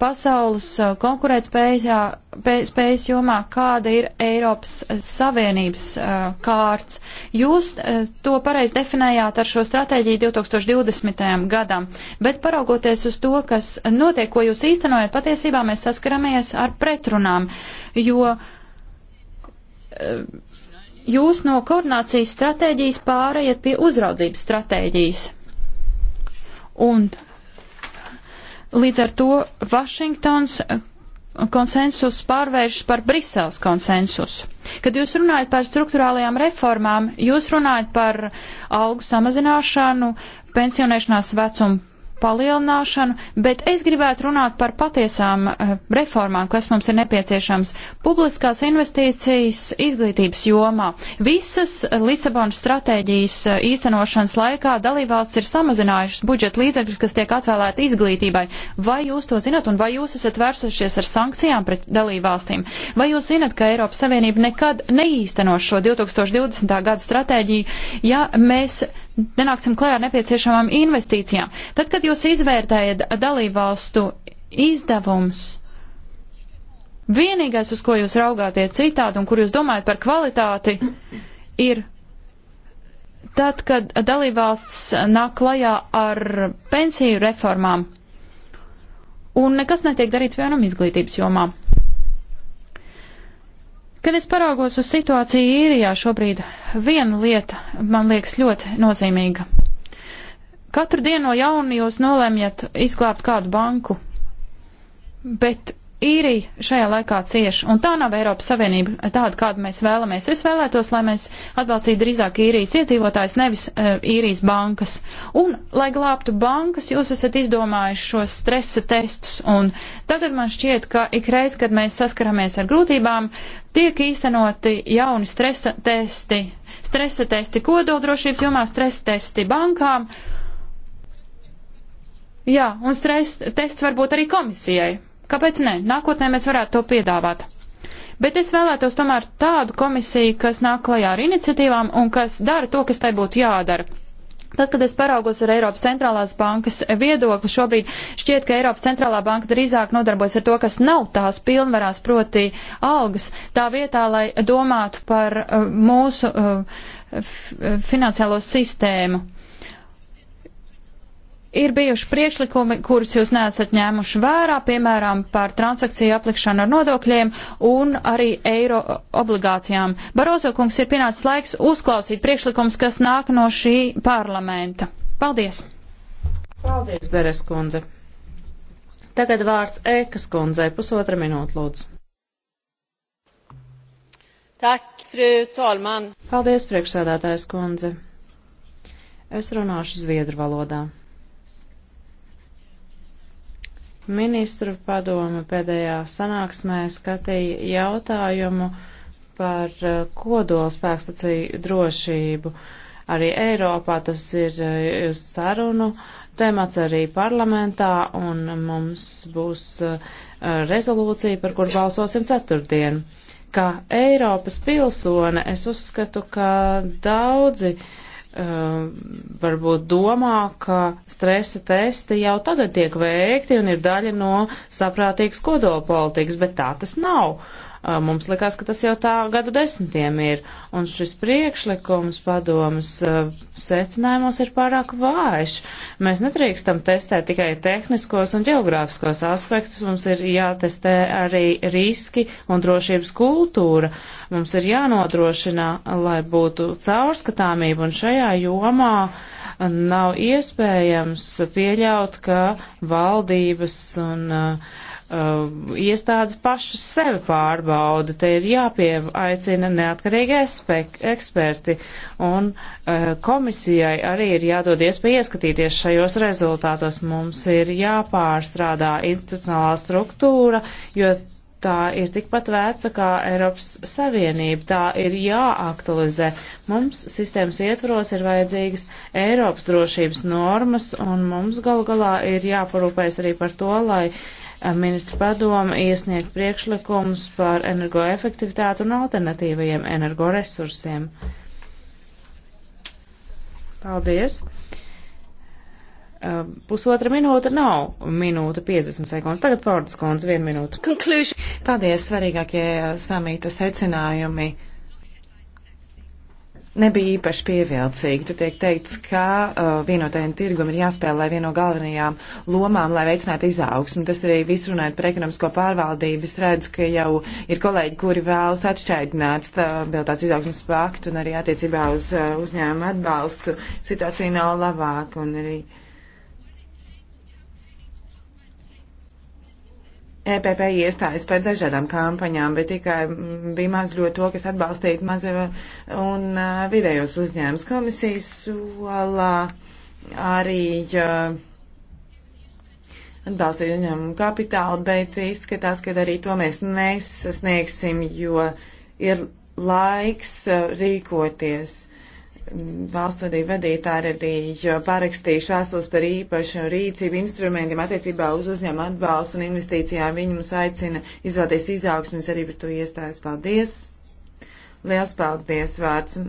pasaules uh, konkurētspējas jomā, kāda ir Eiropas Savienības uh, kārts. Jūs uh, to pareiz definējāt ar šo stratēģiju 2020. gadam, bet paraugoties uz to, kas notiek, ko jūs īstenojat, patiesībā mēs saskaramies ar pretrunām, jo jūs no koordinācijas stratēģijas pārējat pie uzraudzības stratēģijas. Un Līdz ar to Vašingtons eh, konsensus pārvēršas par Briseles konsensusu. Kad jūs runājat par struktūrālajām reformām, jūs runājat par algu samazināšanu, pensionēšanās vecumu palielināšanu, bet es gribētu runāt par patiesām eh, reformām, kas mums ir nepieciešams. Publiskās investīcijas izglītības jomā. Visas Lisabonas stratēģijas eh, īstenošanas laikā dalībvalsts ir samazinājušas budžeta līdzekļus, kas tiek atvēlēti izglītībai. Vai jūs to zinat un vai jūs esat vērsušies ar sankcijām pret dalībvalstīm? Vai jūs zinat, ka Eiropas Savienība nekad neīstenos šo 2020. gada stratēģiju, ja mēs nenāksim klajā ar nepieciešamām investīcijām. Tad, kad jūs izvērtējat dalībvalstu izdevums, vienīgais, uz ko jūs raugāties citādi un kur jūs domājat par kvalitāti, ir tad, kad dalībvalsts nāk klajā ar pensiju reformām. Un nekas netiek darīts vienam izglītības jomām. Kad es paraugos uz situāciju īrijā šobrīd, viena lieta man liekas ļoti nozīmīga. Katru dienu no jauna jūs nolemjat izglābt kādu banku, bet īrija šajā laikā cieš, un tā nav Eiropas Savienība eh, tāda, kādu mēs vēlamies. Es vēlētos, lai mēs atbalstītu drīzāk īrijas iedzīvotājs, nevis uh, īrijas bankas. Un, lai glābtu bankas, jūs esat izdomājuši šos stresa testus, un tagad man šķiet, ka ikreiz, kad mēs saskaramies ar grūtībām, tiek īstenoti jauni stresa testi, stresa testi kodoldrošības jomā, stresa testi bankām. Jā, un stresa tests varbūt arī komisijai. Kāpēc ne? Nākotnē mēs varētu to piedāvāt. Bet es vēlētos tomēr tādu komisiju, kas nāk klajā ar iniciatīvām un kas dara to, kas tai būtu jādara. Tad, kad es paraugos ar Eiropas centrālās bankas viedokli, šobrīd šķiet, ka Eiropas centrālā banka drīzāk nodarbojas ar to, kas nav tās pilnvarās, proti algas, tā vietā, lai domātu par uh, mūsu uh, finansiālo sistēmu. Ir bijuši priekšlikumi, kurus jūs neesat ņēmuši vērā, piemēram, par transakciju aplikšanu ar nodokļiem un arī eiro obligācijām. Barozo kungs ir pienācis laiks uzklausīt priekšlikumus, kas nāk no šī parlamenta. Paldies! Paldies, Beres kundze! Tagad vārds Ekas kundzei, pusotra minūte lūdzu. Tak, fru Tolman. Paldies, priekšsēdētājs kundze. Es runāšu zviedru valodā. Ministru padome pēdējā sanāksmē skatīja jautājumu par uh, kodolspēkstaciju drošību. Arī Eiropā tas ir uh, sarunu temats arī parlamentā, un mums būs uh, rezolūcija, par kur balsosim ceturtdien. Kā Eiropas pilsone, es uzskatu, ka daudzi uh, Uh, varbūt domā, ka stresa testi jau tagad tiek veikti un ir daļa no saprātīgas kodola politikas, bet tā tas nav. Mums likās, ka tas jau tā gadu desmitiem ir, un šis priekšlikums padomas secinājumos ir pārāk vājš. Mēs nedrīkstam testēt tikai tehniskos un geogrāfiskos aspektus, mums ir jātestē arī riski un drošības kultūra. Mums ir jānodrošina, lai būtu caurskatāmība, un šajā jomā nav iespējams pieļaut, ka valdības un uh, Uh, iestādes pašas sevi pārbauda. Te ir jāpieaicina neatkarīgi eksperti, un uh, komisijai arī ir jādod iespēja ieskatīties šajos rezultātos. Mums ir jāpārstrādā institucionālā struktūra, jo tā ir tikpat veca kā Eiropas Savienība, tā ir jāaktualizē. Mums sistēmas ietvaros ir vajadzīgas Eiropas drošības normas, un mums gal galā ir jāparūpēs arī par to, lai ministru padomu iesniegt priekšlikumus par energoefektivitātu un alternatīvajiem energoresursiem. Paldies! pusotra minūte nav minūte 50 sekundes. Tagad Fordas kundze, viena minūte. Conclusion. Paldies, svarīgākie samīta secinājumi nebija īpaši pievilcīgi. Tur tiek teikts, ka uh, vienotajam tirgum ir jāspēlē viena no galvenajām lomām, lai veicinātu izaugsmu. Tas arī viss runājot par ekonomisko pārvaldību. Es redzu, ka jau ir kolēģi, kuri vēlas atšķaidināt stabilitātes izaugsmas paktu un arī attiecībā uz uh, uzņēmumu atbalstu situācija nav labāka. Un arī uh, EPP iestājas par dažādām kampaņām, bet tikai mm, bija maz ļoti to, kas atbalstītu mazo un vidējos uzņēmums komisijas solā arī atbalstīt uzņēmumu kapitālu, bet izskatās, ka arī to mēs nesasniegsim, jo ir laiks rīkoties valsts vadību vadītāji arī pārakstījuši vēstules par īpašu rīcību instrumentiem attiecībā uz uzņēmumu atbalstu un investīcijām. Viņi mums aicina izvēlēties izaugsmes arī par to iestājas. Paldies! Liels paldies vārds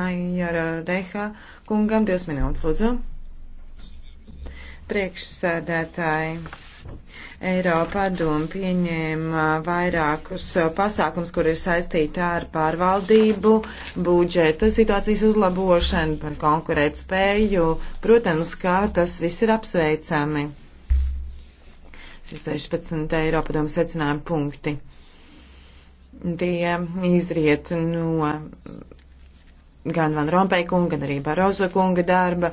Maijara Reha kungam. Divas minūtes, lūdzu. Priekšsēdētāji. Eiropa doma pieņēma vairākus pasākums, kur ir saistīti ar pārvaldību, budžeta situācijas uzlabošanu, par konkurēt spēju. Protams, kā tas viss ir apsveicami. 16 Eiropa doma secinājuma punkti. Tie izriet no gan Van Rompēja kunga, gan arī Barozo kunga darba.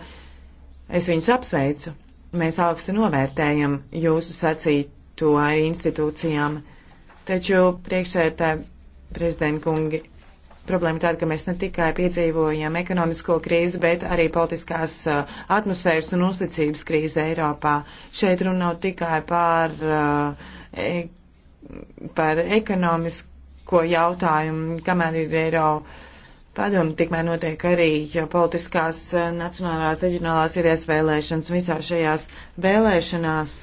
Es viņus apsveicu. Mēs augstu novērtējam jūsu sacīto ar institūcijām, taču priekšsētā prezidenta kungi problēma tāda, ka mēs ne tikai piedzīvojam ekonomisko krīzi, bet arī politiskās uh, atmosfēras un uzticības krīzi Eiropā. Šeit runa nav tikai par, uh, e, par ekonomisko jautājumu, kamēr ir Eiropa padomu, tikmēr notiek arī politiskās eh, nacionālās reģionālās idejas vēlēšanas. Visā šajās vēlēšanās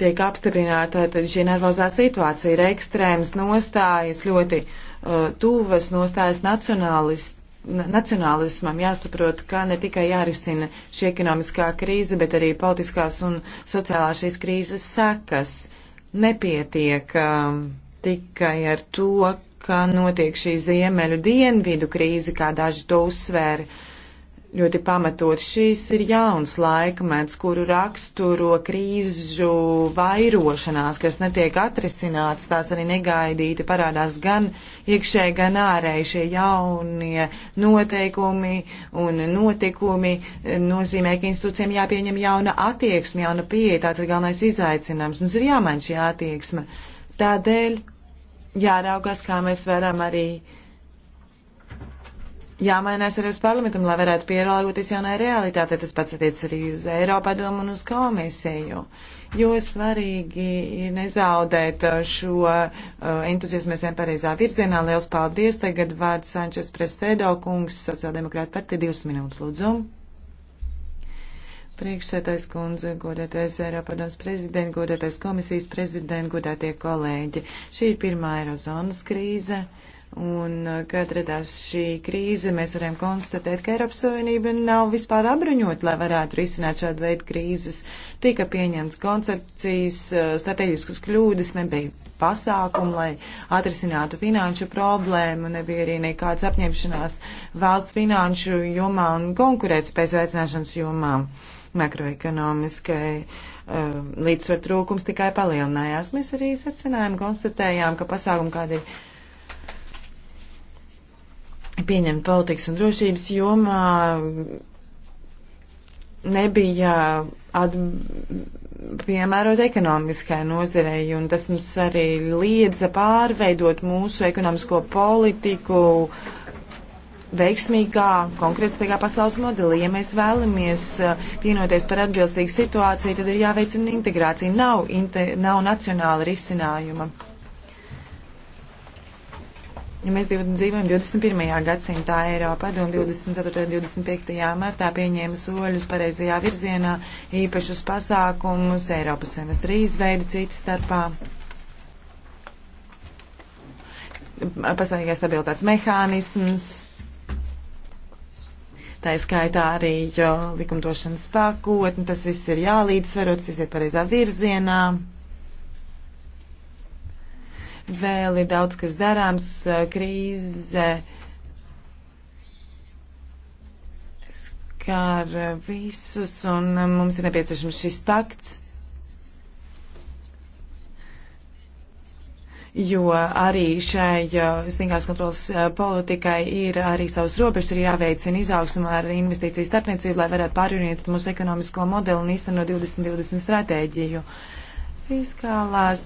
tiek apstiprināta šī nervozā situācija, ir ekstrēmas nostājas, ļoti uh, tuvas nostājas nacionālist, nacionālismam jāsaprot, ka ne tikai jārisina šī ekonomiskā krīze, bet arī politiskās un sociālās šīs krīzes sekas. Nepietiek um, tikai ar to, ka notiek šī ziemeļu dienvidu krīze, kā daži to uzsvēra. Ļoti pamatot šīs ir jauns laikmets, kuru raksturo krīžu vairošanās, kas netiek atrisināts, tās arī negaidīti parādās gan iekšē, gan ārēji šie jaunie noteikumi un notikumi nozīmē, ka institūcijiem jāpieņem jauna attieksme, jauna pieeja, tāds ir galvenais izaicinājums. Mums ir jāmaina šī attieksme. Tādēļ jāraugās, kā mēs varam arī jāmainās arī uz parlamentam, lai varētu pielāgoties jaunai realitātei. Tas pats attiec arī uz Eiropadomu un uz komisiju. Jo svarīgi ir nezaudēt uh, šo uh, entuziasmu mēs pareizā virzienā. Liels paldies! Tagad vārds Sančes Presedo kungs, sociāldemokrāta partija, divas minūtes lūdzu. Priekšsētais kundze, godētais Eiropadoms prezidents, godētais komisijas prezidents, godētie kolēģi. Šī ir pirmā Eirozonas krīze. Un, uh, kad radās šī krīze, mēs varam konstatēt, ka Eiropas Savienība nav vispār apbruņot, lai varētu risināt šādu veidu krīzes. Tika pieņemts koncepcijas, uh, strateģiskas kļūdas, nebija pasākumu, lai atrisinātu finanšu problēmu, nebija arī nekāds apņemšanās valsts finanšu jomā un konkurētspējas veicināšanas jomā. Uh, makroekonomiskai uh, um, līdzsvar trūkums tikai palielinājās. Mēs arī secinājām, konstatējām, ka pasākumi kādi ir pieņemti politikas un drošības jomā nebija at, piemērot ekonomiskai nozarei, un tas mums arī liedza pārveidot mūsu ekonomisko politiku uh, veiksmīgā, konkrētākā pasaules modelī. Ja mēs vēlamies uh, vienoties par atbilstīgu situāciju, tad ir jāveicina integrācija. Nav, inte, nav nacionāla risinājuma. Ja mēs dzīvojam 21. gadsimtā Eiropā, un 24. un 25. martā pieņēma soļus pareizajā virzienā, īpašus pasākumus, Eiropas semestra izveidi citas starpā pastāvīgais stabilitātes mehānisms, tā skaitā arī likumdošanas pakotni, tas viss ir jālīdzsverot, iziet pareizā virzienā. Vēl ir daudz, kas darāms, krīze skar visus, un mums ir nepieciešams šis pakts jo arī šai stingrās kontrolas politikai ir arī savas robežas, ir jāveicina izaugsma ar investīciju starpniecību, lai varētu pārunīt mūsu ekonomisko modeli un īstenot 2020 stratēģiju. Fiskālās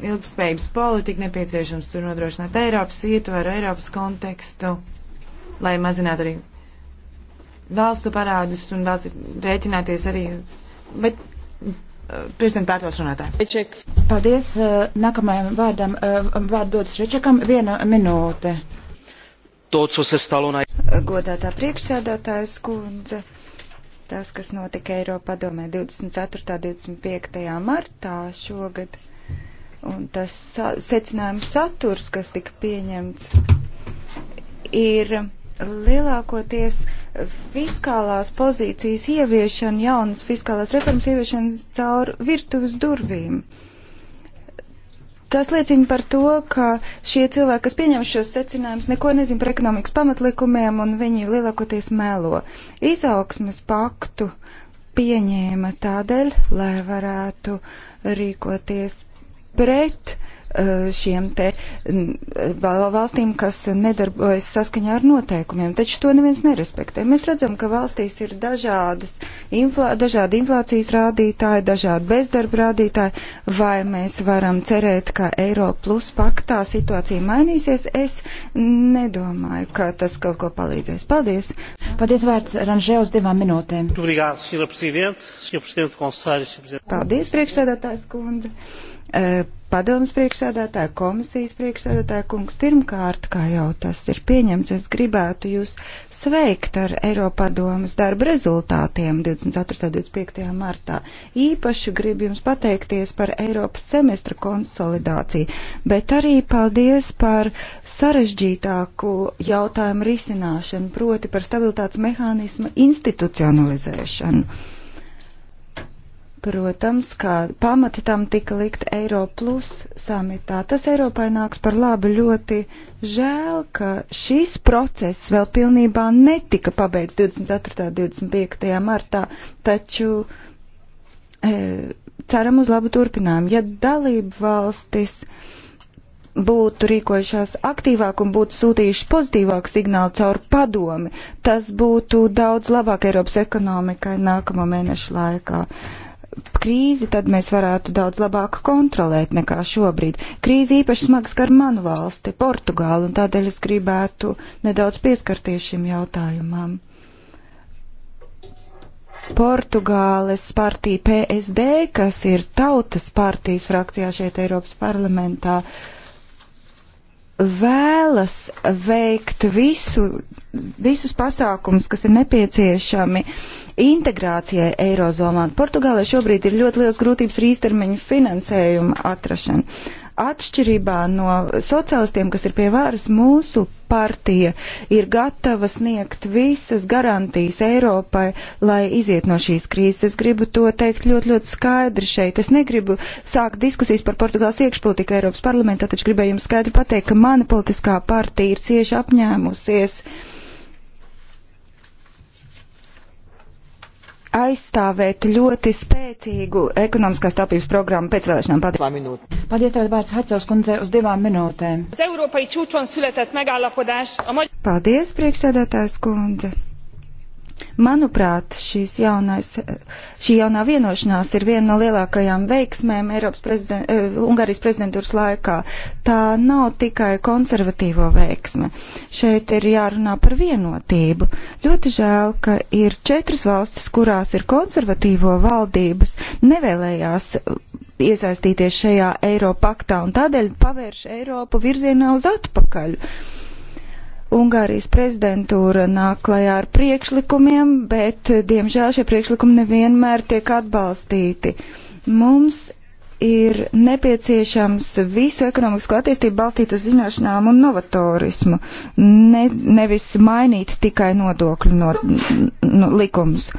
ilgspējības politika nepieciešams tur nodrošināt Eiropas ietvaru, Eiropas kontekstu, lai mazinātu arī valstu parādus un valsti rēķināties arī, bet Eh, prezidenta pārtos runātāji. Paldies. Eh, nākamajam vārdam eh, vārdu dodas Rečekam. Viena minūte. Godātā priekšsēdētājas kundze, tas, kas notika Eiropa padomē 24. un 25. martā šogad, un tas secinājums saturs, kas tika pieņemts, ir lielākoties fiskālās pozīcijas ieviešana, jaunas fiskālās reformas ieviešana caur virtuves durvīm. Tas liecina par to, ka šie cilvēki, kas pieņem šos secinājumus, neko nezin par ekonomikas pamatlikumiem un viņi lielākoties melo. Izaugsmes paktu pieņēma tādēļ, lai varētu rīkoties pret uh, Eh, šiem te eh, valstīm, kas nedarbojas saskaņā ar noteikumiem. Taču to neviens nerespektē. Mēs redzam, ka valstīs ir dažādas inflā, dažādi inflācijas rādītāji, dažādi bezdarba rādītāji. Vai mēs varam cerēt, ka Eiropa plus paktā situācija mainīsies? Es nedomāju, ka tas kaut ko palīdzēs. Paldies! Paldies vārds Ranžēvs divām minūtēm. Paldies, priekšsēdētājs kundze! E, padomas priekšsēdētāja, komisijas priekšsēdētāja kungs, pirmkārt, kā jau tas ir pieņemts, es gribētu jūs sveikt ar Eiropadomas darba rezultātiem 24. un 25. martā. Īpaši gribu jums pateikties par Eiropas semestra konsolidāciju, bet arī paldies par sarežģītāku jautājumu risināšanu, proti par stabilitātes mehānismu institucionalizēšanu Protams, kā pamati tam tika likt Eiro plus samitā. Tas Eiropai nāks par labu ļoti žēl, ka šis process vēl pilnībā netika pabeigts 24. un 25. martā, taču e, ceram uz labu turpinājumu. Ja dalību valstis būtu rīkojušās aktīvāk un būtu sūtījuši pozitīvāku signālu caur padomi, tas būtu daudz labāk Eiropas ekonomikai nākamo mēnešu laikā. Uh, krīzi, tad mēs varētu daudz labāk kontrolēt nekā šobrīd. Krīze īpaši smagi skar manu valsti, Portugālu, un tādēļ es gribētu nedaudz pieskarties šim jautājumam. Portugāles partija PSD, kas ir tautas partijas frakcijā šeit Eiropas parlamentā, uh, vēlas veikt visu, visus pasākumus, kas ir nepieciešami integrācijai Eirozomā. Portugālē šobrīd ir ļoti liels grūtības ar īstermiņu finansējumu atrašanu. Atšķirībā no sociālistiem, kas ir pie varas, mūsu partija ir gatava sniegt visas garantijas Eiropai, lai iziet no šīs krīzes. Es gribu to teikt ļoti, ļoti skaidri šeit. Es negribu sākt diskusijas par Portugāles iekšpolitiku Eiropas parlamentā, taču gribēju jums skaidri pateikt, ka mana politiskā partija ir cieši apņēmusies uh, aizstāvēt ļoti spēcīgu ekonomiskās taupības programmu pēc vēlēšanām. Paldies. Paldies, tagad vārds Hercevs kundze uz divām minūtēm. Paldies, priekšsēdētājs kundze. Manuprāt, jaunais, šī jaunā vienošanās ir viena no lielākajām veiksmēm Eiropas prezident, uh, eh, Ungārijas prezidentūras laikā. Tā nav tikai konservatīvo veiksme. Šeit ir jārunā par vienotību. Ļoti žēl, ka ir četras valstis, kurās ir konservatīvo valdības, nevēlējās iesaistīties šajā Eiropaktā un tādēļ pavērš Eiropu virzienā uz atpakaļ. Uh, Ungārijas prezidentūra nāk klajā ar priekšlikumiem, bet, diemžēl, šie priekšlikumi nevienmēr tiek atbalstīti. Mums ir nepieciešams visu ekonomisko attīstību balstīt uz zināšanām un novatorismu, ne, nevis mainīt tikai nodokļu no, no likumus.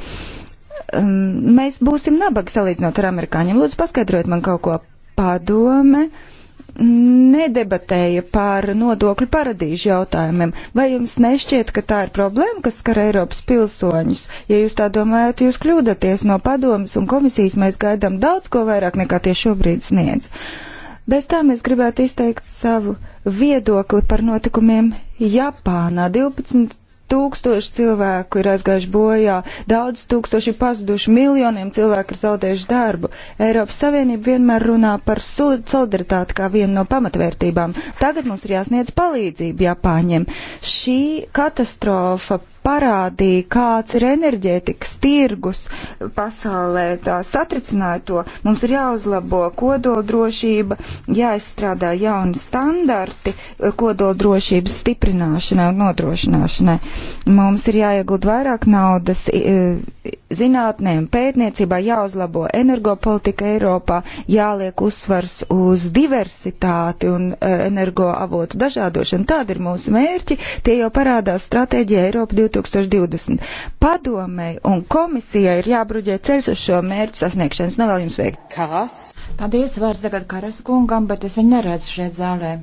Um, mēs būsim nabagi salīdzinot ar amerikāņiem. Lūdzu, paskaidrojiet man kaut ko padome. Uh, nedebatēja par nodokļu paradīžu jautājumiem. Vai jums nešķiet, ka tā ir problēma, kas skar Eiropas pilsoņus? Ja jūs tā domājat, jūs kļūdaties no padomas un komisijas, mēs gaidām daudz ko vairāk nekā tie šobrīd sniedz. Bez tām es gribētu izteikt savu viedokli par notikumiem Japānā. 12 tūkstoši cilvēku ir aizgājuši bojā, daudz tūkstoši ir pazuduši, miljoniem cilvēku ir zaudējuši darbu. Eiropas Savienība vienmēr runā par solidaritāti kā vienu no pamatvērtībām. Tagad mums ir jāsniedz palīdzību Japāņiem. Šī katastrofa parādīja, kāds ir enerģētikas tirgus pasaulē, tā satricināja to. Mums ir jāuzlabo kodoldrošība, jāizstrādā jauni standarti kodoldrošības stiprināšanai un nodrošināšanai. Mums ir jāieguld vairāk naudas zinātnē un pētniecībā, jāuzlabo energopolitika Eiropā, jāliek uzsvars uz diversitāti un e, energoavotu dažādošanu. Tāda ir mūsu mērķi, tie jau parādās stratēģija Eiropa 2020. 2020. Padomei un komisijai ir jābruģē ceļš uz šo mērķu sasniegšanas. Nu, vēl jums veikt. Kas? Paldies, vārds tagad Karas kungam, bet es viņu neredzu šeit zālē.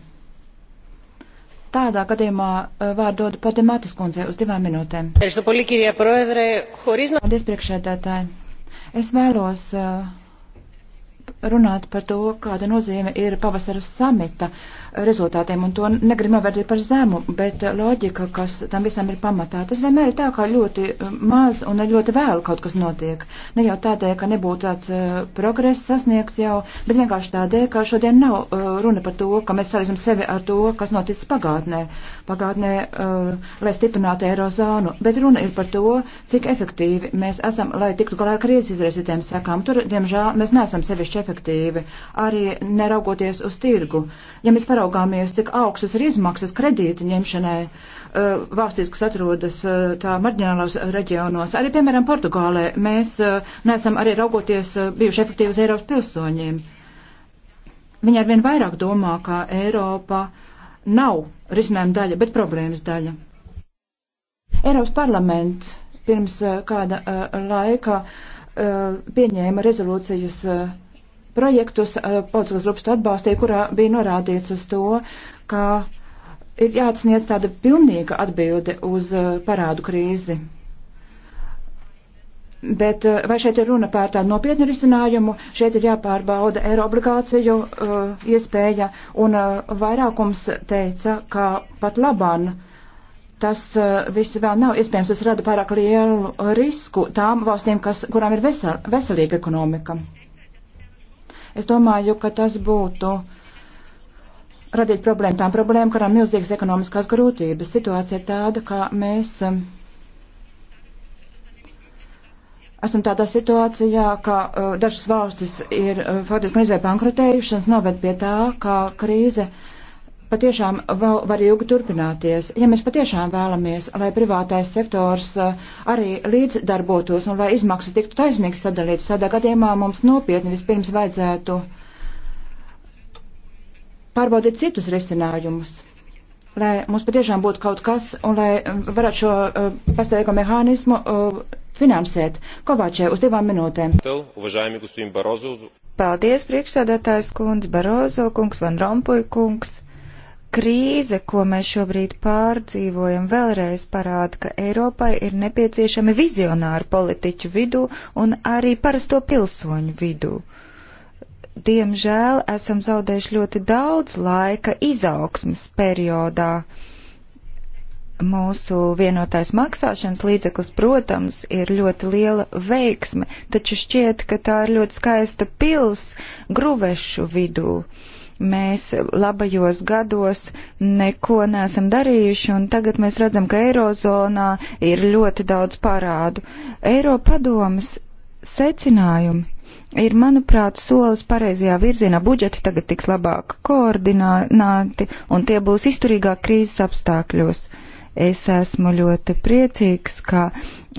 Tādā gadījumā eh, vārdu dodu pati Mātis kundzei uz divām minūtēm. Paldies, priekšēdētāji. Es vēlos eh, runāt par to, kāda nozīme ir pavasaras samita. Uh, rezultātiem, un to negrib novērtēt par zemu, bet eh, loģika, kas tam visam ir pamatā, tas vienmēr ir tā, ka ļoti eh, maz un ļoti vēl kaut kas notiek. Ne jau tādēļ, ka nebūtu tāds uh, progress sasniegts jau, bet vienkārši tādēļ, ka šodien nav uh, runa par to, ka mēs salīdzam sevi ar to, kas noticis pagātnē, pagātnē, uh, lai stiprinātu eirozonu, bet runa ir par to, cik efektīvi mēs esam, lai tiktu galā ar krīzes izraisītēm sekām. Tur, diemžēl, mēs neesam sevišķi efektīvi, arī neraugoties uz tirgu. Ja mēs paraugamies paraugāmies, cik augstas ir izmaksas kredīta ņemšanai uh, valstīs, kas atrodas uh, tā marģinālos reģionos, arī, piemēram, Portugālē, mēs uh, neesam arī raugoties uh, bijuši efektīvi uz Eiropas pilsoņiem. Viņi arvien vairāk domā, ka Eiropa nav risinājuma daļa, bet problēmas daļa. Eiropas parlaments pirms uh, kāda uh, laika uh, pieņēma rezolūcijas. Uh, projektus eh, politiskās grupas atbalstīja, kurā bija norādīts uz to, ka ir jāatsniedz tāda pilnīga atbilde uz eh, parādu krīzi. Bet eh, vai šeit ir runa par tādu nopietnu risinājumu? Šeit ir jāpārbauda eiro obligāciju uh, iespēja, un uh, vairākums teica, ka pat labāk tas viss vēl nav iespējams. Tas rada pārāk lielu risku tām valstīm, kas, kurām ir vesel, veselīga ekonomika. Es domāju, ka tas būtu radīt problēmu tām problēmām, kurām milzīgas ekonomiskās grūtības. Situācija ir tāda, ka mēs um, esam tādā situācijā, ka uh, dažas valstis ir uh, faktiski nezvēja bankrotējušas, noved pie tā, ka krīze uh, patiešām vēl var ilgi turpināties. Ja mēs patiešām vēlamies, lai privātais sektors eh, arī līdzdarbotos un lai izmaksas tiktu taisnīgs sadalīts, tādā gadījumā mums nopietni vispirms vajadzētu pārbaudīt citus risinājumus, lai mums patiešām būtu kaut kas un lai varētu šo uh, pastāvīgo mehānismu uh, finansēt. Kovāčē uz divām minūtēm. Paldies, priekšsēdētājs kundze, Barozo kungs, Van Rompuy kungs. Krīze, ko mēs šobrīd pārdzīvojam, vēlreiz parāda, ka Eiropai ir nepieciešami vizionāri politiķu vidū un arī parasto pilsoņu vidū. Diemžēl esam zaudējuši ļoti daudz laika izaugsmas periodā. Mūsu vienotais maksāšanas līdzeklis, protams, ir ļoti liela veiksme, taču šķiet, ka tā ir ļoti skaista pils gruvešu vidū. Uh, Mēs labajos gados neko neesam darījuši, un tagad mēs redzam, ka Eirozonā ir ļoti daudz parādu. Eiropadomas secinājumi ir, manuprāt, solis pareizajā virzienā. Budžeti tagad tiks labāk koordināti, un tie būs izturīgāk krīzes apstākļos. Es esmu ļoti priecīgs, ka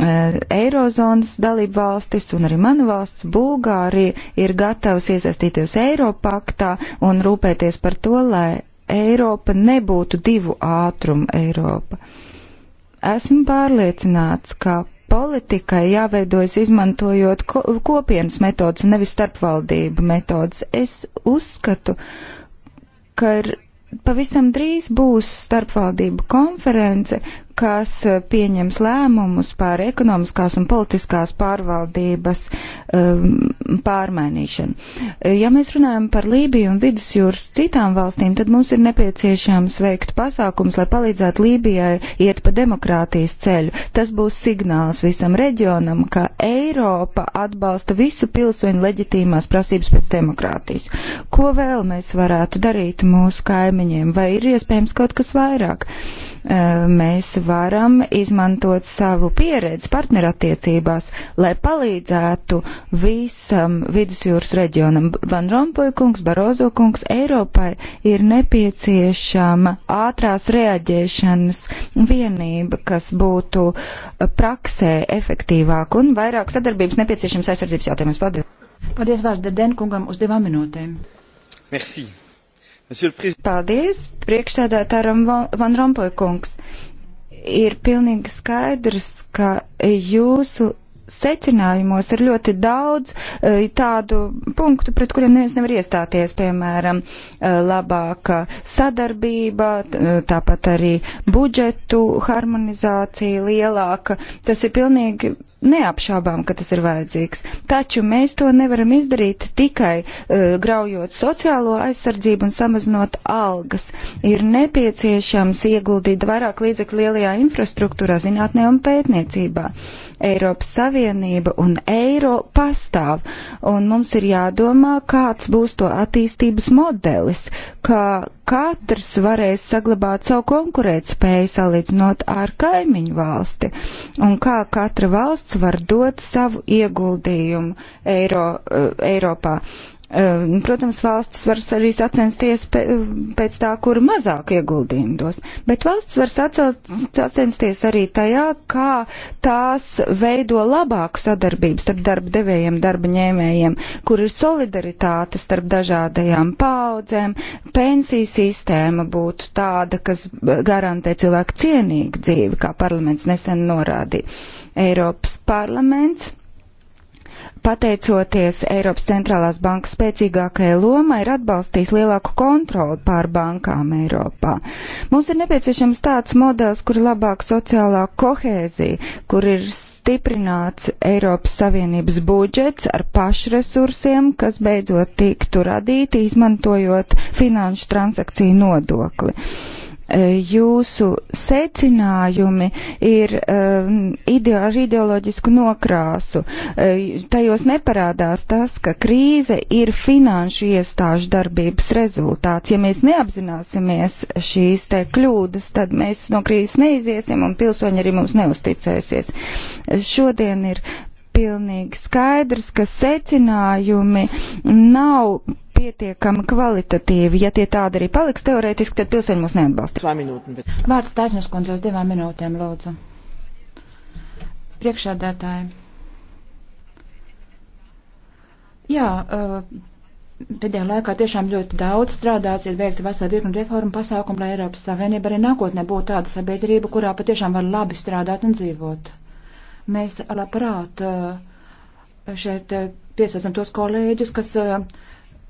Eh, Eirozonas dalību valstis un arī mana valsts Bulgārija ir gatavs iesaistīties Eiropaktā un rūpēties par to, lai Eiropa nebūtu divu ātrumu Eiropa. Esmu pārliecināts, ka politikai jāveidojas izmantojot ko kopienas metodas un nevis starpvaldību metodas. Es uzskatu, ka ir pavisam drīz būs starpvaldību konference, kas eh, pieņems lēmumus par ekonomiskās un politiskās pārvaldības um, pārmainīšanu. Eh, ja mēs runājam par Lībiju un vidusjūras citām valstīm, tad mums ir nepieciešams veikt pasākums, lai palīdzētu Lībijai iet pa demokrātijas ceļu. Tas būs signāls visam reģionam, ka Eiropa atbalsta visu pilsoņu leģitīmās prasības pēc demokrātijas. Ko vēl mēs varētu darīt mūsu kaimiņiem? Vai ir iespējams kaut kas vairāk? Uh, mēs varam izmantot savu pieredzi partnerattiecībās, lai palīdzētu visam vidusjūras reģionam. Van Rompuy kungs, Barozo kungs, Eiropai ir nepieciešama ātrās reaģēšanas vienība, kas būtu praksē efektīvāk un vairāk sadarbības nepieciešams aizsardzības jautājumos. Paldies! Paldies vārds Dedenkungam uz divām minūtēm. Merci. Paldies priekšsēdētājam Van Rompuy kungs ir pilnīgi skaidrs, ka jūsu secinājumos ir ļoti daudz eh, tādu punktu, pret kuriem neviens nevar iestāties, piemēram, eh, labāka sadarbība, eh, tāpat arī budžetu harmonizācija lielāka. Tas ir pilnīgi neapšaubām, ka tas ir vajadzīgs. Taču mēs to nevaram izdarīt tikai uh, graujot sociālo aizsardzību un samazinot algas. Ir nepieciešams ieguldīt vairāk līdzekļu lielajā infrastruktūrā, zinātnē un pētniecībā. Eiropas Savienība un eiro pastāv, un mums ir jādomā, kāds būs to attīstības modelis, ka katrs varēs saglabāt savu konkurētspēju salīdzinot ar kaimiņu valsti, un kā katra valsts var dot savu ieguldījumu Eiro, eh, Eiropā. Ehm, protams, valsts var arī sacensties pēc tā, kur mazāk ieguldījumu dos, bet valsts var sacelt, sacensties arī tajā, kā tās veido labāku sadarbību starp darba devējiem, darba ņēmējiem, kur ir solidaritāte starp dažādajām paudzēm, pensiju sistēma būtu tāda, kas garantē cilvēku cienīgu dzīvi, kā parlaments nesen norādīja. Eiropas parlaments pateicoties Eiropas centrālās bankas spēcīgākajai lomai, ir atbalstījis lielāku kontroli pār bankām Eiropā. Mums ir nepieciešams tāds modelis, kur ir labāka sociālā kohēzija, kur ir stiprināts Eiropas Savienības budžets ar pašresursiem, kas beidzot tiktu radīti, izmantojot finanšu transakciju nodokli. Uh, E, jūsu secinājumi ir um, e, ide ar ideoloģisku nokrāsu. Uh, tajos neparādās tas, ka krīze ir finanšu iestāžu darbības rezultāts. Ja mēs neapzināsimies šīs te kļūdas, tad mēs no krīzes neiziesim un pilsoņi arī mums neusticēsies. Šodien ir pilnīgi skaidrs, ka secinājumi nav pietiekami kvalitatīvi. Ja tie tādi arī paliks teorētiski, tad pilsēņi mūs neatbalstīs. Vārds taisnības kundze uz divām minūtēm, lūdzu. Priekšādātāji. Jā, uh, pēdējā laikā tiešām ļoti daudz strādāts, ir veikta vesela virkni reformu pasākumu, lai Eiropas Savienība arī nākotnē būtu tāda sabiedrība, kurā patiešām var labi strādāt un dzīvot. Mēs labprāt uh, šeit uh, piesaistam tos kolēģus, kas uh,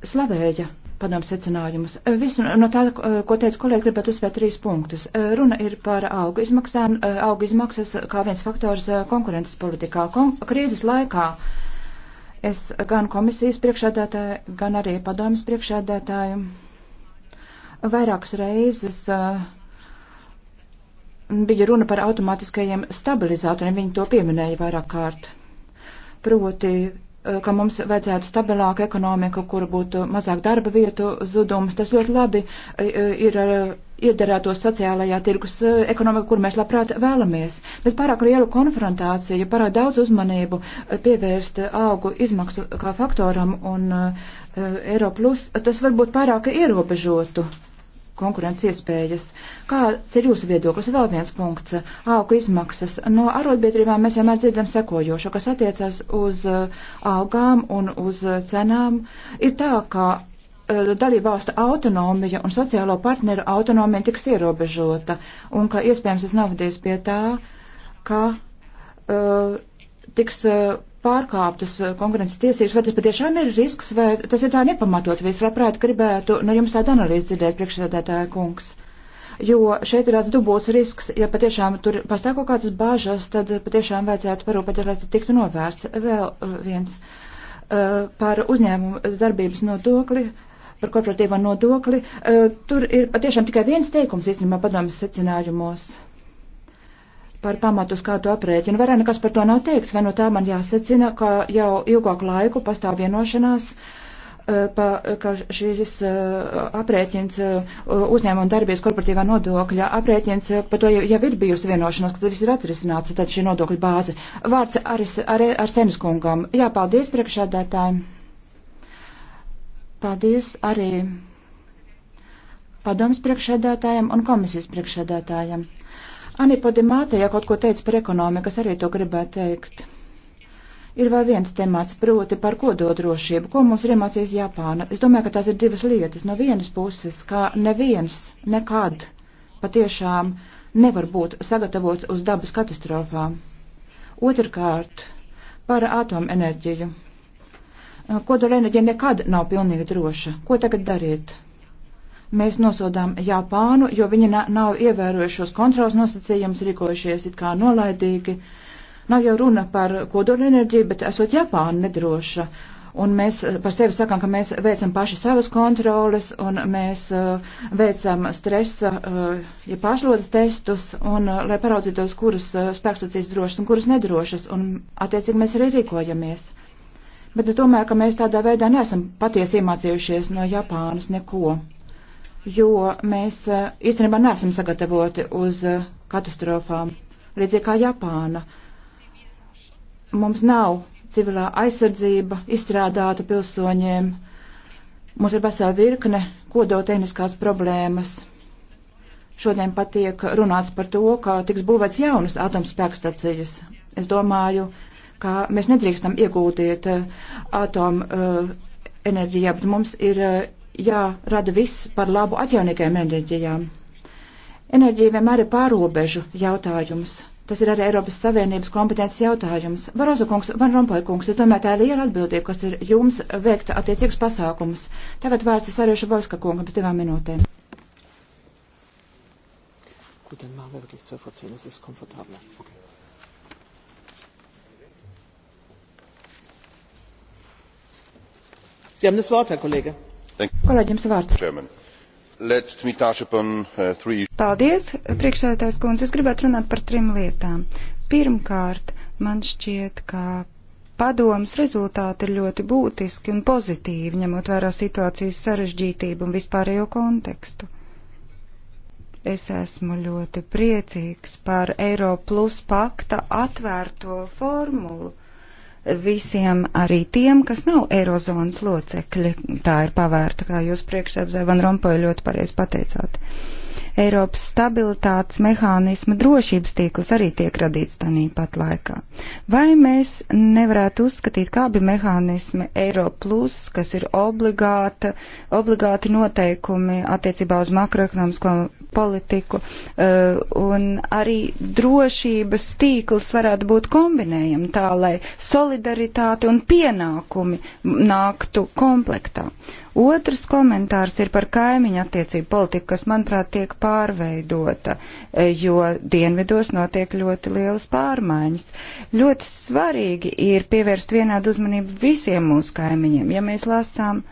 slavēja padomu secinājumus. Eh, visu no tā, eh, ko teica kolēģi, gribētu uzsvērt trīs punktus. Eh, runa ir par augu izmaksām, augu izmaksas kā viens faktors konkurences politikā. Kon krīzes laikā es gan komisijas priekšēdētāju, gan arī padomas priekšēdētāju vairākas reizes uh, bija runa par automātiskajiem stabilizatoriem, viņi to pieminēja vairāk kārt. Proti Eh, ka mums vajadzētu stabilāku ekonomiku, kur būtu mazāk darba vietu zudums. Tas ļoti labi eh, eh, ir iedarētos sociālajā tirgus ekonomika, kur mēs labprāt vēlamies. Bet pārāk lielu konfrontāciju, pārāk daudz uzmanību pievērst augu izmaksu kā faktoram un Eiro plus, tas varbūt pārāk ierobežotu. Uh, konkurences iespējas. Kāds ir jūsu viedoklis? Vēl viens punkts - algu izmaksas. No arotbiedrībām mēs vienmēr dzirdam sekojošo, kas attiecas uz uh, algām un uz uh, cenām. Ir tā, ka uh, dalībvalstu autonomija un sociālo partneru autonomija tiks ierobežota un ka iespējams tas novadīs pie tā, ka uh, tiks. Uh, pārkāptas eh, konkurences tiesības, vai tas patiešām ir risks, vai tas ir tā nepamatot. Es labprāt gribētu no jums tādu analīzi dzirdēt, priekšsēdētāja kungs. Jo šeit ir tāds dubūts risks, ja patiešām tur pastāv kaut kādas bažas, tad patiešām vajadzētu parūpēties, lai tas tiktu novērsts. Vēl eh, viens uh, par uzņēmumu darbības nodokli par korporatīvo nodokli. Uh, tur ir patiešām tikai viens teikums, īstenībā, padomas secinājumos. Uh, par pamatu uz kādu aprēķinu. Nu, Varē nekas par to nav teikts, vai no tā man jāsacina, ka jau ilgāku laiku pastāv vienošanās, eh, pa, ka šis eh, aprēķins eh, uzņēmuma darbības korporatīvā nodokļa aprēķins, par to jau, jau ir bijusi vienošanās, ka tas viss ir atrisināts, tad šī nodokļa bāze. Vārds ar, ar, ar Senskungam. Jā, paldies priekšādātājiem. Paldies arī padomas priekšādātājiem un komisijas priekšādātājiem. Ani Podimāte jau kaut ko teica par ekonomiku, es arī to gribētu teikt. Ir vēl viens temats, proti par kododrošību, ko mums ir iemācījis Japāna. Es domāju, ka tās ir divas lietas. No vienas puses, ka neviens nekad patiešām nevar būt sagatavots uz dabas katastrofām. Otrkārt, par atomenerģiju. Kodolenerģija nekad nav pilnīgi droša. Ko tagad darīt? Mēs nosodām Japānu, jo viņi nav ievērojuši šos kontrols nosacījumus, rīkojušies it kā nolaidīgi. Nav jau runa par kodolenerģiju, bet esot Japāna nedroša. Un mēs eh, par sevi sakām, ka mēs veicam paši savas kontroles un mēs uh, veicam stresa, uh, ja pārslodzes testus, un uh, lai paraudzītos, kuras uh, spēkstacijas drošas un kuras nedrošas, un attiecīgi mēs arī rīkojamies. Bet es domāju, ka mēs tādā veidā neesam patiesi iemācījušies no Japānas neko jo mēs eh, īstenībā neesam sagatavoti uz eh, katastrofām. Līdzīgi kā Japāna. Mums nav civilā aizsardzība izstrādāta pilsoņiem. Mums ir vesela virkne kodotehniskās problēmas. Šodien pat tiek runāts par to, ka tiks būvēts jaunas atomspēkstacijas. Es domāju, ka mēs nedrīkstam iegūtiet eh, atomenerģijā, bet mums ir jārada viss par labu atjaunīgajām enerģijām. Enerģija vienmēr ir pārobežu jautājums. Tas ir arī Eiropas Savienības kompetences jautājums. Barozo kungs, Van Rompuy kungs, ir tomēr tā ir liela atbildība, kas ir jums veikta attiecīgs pasākums. Tagad vārds ir Sarjoša Vojska kungam pēc divām minūtēm. Gut, dann machen wir wirklich 12 vor 10, das ist komfortabler. Okay. Sie haben das Wort, Herr Kollege. Kolēģim vārds. Uh, Paldies, priekšsēdētājs kundze. Es gribētu runāt par trim lietām. Pirmkārt, man šķiet, ka padomas rezultāti ir ļoti būtiski un pozitīvi, ņemot vērā situācijas sarežģītību un vispārējo kontekstu. Es esmu ļoti priecīgs par Eiro plus pakta atvērto formulu visiem arī tiem, kas nav Eirozonas locekļi. Tā ir pavērta, kā jūs priekšsēdē Van Rompoja ļoti pareizi pateicāt. Eiropas stabilitātes mehānisma drošības tīkls arī tiek radīts tanī pat laikā. Vai mēs nevarētu uzskatīt, kā abi mehānismi Eiro plus, kas ir obligāta, obligāti noteikumi attiecībā uz makroekonomisko politiku, eh, un arī drošības tīkls varētu būt kombinējami tā, lai solidaritāte un pienākumi nāktu komplektā. Otrs komentārs ir par kaimiņu attiecību politiku, kas, manuprāt, tiek pārveidota, eh, jo dienvidos notiek ļoti lielas pārmaiņas. Ļoti svarīgi ir pievērst vienādu uzmanību visiem mūsu kaimiņiem. Ja mēs lasām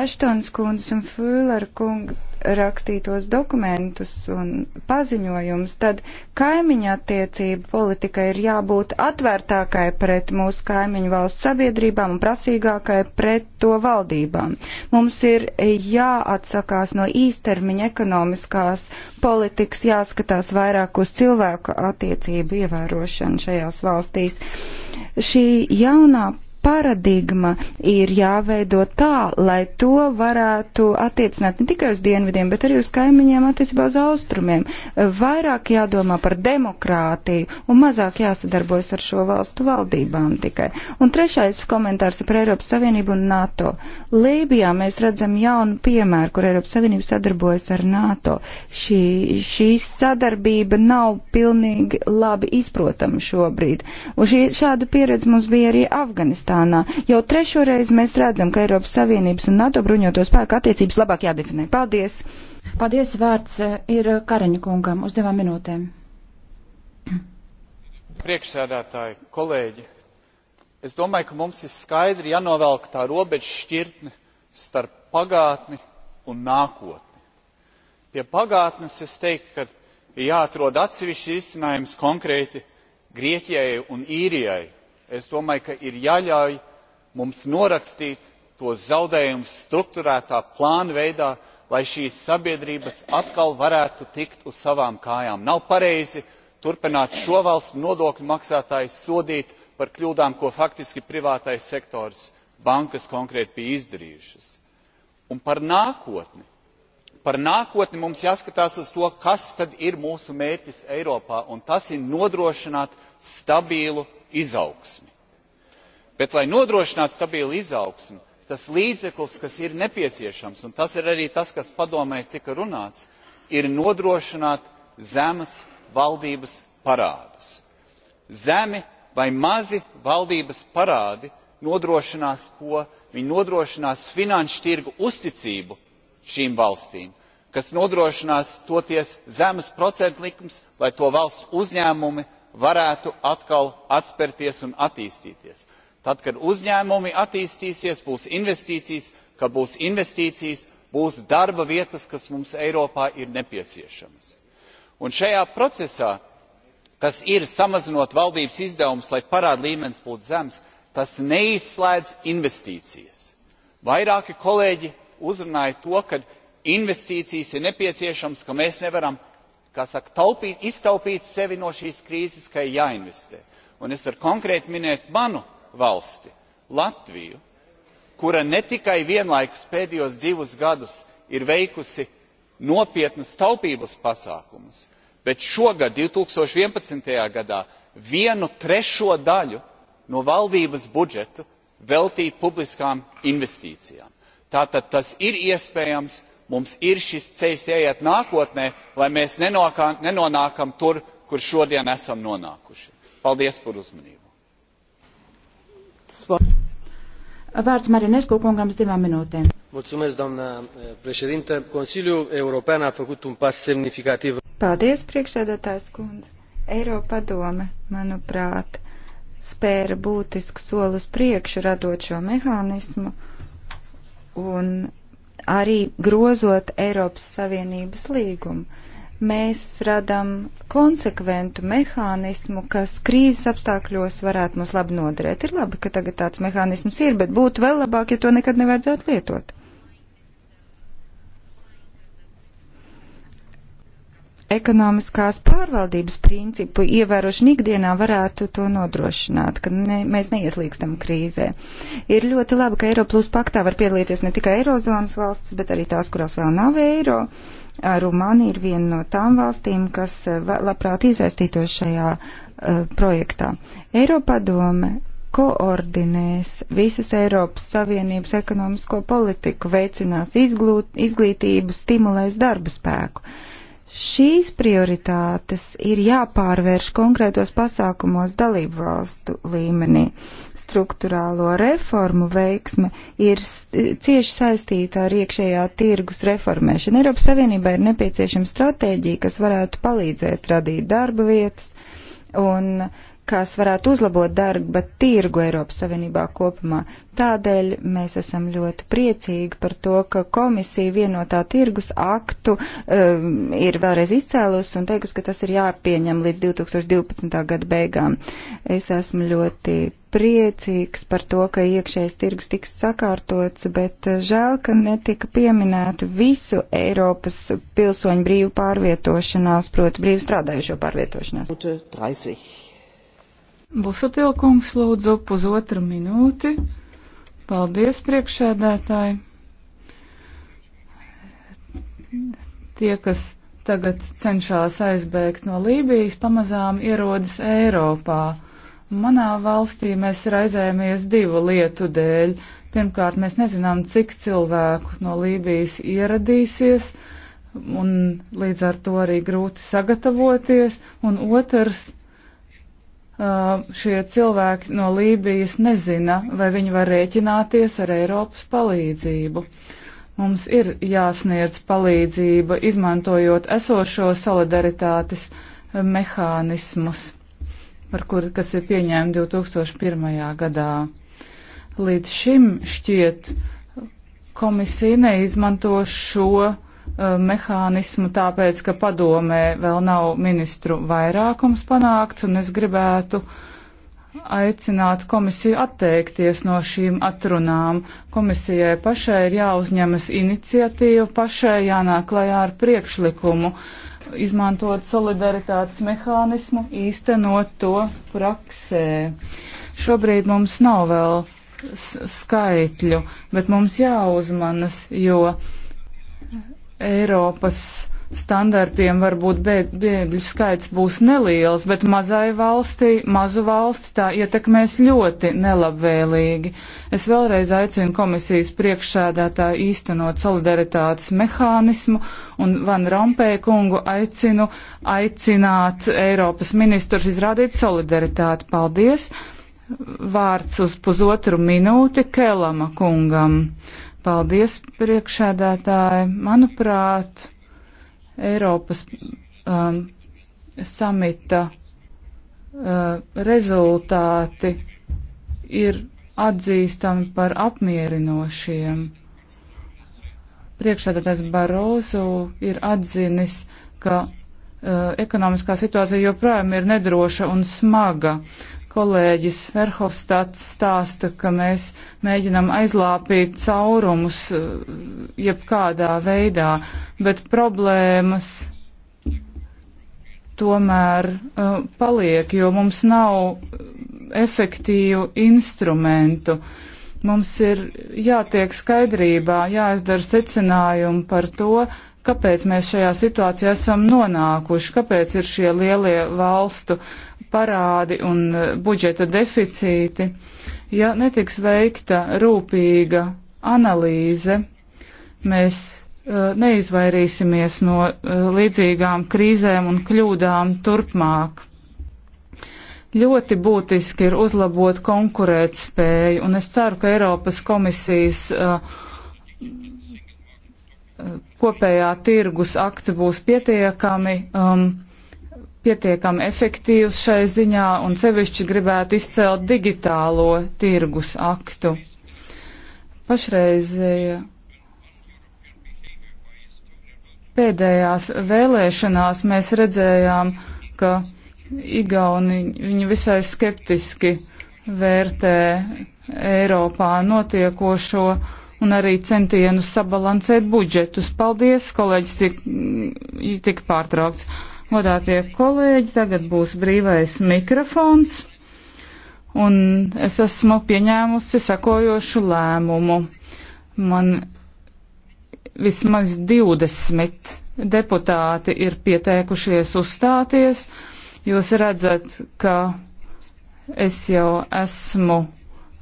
Eštons kundzes un Fūlera kunga rakstītos dokumentus un paziņojumus, tad kaimiņa attiecība politika ir jābūt atvērtākai pret mūsu kaimiņu valsts sabiedrībām un prasīgākai pret to valdībām. Mums ir jāatsakās no īstermiņa ekonomiskās politikas, jāskatās vairāk uz cilvēku attiecību ievērošanu šajās valstīs. Šī jaunā paradigma ir jāveido tā, lai to varētu attiecināt ne tikai uz dienvidiem, bet arī uz kaimiņiem attiecībā uz austrumiem. Vairāk jādomā par demokrātiju un mazāk jāsadarbojas ar šo valstu valdībām tikai. Un trešais komentārs par Eiropas Savienību un NATO. Lībijā mēs redzam jaunu piemēru, kur Eiropas Savienība sadarbojas ar NATO. Šī, šī sadarbība nav pilnīgi labi izprotama šobrīd. Un šī, šādu pieredzi mums bija arī Afganistānā. Afganistānā. Jau trešo reizi mēs redzam, ka Eiropas Savienības un NATO bruņoto spēku attiecības labāk jādefinē. Paldies! Paldies, vārds eh, ir eh, Karaņa kungam uz divām minūtēm. Priekšsēdētāji, kolēģi, es domāju, ka mums ir skaidri jānovelk tā robeža šķirtne starp pagātni un nākotni. Pie pagātnes es teiktu, ka ir jāatrod atsevišķi risinājums konkrēti Grieķijai un Īrijai es domāju ka ir jāļauj mums norakstīt tos zaudējumus strukturētā plāna veidā lai šīs sabiedrības atkal varētu tikt uz savām kājām. nav pareizi turpināt šo valstu nodokļu maksātājus sodīt par kļūdām ko faktiski privātais sektors bankas konkrēti bija izdarījušas. un par nākotni par nākotni mums jāskatās uz to kas tad ir mūsu mērķis eiropā un tas ir nodrošināt stabilu izaugsmi. Bet, lai nodrošinātu stabilu izaugsmi, tas līdzeklis, kas ir nepieciešams, un tas ir arī tas, kas padomē tika runāts, ir nodrošināt zemes valdības parādus. Zemi vai mazi valdības parādi nodrošinās ko? Viņi nodrošinās finanšu tirgu uzticību šīm valstīm, kas nodrošinās toties zemes procentu likums, lai to valsts uzņēmumi varētu atkal atspērties un attīstīties. tad kad uzņēmumi attīstīsies būs investīcijas kad būs investīcijas būs darba vietas kas mums eiropā ir nepieciešamas. un šajā procesā kas ir samazinot valdības izdevumus lai parāda līmenis būtu zems tas neizslēdz investīcijas. vairāki kolēģi uzrunāja to ka investīcijas ir nepieciešamas ka mēs nevaram kā saka, taupīt, iztaupīt sevi no šīs krīzes, ka ir jāinvestē. Un es varu konkrēti minēt manu valsti, Latviju, kura ne tikai vienlaikus pēdējos divus gadus ir veikusi nopietnas taupības pasākumus, bet šogad, 2011. gadā, vienu trešo daļu no valdības budžeta veltīja publiskām investīcijām. Tātad tas ir iespējams, mums ir šis ceļš jāiet nākotnē lai mēs nenokā, nenonākam tur kur šodien esam nonākuši. paldies par uzmanību! Vārds Marinescu kungam uz divām minūtēm. Mulțumesc, doamna eh, președintă. Consiliul European a făcut un pas semnificativ. Paldies, priekšsēdētājs kundze. Eiropadome, manuprāt, spēra būtisku solus priekšu radot šo mehānismu un arī grozot Eiropas Savienības līgumu. Mēs radam konsekventu mehānismu, kas krīzes apstākļos varētu mums labi noderēt. Ir labi, ka tagad tāds mehānisms ir, bet būtu vēl labāk, ja to nekad nevajadzētu lietot. ekonomiskās pārvaldības principu ievērošana ikdienā varētu to nodrošināt, ka ne, mēs neieslīgstam krīzē. Ir ļoti labi, ka Eiro plus paktā var piedalīties ne tikai Eirozonas valsts, bet arī tās, kurās vēl nav eiro. Rumānija ir viena no tām valstīm, kas labprāt iesaistītos šajā uh, projektā. Eiropadome koordinēs visas Eiropas Savienības ekonomisko politiku, veicinās izglūt, izglītību, stimulēs darba spēku. Uh, Šīs prioritātes ir jāpārvērš konkrētos pasākumos dalību valstu līmenī. Struktūrālo reformu veiksme ir e, cieši saistīta ar iekšējā tirgus reformēšanu. Eiropas Savienībai ir nepieciešama stratēģija, kas varētu palīdzēt radīt darba vietas un uh, kas varētu uzlabot darba tirgu Eiropas Savienībā kopumā. Tādēļ mēs esam ļoti priecīgi par to, ka komisija vienotā tirgus aktu um, ir vēlreiz izcēlus un teikusi, ka tas ir jāpieņem līdz 2012. gada beigām. Es esmu ļoti priecīgs par to, ka iekšējais tirgus tiks sakārtots, bet uh, žēl, ka netika pieminēta visu Eiropas pilsoņu brīvu pārvietošanās, proti brīvu strādājušo pārvietošanās. 30. Busutilkungs lūdzu pusotru minūti. Paldies, priekšsēdētāji. Tie, kas tagad cenšas aizbēgt no Lībijas, pamazām ierodas Eiropā. Manā valstī mēs raizējamies divu lietu dēļ. Pirmkārt, mēs nezinām, cik cilvēku no Lībijas ieradīsies, un līdz ar to arī grūti sagatavoties, un otrs, Uh, šie cilvēki no Lībijas nezina, vai viņi var rēķināties ar Eiropas palīdzību. Mums ir jāsniedz palīdzība, izmantojot esošo solidaritātes uh, mehānismus, par kur, kas ir pieņēmta 2001. gadā. Līdz šim šķiet komisija neizmanto šo Uh, mehānismu, tāpēc, ka padomē vēl nav ministru vairākums panākts, un es gribētu aicināt komisiju atteikties no šīm atrunām. Komisijai pašai ir jāuzņemas iniciatīva, pašai jānāk klajā ar priekšlikumu, izmantot solidaritātes mehānismu, īstenot to praksē. Šobrīd mums nav vēl skaitļu, bet mums jāuzmanas, jo Eiropas standartiem varbūt bēgļu skaits būs neliels, bet mazai valstī, mazu valsti tā ietekmēs ļoti nelabvēlīgi. Es vēlreiz aicinu komisijas priekšsēdētāju īstenot solidaritātes mehānismu un Van Rompēja kungu aicinu aicināt Eiropas ministrus izrādīt solidaritāti. Paldies! Vārds uz pusotru minūti Kelama kungam. Paldies, priekšēdētāji. Manuprāt, Eiropas um, samita uh, rezultāti ir atzīstami par apmierinošiem. Priekšsēdētājs Barozu ir atzinis, ka uh, ekonomiskā situācija joprojām ir nedroša un smaga kolēģis Verhofstāds stāsta, ka mēs mēģinam aizlāpīt caurumus eh, jebkādā veidā, bet problēmas tomēr uh, paliek, jo mums nav efektīvu instrumentu. Mums ir jātiek skaidrībā, jāizdara secinājumi par to, kāpēc mēs šajā situācijā esam nonākuši, kāpēc ir šie lielie valstu uh, parādi un e, budžeta deficīti, ja netiks veikta rūpīga analīze, mēs uh, neizvairīsimies no uh, līdzīgām krīzēm un kļūdām turpmāk. Ļoti būtiski ir uzlabot konkurētspēju, un es ceru, ka Eiropas komisijas uh, kopējā tirgus akti būs pietiekami um, pietiekami efektīvs šai ziņā un sevišķi gribētu izcelt digitālo tirgus aktu. Pašreizēja pēdējās vēlēšanās mēs redzējām, ka Igauni viņu visai skeptiski vērtē Eiropā notiekošo un arī centienus sabalansēt budžetus. Paldies, kolēģis tik, tik pārtraukts. Godātie kolēģi, tagad būs brīvais mikrofons, un es esmu pieņēmusi sakojošu lēmumu. Man vismaz 20 deputāti ir pieteikušies uzstāties. Jūs redzat, ka es jau esmu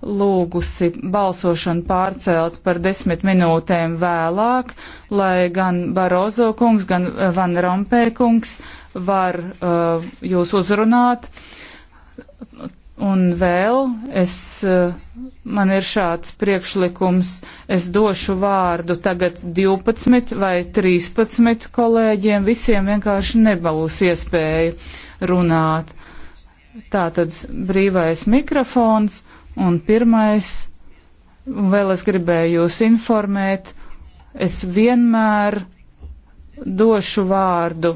lūgusi balsošanu pārcelt par desmit minūtēm vēlāk, lai gan Barozo kungs, gan eh, Van Rompē kungs var uh, jūs uzrunāt. Un vēl es, uh, man ir šāds priekšlikums, es došu vārdu tagad 12 vai 13 kolēģiem, visiem vienkārši nebūs iespēja runāt. Tātad brīvais mikrofons. Uh, Un pirmais, vēl es gribēju jūs informēt, es vienmēr došu vārdu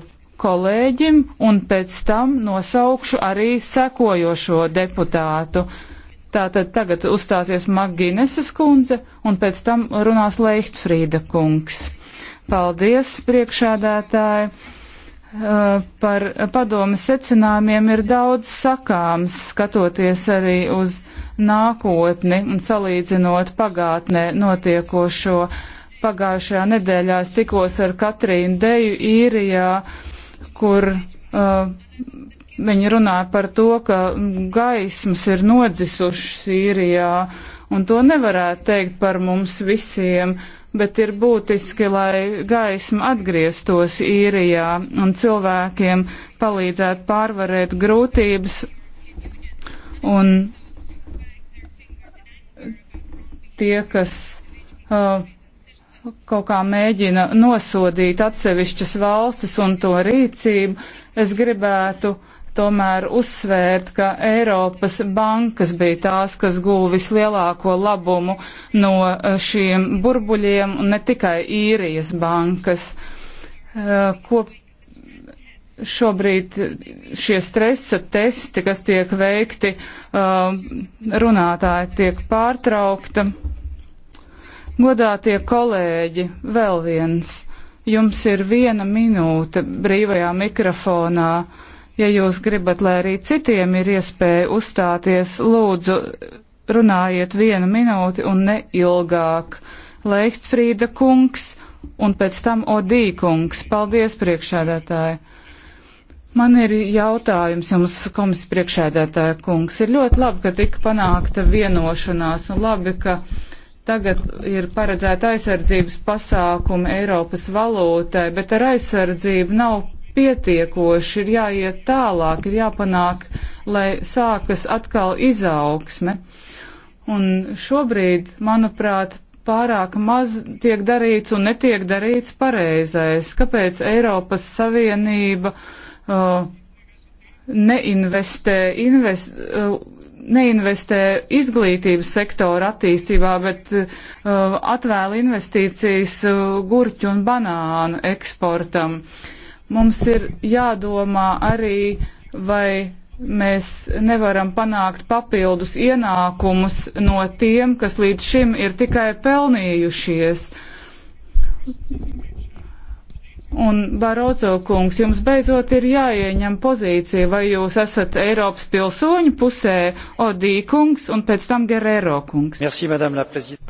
kolēģim un pēc tam nosaukšu arī sekojošo deputātu. Tātad tagad uzstāsies Magineses kundze un pēc tam runās Leichtfrīda kungs. Paldies, priekšādātāji! Eh, par padomu secinājumiem ir daudz sakāms, skatoties arī uz nākotni un salīdzinot pagātnē notiekošo. Pagājušajā nedēļā es tikos ar Katrīnu Deju īrijā, kur uh, viņi runā par to, ka gaismas ir nodzisušas īrijā, un to nevarētu teikt par mums visiem. Uh, bet ir būtiski, lai gaisma atgrieztos īrijā un cilvēkiem palīdzētu pārvarēt grūtības. Un tie, kas uh, kaut kā mēģina nosodīt atsevišķas valstis un to rīcību, es gribētu uh, tomēr uzsvērt, ka Eiropas bankas bija tās, kas guva vislielāko labumu no eh, šiem burbuļiem, un ne tikai īrijas bankas. Eh, ko šobrīd šie stresa testi, kas tiek veikti, eh, runātāji tiek pārtraukta. Godātie kolēģi, vēl viens. Jums ir viena minūte brīvajā mikrofonā. Uh, Ja jūs gribat, lai arī citiem ir iespēja uzstāties, lūdzu, runājiet vienu minūti un ne ilgāk. Leichtfrīda kungs un pēc tam Odī kungs. Paldies, priekšēdētāji! Man ir jautājums jums, komisijas priekšēdētāja kungs. Ir ļoti labi, ka tika panākta vienošanās un labi, ka tagad ir paredzēta aizsardzības pasākuma Eiropas valūtai, bet ar aizsardzību nav pietiekoši, ir jāiet tālāk, ir jāpanāk, lai sākas atkal izaugsme. Un šobrīd, manuprāt, pārāk maz tiek darīts un netiek darīts pareizais. Kāpēc Eiropas Savienība uh, neinvestē, invest, uh, neinvestē izglītības sektora attīstībā, bet uh, atvēl investīcijas uh, gurķu un banānu eksportam? Uh, Mums ir jādomā arī, vai mēs nevaram panākt papildus ienākumus no tiem, kas līdz šim ir tikai pelnījušies Un Barozo kungs, jums beidzot ir jāieņem pozīcija, vai jūs esat Eiropas pilsoņu pusē, Odī kungs un pēc tam Gerēro kungs. Merci,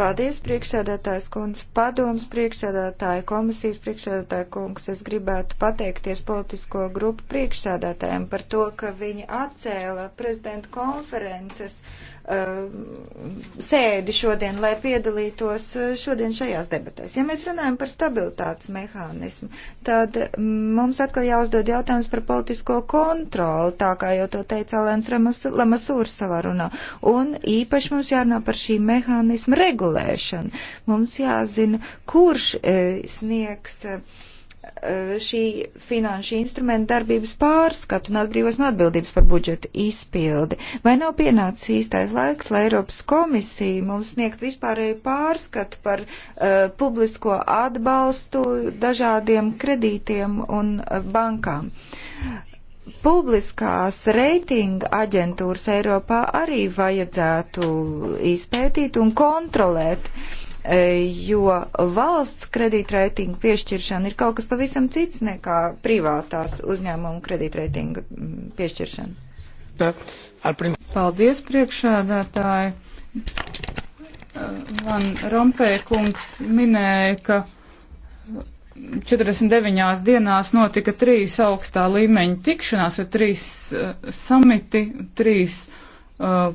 Paldies, priekšsēdētājs kungs, padoms priekšsēdētāja, komisijas priekšsēdētāja kungs. Es gribētu pateikties politisko grupu priekšsēdētājiem par to, ka viņi atcēla prezidenta konferences. Uh, Um, sēdi šodien, lai piedalītos uh, šodien šajās debatēs. Ja mēs runājam par stabilitātes mehānismu, tad mums atkal jāuzdod jautājums par politisko kontroli, tā kā jau to teica Alēns Lamasūrs savā runā. Un īpaši mums jārunā par šī mehānisma regulēšanu. Mums jāzina, kurš e, sniegs. E, Eh, šī finanšu instrumenta darbības pārskatu un atbrīvos no atbildības par budžeta izpildi. Vai nav pienācis īstais laiks, lai Eiropas komisija mums sniegt vispārēju pārskatu par uh, publisko atbalstu dažādiem kredītiem un uh, bankām? Publiskās reitinga aģentūras Eiropā arī vajadzētu izpētīt un kontrolēt uh, E, jo valsts kredītreitinga piešķiršana ir kaut kas pavisam cits nekā privātās uzņēmuma kredītreitinga piešķiršana. Paldies, priekšādātāji! E, Van Rompēkungs minēja, ka 49 dienās notika trīs augstā līmeņa tikšanās, vai trīs uh, samiti, trīs uh,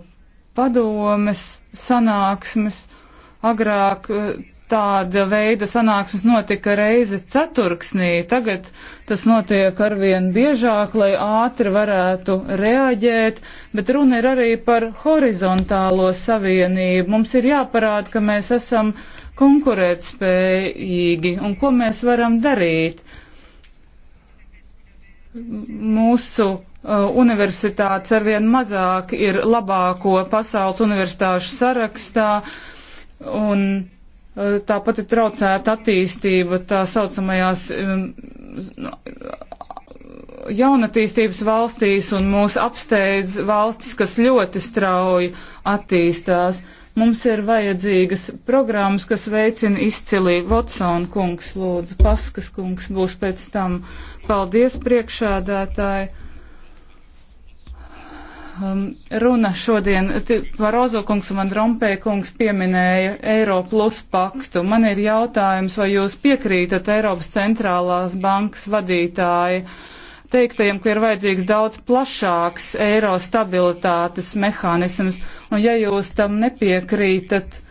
padomes sanāksmes. Agrāk eh, tāda veida sanāksmes notika reizi ceturksnī, tagad tas notiek arvien biežāk, lai ātri varētu reaģēt, bet runa ir arī par horizontālo savienību. Mums ir jāparāda, ka mēs esam konkurētspējīgi un ko mēs varam darīt. Mūsu eh, universitātes arvien mazāk ir labāko pasaules universitāšu sarakstā. Uh, un e, tāpat ir traucēta attīstība tā saucamajās e, nu, jaunatīstības valstīs un mūs apsteidz valstis, kas ļoti strauji attīstās. Mums ir vajadzīgas programmas, kas veicina izcilī. Votsona kungs, lūdzu, Paskas kungs būs pēc tam. Paldies priekšādātāji! um, runa šodien. Varozo kungs un Van Rompē kungs pieminēja Eiro plus paktu. Man ir jautājums, vai jūs piekrītat Eiropas centrālās bankas vadītāji teiktajiem, ka ir vajadzīgs daudz plašāks eiro stabilitātes mehānisms, un ja jūs tam nepiekrītat,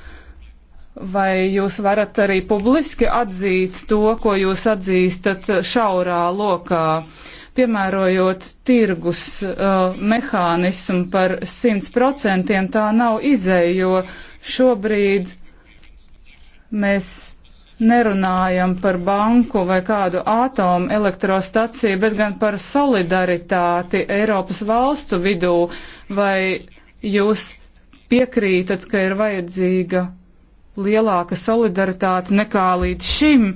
vai jūs varat arī publiski atzīt to, ko jūs atzīstat šaurā lokā? Uh, piemērojot tirgus uh, mehānismu par 100%, tā nav izēja, jo šobrīd mēs nerunājam par banku vai kādu ātomu elektrostaciju, bet gan par solidaritāti Eiropas valstu vidū, vai jūs piekrītat, ka ir vajadzīga lielāka solidaritāte nekā līdz šim.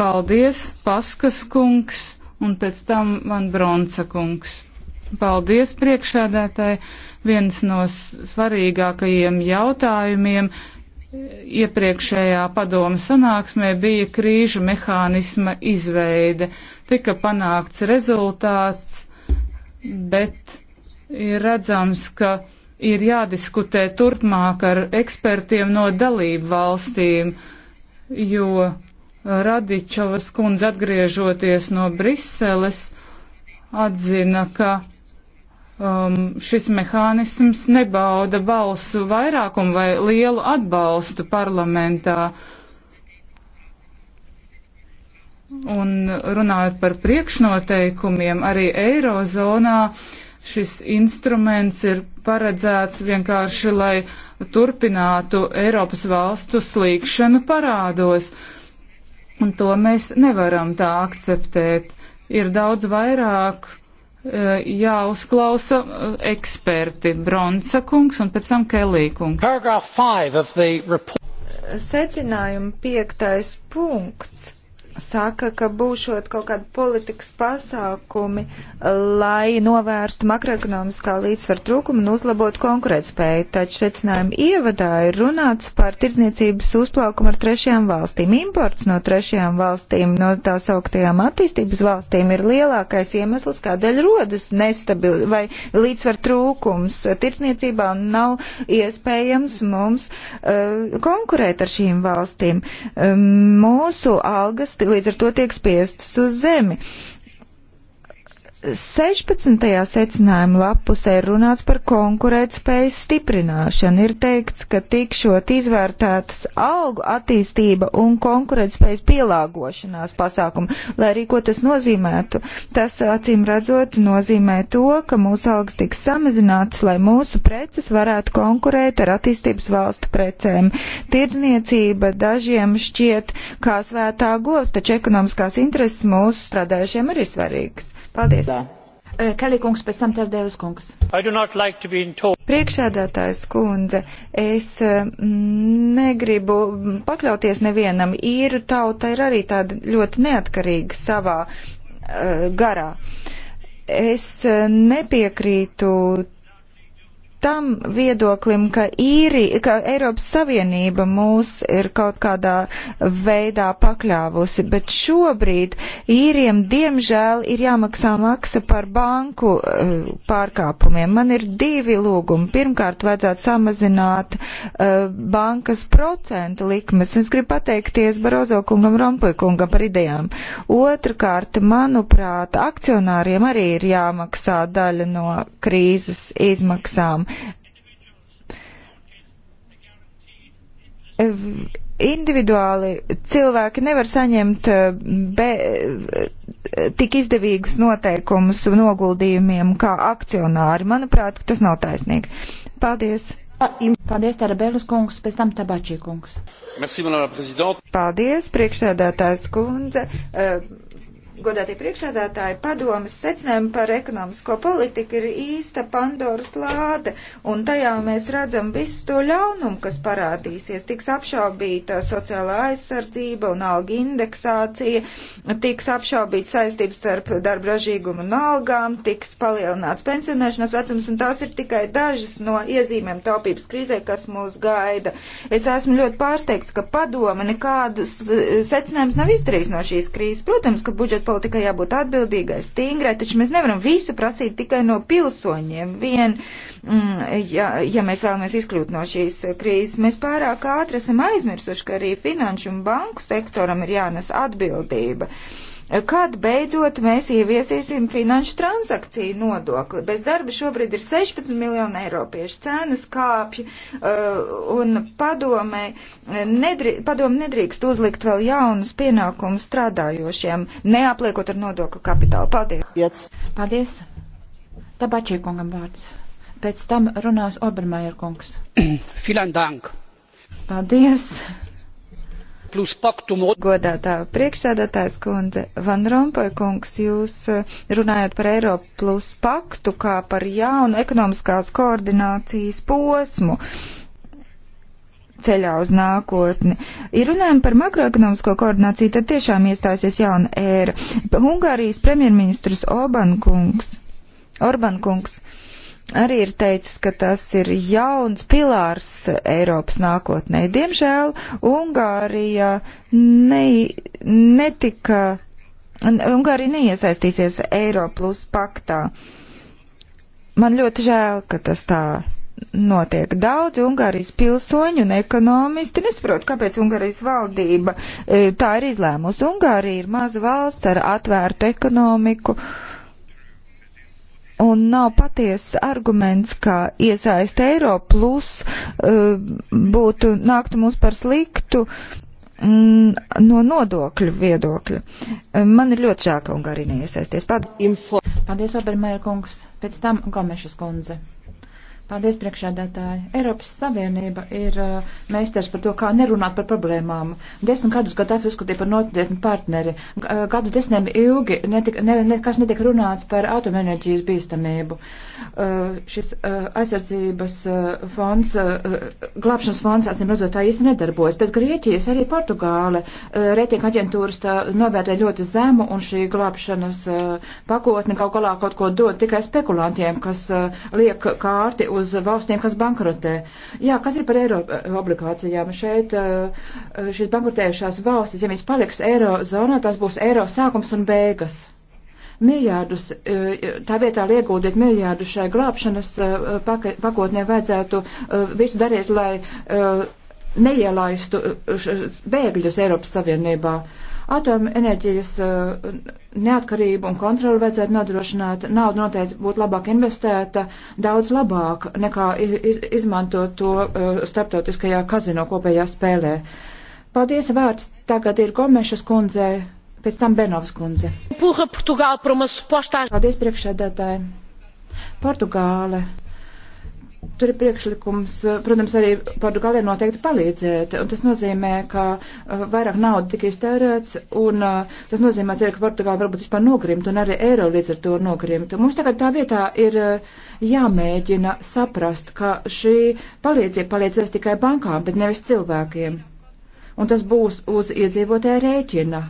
Paldies, Paskas kungs! un pēc tam man Bronsa kungs. Paldies priekšādātāji. Viens no svarīgākajiem jautājumiem iepriekšējā padoma sanāksmē bija krīžu mehānisma izveide. Tika panākts rezultāts, bet ir redzams, ka ir jādiskutē turpmāk ar ekspertiem no dalību valstīm, jo Radičavas kundze atgriežoties no Briseles atzina, ka um, šis mehānisms nebauda balsu vairākumu vai lielu atbalstu parlamentā. Un runājot par priekšnoteikumiem, arī Eirozonā šis instruments ir paredzēts vienkārši, lai turpinātu Eiropas valstu slīkšanu parādos. Uh, Un to mēs nevaram tā akceptēt. Ir daudz vairāk e, jāuzklausa e, eksperti Bronsa kungs un pēc tam Kelī kungs. Secinājuma piektais punkts saka, ka būšot kaut kādi politikas pasākumi, lai novērstu makroekonomiskā līdzsvara trūkumu un uzlabotu konkurētspēju. Taču secinājuma ievadā ir runāts par tirdzniecības uzplaukumu ar trešajām valstīm. Imports no trešajām valstīm, no tā sauktajām attīstības valstīm ir lielākais iemesls, kādēļ rodas nestabili vai līdzsvara trūkums tirdzniecībā un nav iespējams mums uh, konkurēt ar šīm valstīm. Um, mūsu algas līdz ar to tiek spiestas uz zemi. 16. secinājuma lapusē ir runāts par konkurētspējas stiprināšanu. Ir teikts, ka tikšot izvērtētas algu attīstība un konkurētspējas pielāgošanās pasākumu, lai arī ko tas nozīmētu. Tas acīm redzot nozīmē to, ka mūsu algas tiks samazinātas, lai mūsu preces varētu konkurēt ar attīstības valstu precēm. Tirdzniecība dažiem šķiet kā svētā govs, taču ekonomiskās intereses mūsu strādājušiem arī svarīgas. Paldies! Tā. Kelikungs, pēc tam Terdēvis kungs. Like Priekšēdētājs kundze, es negribu pakļauties nevienam. Īru tauta ir arī tāda ļoti neatkarīga savā uh, garā. Es nepiekrītu tam viedoklim, ka, īri, ka Eiropas Savienība mūs ir kaut kādā veidā pakļāvusi, bet šobrīd īriem diemžēl ir jāmaksā maksa par banku uh, pārkāpumiem. Man ir divi lūgumi. Pirmkārt, vajadzētu samazināt uh, bankas procentu likmes. Es gribu pateikties Barozo kungam, Rompuj kungam par idejām. Otrakārt, manuprāt, akcionāriem arī ir jāmaksā daļa no krīzes izmaksām Individuāli cilvēki nevar saņemt eh, be, eh, tik izdevīgus noteikumus noguldījumiem kā akcionāri. Manuprāt, tas nav taisnīgi. Paldies! Paldies, Tarabēlis kungs, pēc tam Tabačī kungs. Merci, Paldies, priekšsēdētājs kundze. Uh, godātie priekšsēdētāji, padomas secinājumi par ekonomisko politiku ir īsta Pandoras lāde, un tajā mēs redzam visu to ļaunumu, kas parādīsies. Tiks apšaubīta sociālā aizsardzība un alga indeksācija, tiks apšaubīta saistības starp darba ražīgumu un algām, tiks palielināts pensionēšanas vecums, un tās ir tikai dažas no iezīmēm taupības krīzē, kas mūs gaida. Es esmu ļoti pārsteigts, ka padoma nekādus secinājumus nav izdarījis no šīs krīzes. Protams, ka budžeta politikai jābūt atbildīgai, stingrai, taču mēs nevaram visu prasīt tikai no pilsoņiem. Vien, mm, ja, ja mēs vēlamies izkļūt no šīs krīzes, mēs pārāk ātri esam aizmirsuši, ka arī finanšu un banku sektoram ir jānes atbildība. Uh, Kad beidzot mēs ieviesīsim finanšu transakciju nodokli? Bez darba šobrīd ir 16 miljoni eiropiešu, cenas kāpj uh, un padomē nedrī, padome nedrīkst uzlikt vēl jaunus pienākumus strādājošiem, neapliekot ar nodokli kapitālu. Paldies! Yes. Paldies! Tabačīkungam vārds. Pēc tam runās Obermajer kungs. Filan dank! Paldies! Godātā priekšsēdētājs kundze, Van Rompuy kungs, jūs eh, runājat par Eiropu plus paktu kā par jaunu ekonomiskās koordinācijas posmu ceļā uz nākotni. Ja runājam par makroekonomisko koordināciju, tad tiešām iestāsies jauna ēra. Hungārijas premjerministrs Oban kungs, Orban kungs arī ir teicis, ka tas ir jauns pilārs Eiropas nākotnē. Diemžēl Ungārija ne, netika, Ungārija neiesaistīsies Eiropa plus paktā. Man ļoti žēl, ka tas tā notiek. Daudzi Ungārijas pilsoņi un ekonomisti nesaprot, kāpēc Ungārijas valdība e, tā ir izlēmusi. Ungārija ir maza valsts ar atvērtu ekonomiku. Uh, un nav patiesas arguments, ka iesaist eiro plus uh, būtu nāktu mums par sliktu mm, no nodokļu viedokļa. Eh, man ir ļoti žēl, ka Ungārija neiesaisties. Paldies, Paldies Obermērkungs. Pēc tam Gomešas kundze. Paldies, priekšādātāji. Eiropas Savienība ir uh, meistars par to, kā nerunāt par problēmām. Desmit gadus Gaddafi uzskatīja par notietnu partneri. Uh, gadu desmitiem ilgi netika, ne, nekas netika runāts par atomenerģijas bīstamību. Uh, šis uh, aizsardzības uh, fonds, uh, uh glābšanas fonds, atsim redzot, tā īsti nedarbojas. Pēc Grieķijas arī Portugāle uh, reitinga aģentūras tā novērtē ļoti zemu un šī glābšanas uh, pakotne kaut galā kaut ko dod tikai spekulantiem, kas uh, liek kārti uz uz valstīm, kas bankrotē. Jā, kas ir par eiro eh, obligācijām? Šeit eh, eh, šīs bankrotējušās valstis, ja viņas paliks eiro zonā, tas būs eiro sākums un beigas. Miljārdus, tā vietā iegūdiet miljārdus šai glābšanas pakotnē vajadzētu visu darīt, lai neielaistu bēgļus Eiropas Savienībā. Uh, Atomenerģijas eh, neatkarību un kontroli vajadzētu nodrošināt. Nauda noteikti būtu labāk investēta, daudz labāk nekā izmantot to eh, starptautiskajā kazino kopējā spēlē. Paldies vārds tagad ir Gomešas kundzei, pēc tam Benovas kundze. Paldies priekšsēdētāji. Portugāle Tur ir priekšlikums, eh, protams, arī Portugālē noteikti palīdzēt, un tas nozīmē, ka eh, vairāk nauda tika iztērēts, un eh, tas nozīmē, arī, ka Portugāla varbūt vispār nogrimt, un arī eiro līdz ar to nogrimt. Mums tagad tā vietā ir jāmēģina saprast, ka šī palīdzība palīdzēs tikai bankām, bet nevis cilvēkiem. Un tas būs uz iedzīvotāja rēķina,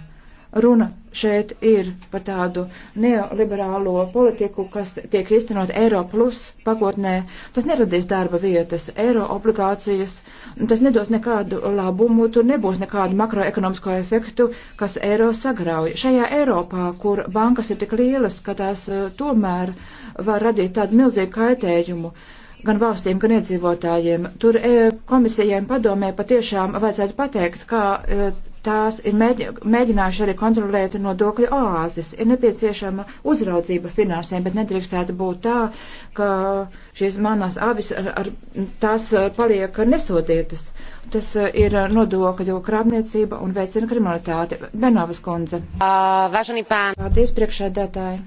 Runa šeit ir par tādu neoliberālo politiku, kas tiek īstenot Eiro plus pakotnē. Tas neradīs darba vietas, eiro obligācijas, tas nedos nekādu labumu, tur nebūs nekādu makroekonomisko efektu, kas eiro sagrauj. Šajā Eiropā, kur bankas ir tik lielas, ka tās eh, tomēr var radīt tādu milzīgu kaitējumu, gan valstīm, gan iedzīvotājiem. Tur e, komisijai un padomē patiešām vajadzētu pateikt, kā e, tās ir mēģinājuši arī kontrolēt nodokļu oāzes. Ir nepieciešama uzraudzība finansēm, bet nedrīkstētu būt tā, ka šīs manās avis ar, ar, tās eh, paliek nesodītas. Tas eh, ir nodokļu krāpniecība un veicina kriminalitāti. Benovas kundze. Uh, Paldies priekšēdētāji.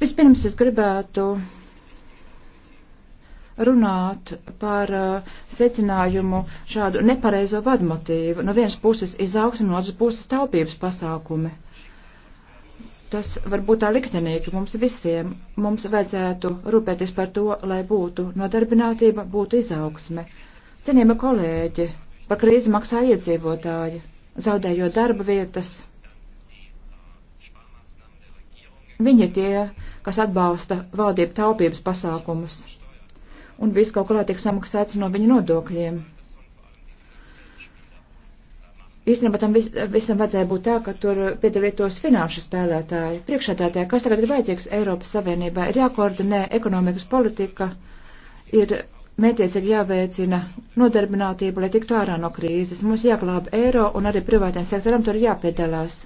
Vispirms es gribētu runāt par uh, secinājumu šādu nepareizo vadmotīvu. No vienas puses izaugsme, no otras puses taupības pasākumi. Tas var būt tā liktenīgi mums visiem. Mums vajadzētu rūpēties par to, lai būtu nodarbinātība, būtu izaugsme. Cienījama kolēģi, par krīzi maksā iedzīvotāji, zaudējot darba vietas. Viņi ir tie, kas atbalsta valdību taupības pasākumus un viss kaut kurā tiek samaksāts no viņa nodokļiem. Īstenībā tam vis, visam vajadzēja būt tā, ka tur piedalītos finanšu spēlētāji, priekšētātāji, kas tagad ir vajadzīgs Eiropas Savienībā, ir jākoordinē ekonomikas politika, ir mētiecīgi jāveicina nodarbinātība, lai tiktu ārā no krīzes. Mums jāglāba eiro un arī privātiem sektoram tur jāpiedalās.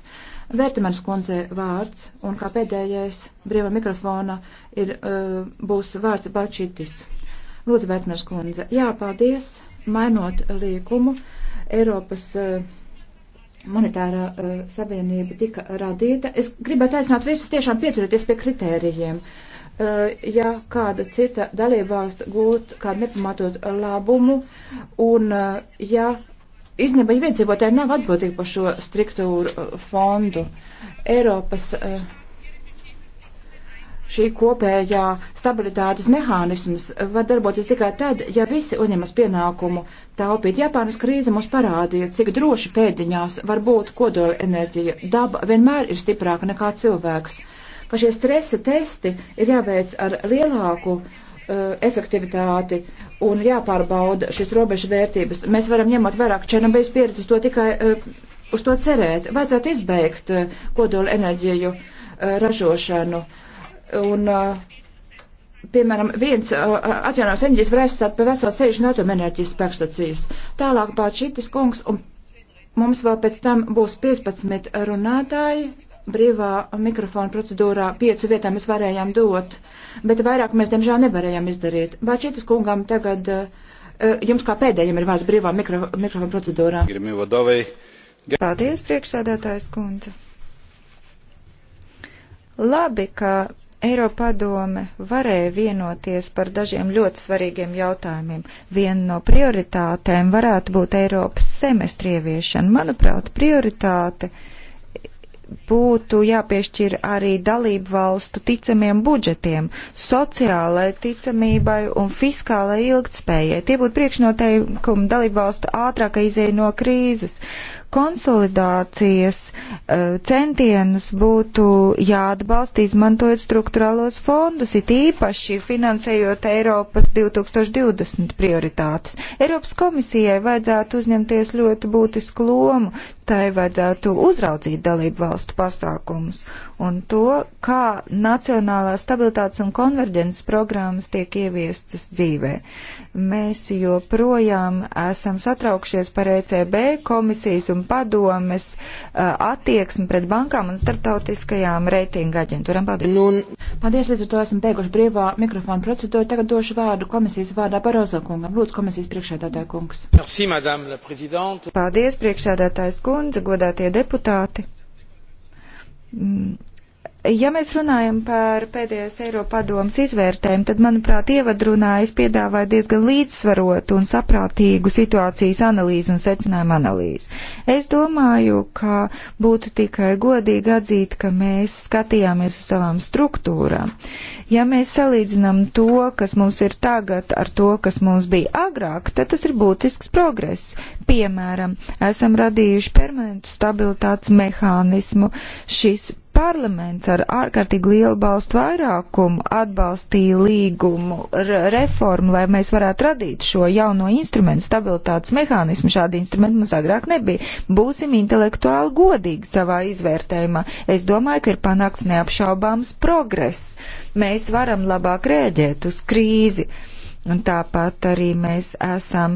Vērtimens kundze vārds un kā pēdējais brīva mikrofona ir, uh, būs vārds Balčitis. Lūdzu, Vērtners kundze. Jā, paldies. Mainot līgumu, Eiropas uh, monetārā uh, savienība tika radīta. Es gribētu aicināt visus tiešām pieturēties pie kritērijiem. Uh, ja kāda cita dalībvalsts gūt kādu nepamatot labumu un uh, ja īstenībā iedzīvotāji nav atbildīgi par šo struktūru fondu, Eiropas uh, šī kopējā stabilitātes mehānisms var darboties tikai tad, ja visi uzņemas pienākumu taupīt. Japānas krīze mums parādīja, cik droši pēdiņās var būt kodola enerģija. Daba vienmēr ir stiprāka nekā cilvēks. Ka šie stresa testi ir jāveic ar lielāku uh, efektivitāti un jāpārbauda šīs robežu vērtības. Mēs varam ņemot vairāk Černobeļas pieredzes, to tikai uh, uz to cerēt. Vajadzētu izbeigt uh, kodola enerģiju uh, ražošanu. Uh, Un, piemēram, viens atjaunās enerģijas varēs stāt pie vesels 60 atomenerģijas spēkstacijas. Tālāk pār šitas kungs, un mums vēl pēc tam būs 15 runātāji, brīvā mikrofona procedūrā piecu vietā mēs varējām dot, bet vairāk mēs, diemžēl, nevarējām izdarīt. Bāčītas kungam tagad, jums kā pēdējiem ir vārds brīvā mikro, mikrofona procedūrā. Paldies, priekšsādātājs kundze. Labi, ka Eiropadome varēja vienoties par dažiem ļoti svarīgiem jautājumiem. Viena no prioritātēm varētu būt Eiropas semestri ieviešana. Manuprāt, prioritāte būtu jāpiešķir arī dalību valstu ticamiem budžetiem, sociālai ticamībai un fiskālai ilgtspējai. Tie būtu priekšnoteikumi dalību valstu ātrākai izēja no krīzes konsolidācijas eh, centienus būtu jāatbalsta izmantojot struktūrālos fondus, it īpaši finansējot Eiropas 2020 prioritātes. Eiropas komisijai vajadzētu uzņemties ļoti būtisku lomu, tai vajadzētu uzraudzīt dalību valstu pasākumus un to, kā nacionālās stabilitātes un konverģences programmas tiek ieviestas dzīvē. Mēs joprojām esam satraukšies par ECB komisijas un padomes uh, attieksmi pret bankām un starptautiskajām reitinga aģentūram. Paldies! Nun. Nu, Paldies, līdz ar to esam beiguši brīvā mikrofona procedūru. Tagad došu vārdu komisijas vārdā Barozo kungam. Lūdzu, komisijas priekšēdātāja kungs. Merci, Paldies, priekšēdātājs kundze, godātie deputāti. Mm Ja mēs runājam par pēdējās Eiropadomas izvērtēm, tad, manuprāt, ievadrunā es piedāvāju diezgan līdzsvarotu un saprātīgu situācijas analīzi un secinājumu analīzi. Es domāju, ka būtu tikai godīgi atzīt, ka mēs skatījāmies uz savām struktūrām. Ja mēs salīdzinām to, kas mums ir tagad ar to, kas mums bija agrāk, tad tas ir būtisks progress. Piemēram, esam radījuši permanentu stabilitātes mehānismu. Šis Parlaments ar ārkārtīgi lielu balstu vairākumu atbalstīja līgumu reformu, lai mēs varētu radīt šo jauno instrumentu, stabilitātes mehānismu. Šādi instrumenti mums agrāk nebija. Būsim intelektuāli godīgi savā izvērtējumā. Es domāju, ka ir panākts neapšaubāms progress. Mēs varam labāk rēģēt uz krīzi. Uh, Un tāpat arī mēs esam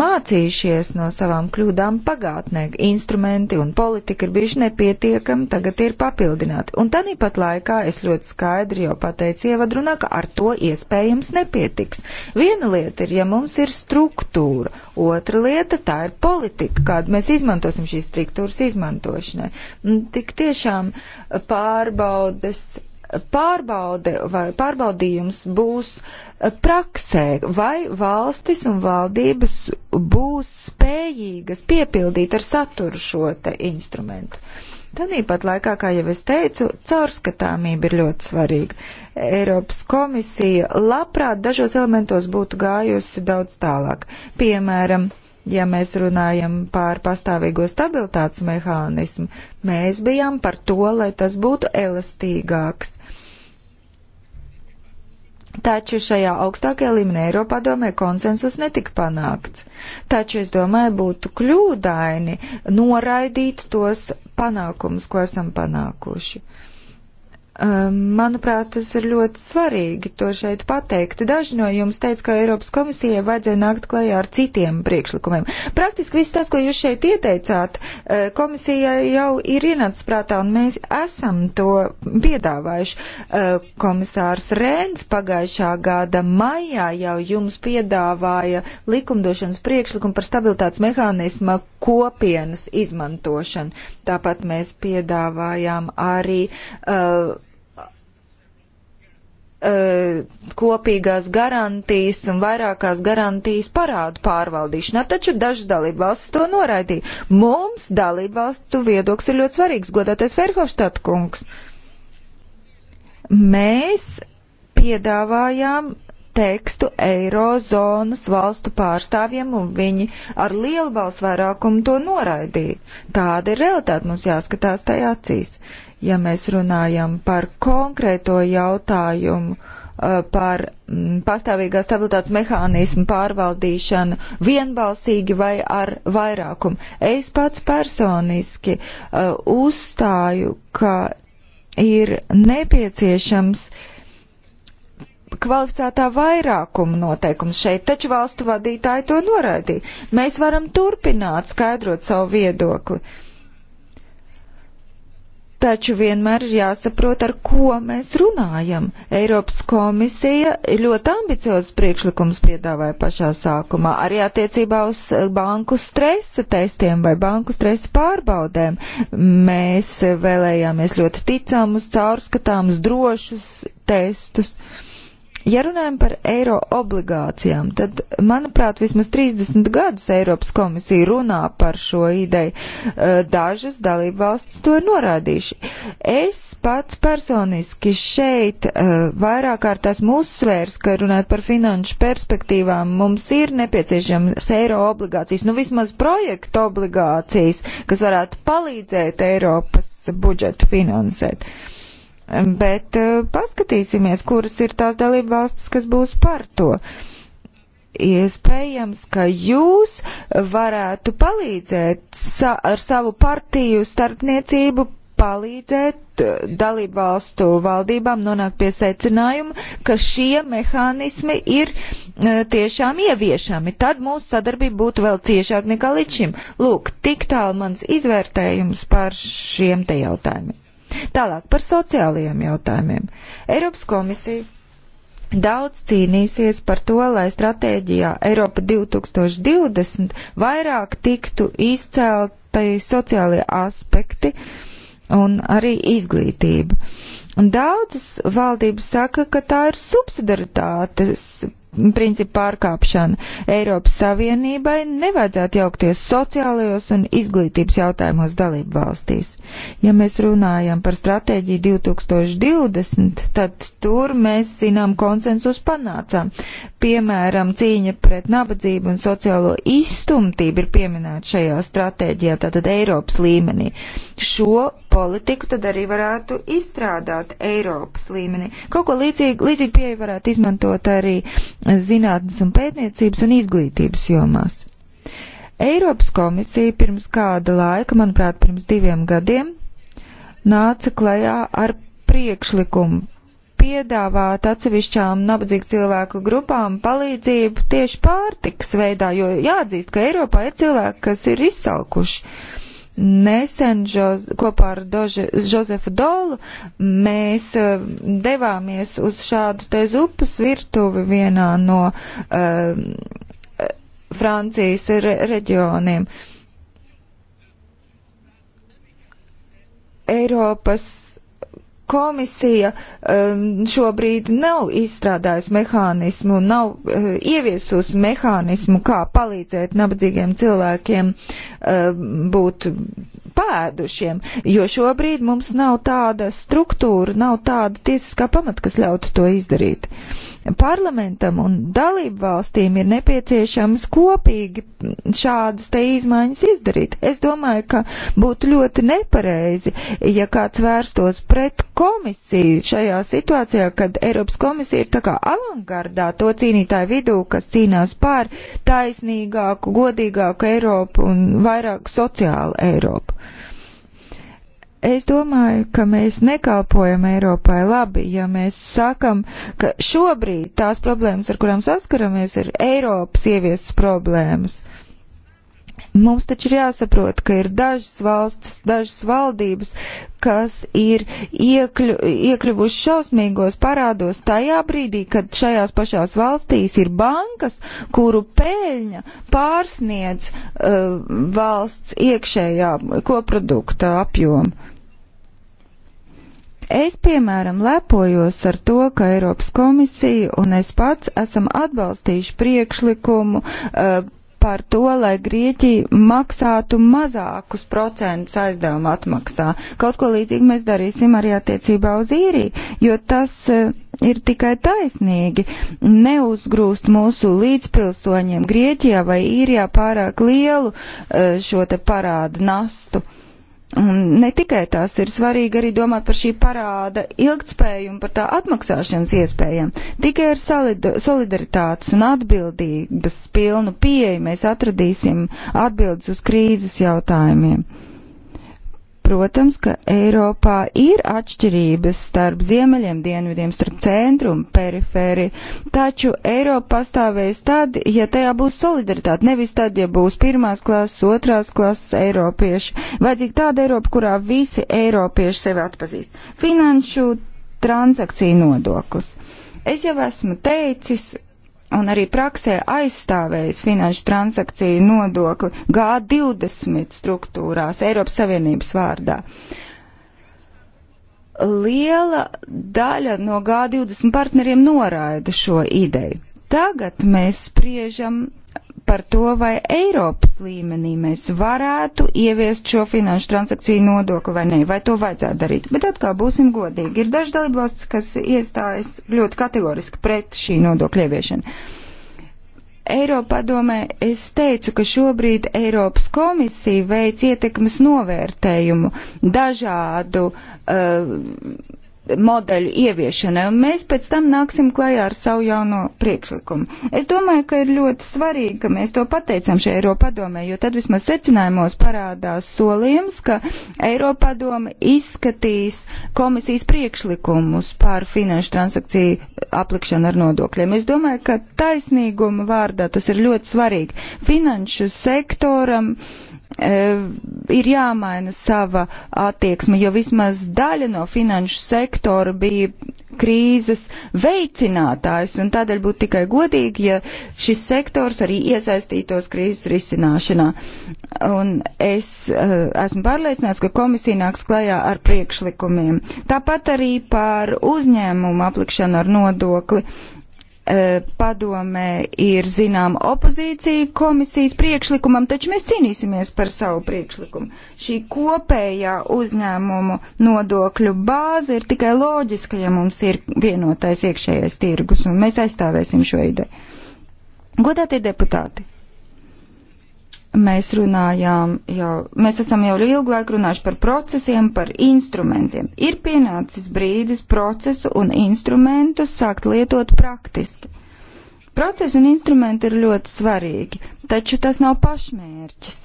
mācījušies no savām kļūdām pagātnē. Instrumenti un politika ir bijuši nepietiekami, tagad ir papildināti. Un tāpat laikā es ļoti skaidri jau pateicu ievadrunā, ka ar to iespējams nepietiks. Viena lieta ir, ja mums ir struktūra, otra lieta tā ir politika, kādu mēs izmantosim šīs struktūras izmantošanai. Un tik tiešām pārbaudes pārbaude vai pārbaudījums būs eh, praksē, vai valstis un valdības būs spējīgas piepildīt ar saturu šo te instrumentu. Tāpat laikā, kā jau es teicu, caurskatāmība ir ļoti svarīga. Eiropas komisija labprāt dažos elementos būtu gājusi daudz tālāk. Piemēram, ja mēs runājam par pastāvīgo stabilitātes mehānismu, mēs bijām par to, lai tas būtu elastīgāks. Taču šajā augstākajā līmenī Eiropadomē konsensus netika panākts. Taču es domāju, būtu kļūdaini noraidīt tos panākumus, ko esam panākuši. Uh, Um, manuprāt, tas ir ļoti svarīgi to šeit pateikt. Daži no jums teica, ka Eiropas komisijai vajadzēja nākt klajā ar citiem priekšlikumiem. Praktiski viss tas, ko jūs šeit ieteicāt, uh, komisijai jau ir ienācis prātā, un mēs esam to piedāvājuši. Uh, komisārs Rēns pagājušā gada maijā jau jums piedāvāja likumdošanas priekšlikumu par stabilitātes mehānisma kopienas izmantošanu. Tāpat mēs piedāvājām arī uh, Uh, kopīgās garantijas un vairākās garantijas parādu pārvaldīšanā, taču dažas dalību valstis to noraidīja. Mums dalību valstu viedoklis ir ļoti svarīgs, godātais Ferhofstadt kungs. Mēs piedāvājām tekstu Eirozonas valstu pārstāvjiem, un viņi ar lielu balsu vairākumu to noraidīja. Tāda ir realitāte, mums jāskatās tajā acīs. Uh, ja mēs runājam par konkrēto jautājumu eh, par mm, pastāvīgā stabilitātes mehānismu pārvaldīšanu vienbalsīgi vai ar vairākumu. Es pats personiski uh, uzstāju, ka ir nepieciešams kvalificētā vairākuma noteikums šeit, taču valstu vadītāji to noraidīja. Mēs varam turpināt skaidrot savu viedokli. Uh, Taču vienmēr ir jāsaprot, ar ko mēs runājam. Eiropas komisija ļoti ambiciozs priekšlikums piedāvāja pašā sākumā, arī attiecībā uz eh, banku stresa testiem vai banku stresa pārbaudēm. Mēs eh, vēlējāmies ļoti ticamus, caurskatāmus, drošus testus. Uh, Ja runājam par eiro obligācijām, tad, manuprāt, vismaz 30 gadus Eiropas komisija runā par šo ideju. Eh, dažas dalību valstis to ir norādījuši. Es pats personiski šeit eh, vairāk kārt esmu uzsvērs, ka runāt par finanšu perspektīvām mums ir nepieciešams eiro obligācijas, nu vismaz projektu obligācijas, kas varētu palīdzēt Eiropas budžetu finansēt. Uh, bet eh, paskatīsimies, kuras ir tās dalība valstis, kas būs par to. Iespējams, ka jūs varētu palīdzēt sa ar savu partiju starpniecību palīdzēt eh, dalību valstu valdībām nonākt pie secinājuma, ka šie mehānismi ir eh, tiešām ieviešami. Tad mūsu sadarbība būtu vēl ciešāk nekā līdz šim. Lūk, tik tālu mans izvērtējums par šiem te jautājumiem. Tālāk par sociālajiem jautājumiem. Eiropas komisija daudz cīnīsies par to, lai stratēģijā Eiropa 2020 vairāk tiktu izcelti sociālie aspekti un arī izglītība. Un daudzas valdības saka, ka tā ir subsidaritātes principu pārkāpšana. Eiropas Savienībai nevajadzētu jaukties sociālajos un izglītības jautājumos dalību valstīs. Ja mēs runājam par stratēģiju 2020, tad tur mēs zinām konsensus panācām. Piemēram, cīņa pret nabadzību un sociālo izstumtību ir pieminēta šajā stratēģijā, tātad Eiropas līmenī. Šo politiku tad arī varētu izstrādāt Eiropas līmenī. Kaut ko līdzīgi, līdzīgi pieeja varētu izmantot arī zinātnes un pētniecības un izglītības jomās. Eiropas komisija pirms kāda laika, manuprāt, pirms diviem gadiem, nāca klajā ar priekšlikumu piedāvāt atsevišķām nabadzīgu cilvēku grupām palīdzību tieši pārtikas veidā, jo jāatzīst, ka Eiropā ir cilvēki, kas ir izsalkuši. Uh, Nesen žoz, kopā ar Dože, Žozefu Dolu mēs uh, devāmies uz šādu te zupas virtuvi vienā no uh, Francijas re reģioniem. Eiropas Komisija um, šobrīd nav izstrādājusi mehānismu, nav uh, ieviesusi mehānismu, kā palīdzēt nabadzīgiem cilvēkiem uh, būt pēdušiem, jo šobrīd mums nav tāda struktūra, nav tāda tiesiskā pamata, kas ļautu to izdarīt. Uh, Parlamentam un dalību valstīm ir nepieciešams kopīgi šādas te izmaiņas izdarīt. Es domāju, ka būtu ļoti nepareizi, ja kāds vērstos pret komisiju šajā situācijā, kad Eiropas komisija ir tā kā avangardā to cīnītāju vidū, kas cīnās pār taisnīgāku, godīgāku Eiropu un vairāk sociālu Eiropu. Es domāju, ka mēs nekalpojam Eiropai labi, ja mēs sakam, ka šobrīd tās problēmas, ar kurām saskaramies, ir Eiropas ieviestas problēmas. Uh, Mums taču ir jāsaprot, ka ir dažas valstis, dažas valdības, kas ir iekļu, iekļuvuši šausmīgos parādos tajā brīdī, kad šajās pašās valstīs ir bankas, kuru peļņa pārsniedz uh, valsts iekšējā koprodukta apjomu. Es, piemēram, lepojos ar to, ka Eiropas komisija un es pats esam atbalstījuši priekšlikumu uh, par to, lai Grieķija maksātu mazākus procentus aizdevuma atmaksā. Kaut ko līdzīgu mēs darīsim arī attiecībā uz īriju, jo tas eh, ir tikai taisnīgi. Neuzgrūst mūsu līdzpilsoņiem Grieķijā vai īrijā pārāk lielu eh, šo te parādu nastu. Un ne tikai tās ir svarīgi arī domāt par šī parāda ilgtspēju un par tā atmaksāšanas iespējām. Tikai ar solidaritātes un atbildības pilnu pieeju mēs atradīsim atbildes uz krīzes jautājumiem. Protams, ka Eiropā ir atšķirības starp ziemeļiem, dienvidiem, starp centru un perifēri, taču Eiropa pastāvēs tad, ja tajā būs solidaritāte, nevis tad, ja būs pirmās klases, otrās klases eiropieši. Vajadzīga tāda Eiropa, kurā visi eiropieši sevi atpazīst. Finanšu transakciju nodoklis. Es jau esmu teicis, un arī praksē aizstāvējis finanšu transakciju nodokli G20 struktūrās Eiropas Savienības vārdā. Liela daļa no G20 partneriem noraida šo ideju. Tagad mēs spriežam par to, vai Eiropas līmenī mēs varētu ieviest šo finanšu transakciju nodokli vai nē, vai to vajadzētu darīt. Bet atkal būsim godīgi. Ir daži dalībvalstis, kas iestājas ļoti kategoriski pret šī nodokļa ieviešanu. Eiropadomē es teicu, ka šobrīd Eiropas komisija veic ietekmes novērtējumu dažādu uh, modeļu ieviešanai, un mēs pēc tam nāksim klajā ar savu jauno priekšlikumu. Es domāju, ka ir ļoti svarīgi, ka mēs to pateicam šajā Eiropadomē, jo tad vismaz secinājumos parādās solījums, ka Eiropadome izskatīs komisijas priekšlikumus par finanšu transakciju aplikšanu ar nodokļiem. Es domāju, ka taisnīguma vārdā tas ir ļoti svarīgi. Finanšu sektoram uh, E, ir jāmaina sava attieksme, jo vismaz daļa no finanšu sektora bija krīzes veicinātājs, un tādēļ būtu tikai godīgi, ja šis sektors arī iesaistītos krīzes risināšanā. Un es uh, esmu pārliecināts, ka komisija nāks klajā ar priekšlikumiem. Tāpat arī par uzņēmumu aplikšanu ar nodokli. Uh, Eh, padomē ir zinām opozīcija komisijas priekšlikumam, taču mēs cīnīsimies par savu priekšlikumu. Šī kopējā uzņēmumu nodokļu bāze ir tikai loģiska, ja mums ir vienotais iekšējais tirgus, un mēs aizstāvēsim šo ideju. Godātie deputāti! mēs runājām jau, mēs esam jau ilgu laiku runājuši par procesiem, par instrumentiem. Ir pienācis brīdis procesu un instrumentus sākt lietot praktiski. Procesi un instrumenti ir ļoti svarīgi, taču tas nav pašmērķis.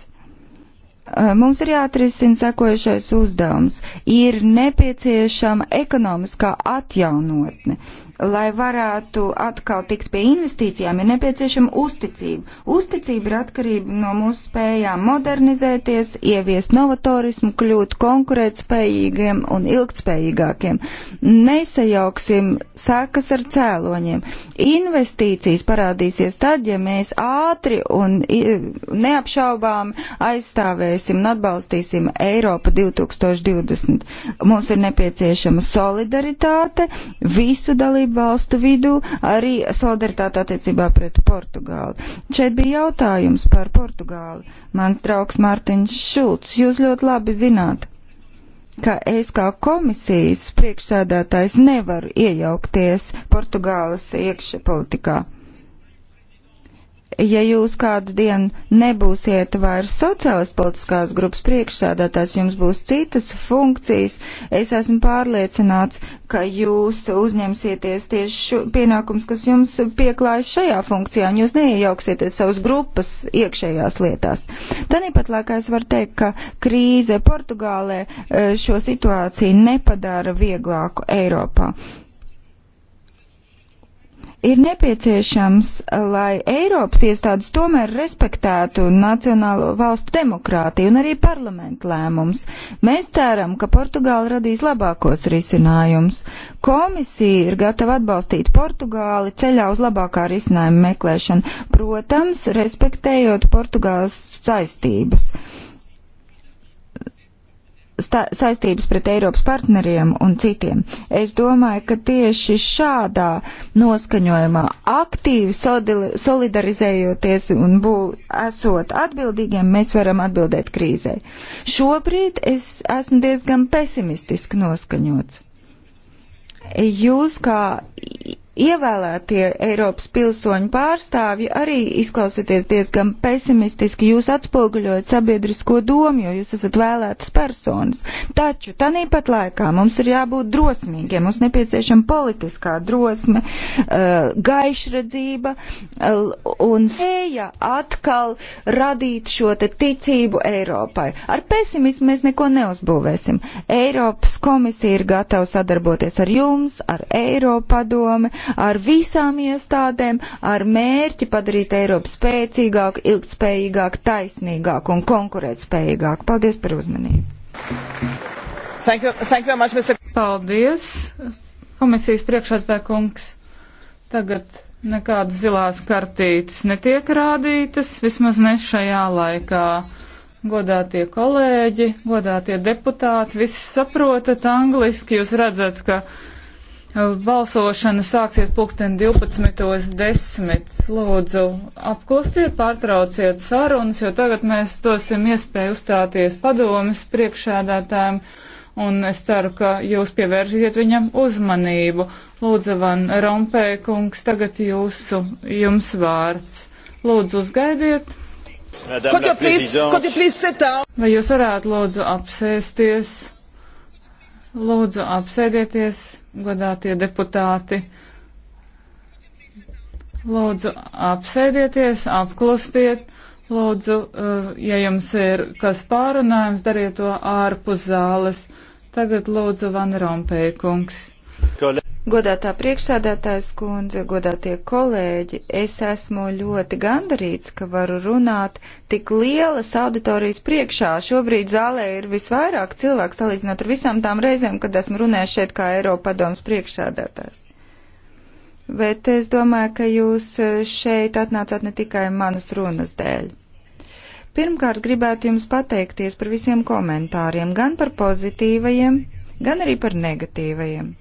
Mums ir jāatrisina sekojušais uzdevums. Ir nepieciešama ekonomiskā atjaunotne. Lai varētu atkal tikt pie investīcijām, ir nepieciešama uzticība. Uzticība ir atkarība no mūsu spējām modernizēties, ieviest novatorismu, kļūt konkurētspējīgiem un ilgtspējīgākiem. Nesajauksim sākas ar cēloņiem. Investīcijas parādīsies tad, ja mēs ātri un neapšaubām aizstāvēsim un atbalstīsim Eiropu 2020. Mums ir nepieciešama solidaritāte, visu dalību dalību valstu vidū, arī solidaritāte attiecībā pret Portugāli. Šeit bija jautājums par Portugāli. Mans draugs Mārtiņš Šulcs, jūs ļoti labi zināt, ka es kā komisijas priekšsēdētājs nevaru iejaukties Portugāles iekšpolitikā. politikā ja jūs kādu dienu nebūsiet vairs sociālistu politiskās grupas priekšsādātājs, jums būs citas funkcijas, es esmu pārliecināts, ka jūs uzņemsieties tieši šo pienākums, kas jums pieklājas šajā funkcijā, un jūs neiejauksieties savas grupas iekšējās lietās. Tāpat laikā es varu teikt, ka krīze Portugālē eh, šo situāciju nepadara vieglāku Eiropā ir nepieciešams, lai Eiropas iestādes tomēr respektētu nacionālo valstu demokrātiju un arī parlamentu lēmums. Mēs ceram, ka Portugāla radīs labākos risinājumus. Komisija ir gatava atbalstīt Portugāli ceļā uz labākā risinājuma meklēšanu, protams, respektējot Portugāles saistības saistības pret Eiropas partneriem un citiem. Es domāju, ka tieši šādā noskaņojumā aktīvi solidarizējoties un bū, esot atbildīgiem, mēs varam atbildēt krīzē. Šobrīd es esmu diezgan pesimistiski noskaņots. Jūs kā ievēlētie Eiropas pilsoņu pārstāvji arī izklausieties diezgan pesimistiski. Jūs atspoguļojat sabiedrisko domu, jo jūs esat vēlētas personas. Taču tanīpat laikā mums ir jābūt drosmīgiem, mums nepieciešama politiskā drosme, eh, gaišredzība eh, un spēja atkal radīt šo te ticību Eiropai. Ar pesimismu mēs neko neuzbūvēsim. Eiropas komisija ir gatava sadarboties ar jums, ar Eiropadomi ar visām iestādēm, ar mērķi padarīt Eiropu spēcīgāku, ilgtspējīgāku, taisnīgāku un konkurētspējīgāku. Paldies par uzmanību. Thank you, thank you much, Mr. Paldies, komisijas priekšētāja kungs. Tagad nekādas zilās kartītes netiek rādītas, vismaz ne šajā laikā godātie kolēģi, godātie deputāti, visi saprotat angliski, jūs redzat, ka Balsošana sāksies pulksten 12.10. Lūdzu, apklusiet, pārtrauciet sarunas, jo tagad mēs dosim iespēju uzstāties padomas priekšēdātājiem, un es ceru, ka jūs pievērsīsiet viņam uzmanību. Lūdzu, Van Rompēkungs, tagad jūsu, jums vārds. Lūdzu, uzgaidiet. Vai jūs varētu lūdzu apsēsties? Lūdzu, apsēdieties godātie deputāti. Lūdzu, apsēdieties, apklustiet. Lūdzu, eh, ja jums ir kas pārunājums, dariet to ārpus zāles. Tagad lūdzu Van Rompēkungs. Godātā priekšsādātājs kundze, godātie kolēģi, es esmu ļoti gandarīts, ka varu runāt tik lielas auditorijas priekšā. Šobrīd zālē ir visvairāk cilvēku salīdzinot ar visām tām reizēm, kad esmu runājis šeit kā Eiropa padomas priekšsādātājs. Bet es domāju, ka jūs e, šeit atnācāt ne tikai manas runas dēļ. Pirmkārt, gribētu jums pateikties par visiem komentāriem, gan par pozitīvajiem, gan arī par negatīvajiem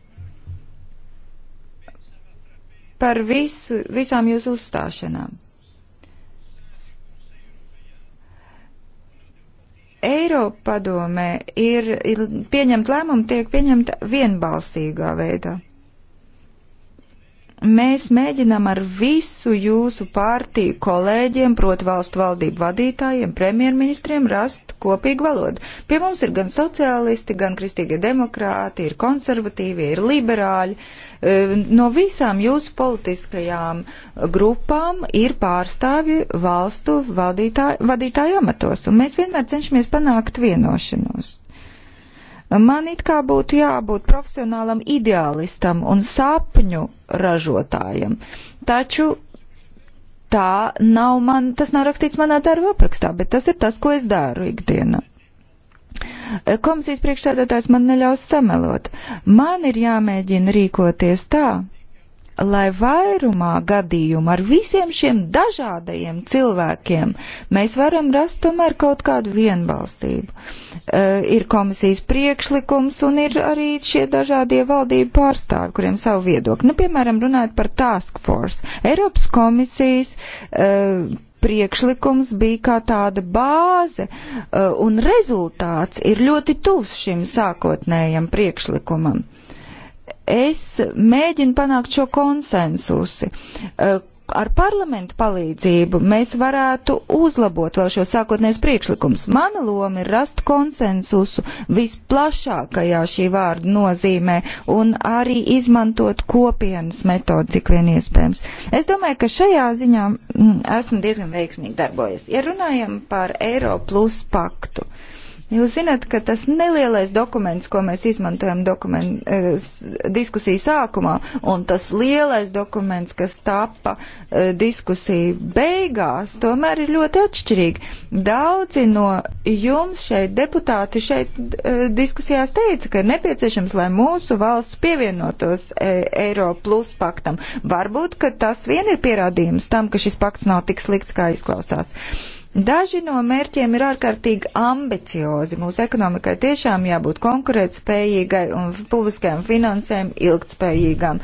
par visu, visām jūsu uzstāšanām. Eiropa padomē ir, ir pieņemt lēmumu, tiek pieņemta vienbalsīgā veidā. Mēs mēģinām ar visu jūsu partiju kolēģiem, proti valstu valdību vadītājiem, premjerministriem rast kopīgu valodu. Pie mums ir gan sociālisti, gan kristīgie demokrāti, ir konservatīvi, ir liberāļi. E, no visām jūsu politiskajām grupām ir pārstāvji valstu vadītāju, vadītāju amatos, un mēs vienmēr cenšamies panākt vienošanos. Man it kā būtu jābūt profesionālam ideālistam un sapņu ražotājam, taču tā nav man, tas nav rakstīts manā darba aprakstā, bet tas ir tas, ko es daru ikdienā. Komisijas priekšstādātājs man neļaus samelot. Man ir jāmēģina rīkoties tā, lai vairumā gadījumu ar visiem šiem dažādajiem cilvēkiem mēs varam rast tomēr kaut kādu vienbalstību. Uh, eh, ir komisijas priekšlikums un ir arī šie dažādie valdību pārstāvi, kuriem savu viedokli. Nu, piemēram, runājot par task force. Eiropas komisijas uh, priekšlikums bija kā tāda bāze, eh, un rezultāts ir ļoti tuvs šim sākotnējam priekšlikumam es mēģinu panākt šo konsensusi. Eh, ar parlamentu palīdzību mēs varētu uzlabot vēl šo sākotnējos priekšlikumus. Mana loma ir rast konsensusu visplašākajā šī vārda nozīmē un arī izmantot kopienas metodu, cik vien iespējams. Es domāju, ka šajā ziņā mm, esmu diezgan veiksmīgi darbojies. Ja runājam par Eiro plus paktu. Uh, Jūs zināt, ka tas nelielais dokuments, ko mēs izmantojam dokument, eh, diskusiju sākumā, un tas lielais dokuments, kas tapa eh, diskusiju beigās, tomēr ir ļoti atšķirīgi. Daudzi no jums šeit, deputāti, šeit eh, diskusijās teica, ka ir nepieciešams, lai mūsu valsts pievienotos eh, Eiro plus paktam. Varbūt, ka tas vien ir pierādījums tam, ka šis pakts nav tik slikts, kā izklausās. Eh, Daži no mērķiem ir ārkārtīgi ambiciozi. Mūsu ekonomikai tiešām jābūt konkurētspējīgai un publiskajām finansēm ilgtspējīgām.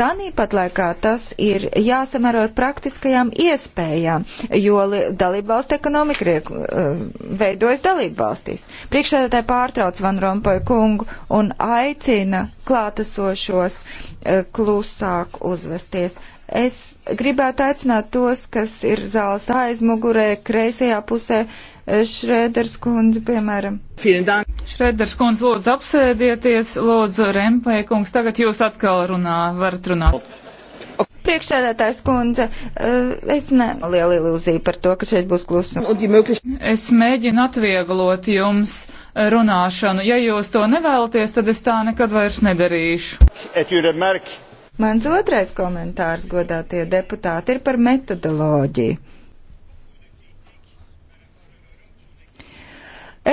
Tāpat laikā tas ir jāsamēro ar praktiskajām iespējām, jo dalību valstu ekonomika ir uh, veidojas dalību valstīs. Priekšsēdētāji pārtrauc Van Rompuy kungu un aicina klātesošos uh, klusāk uzvesties. Es gribētu aicināt tos, kas ir zāles aizmugurē, kreisajā pusē, Šrēders kundze, piemēram. Šrēders kundze, lūdzu apsēdieties, lūdzu Rempē kungs, tagad jūs atkal runā, varat runāt. Priekšsēdētājs kundze, eh, es neesmu liela ilūzija par to, ka šeit būs klusuma. Es mēģinu atvieglot jums runāšanu. Ja jūs to nevēlaties, tad es tā nekad vairs nedarīšu. Et, Mans otrais komentārs, godātie deputāti, ir par metodoloģiju.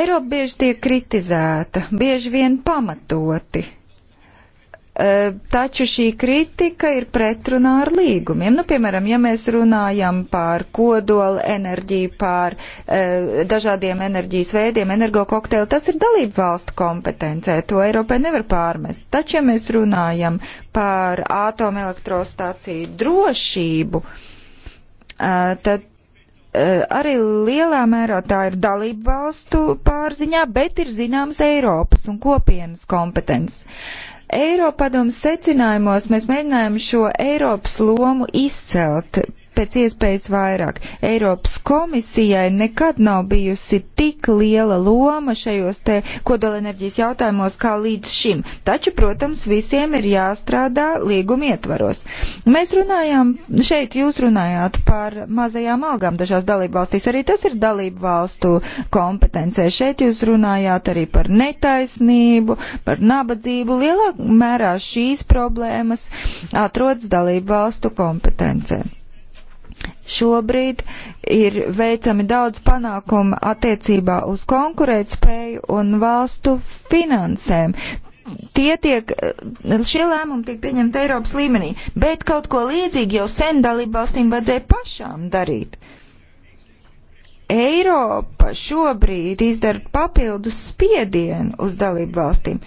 Eiropa bieži tiek kritizēta, bieži vien pamatoti Eh, taču šī kritika ir pretrunā ar līgumiem. Nu, piemēram, ja mēs runājam par kodolu enerģiju, par e, dažādiem enerģijas veidiem, energokokteili, tas ir dalību valstu kompetencē, to Eiropai nevar pārmest. Taču, ja mēs runājam par atomelektrostāciju drošību, e, tad arī lielā mērā tā ir dalību valstu pārziņā, bet ir zināms Eiropas un kopienas kompetences. Eiropadomas secinājumos mēs mēģinājām šo Eiropas lomu izcelt pēc iespējas vairāk. Eiropas komisijai nekad nav bijusi tik liela loma šajos te kodolenerģijas jautājumos kā līdz šim. Taču, protams, visiem ir jāstrādā līguma ietvaros. Mēs runājām, šeit jūs runājāt par mazajām algām dažās dalību valstīs. Arī tas ir dalību valstu kompetencē. Šeit jūs runājāt arī par netaisnību, par nabadzību. Lielāk mērā šīs problēmas atrodas dalību valstu kompetencē. Šobrīd ir veicami daudz panākumu attiecībā uz konkurētspēju un valstu finansēm tie tiek, šie lēmumi tiek pieņemti Eiropas līmenī, bet kaut ko līdzīgu jau sen dalībvalstīm vajadzēja pašām darīt. Uh, Eiropa šobrīd izdara papildus spiedienu uz dalību valstīm.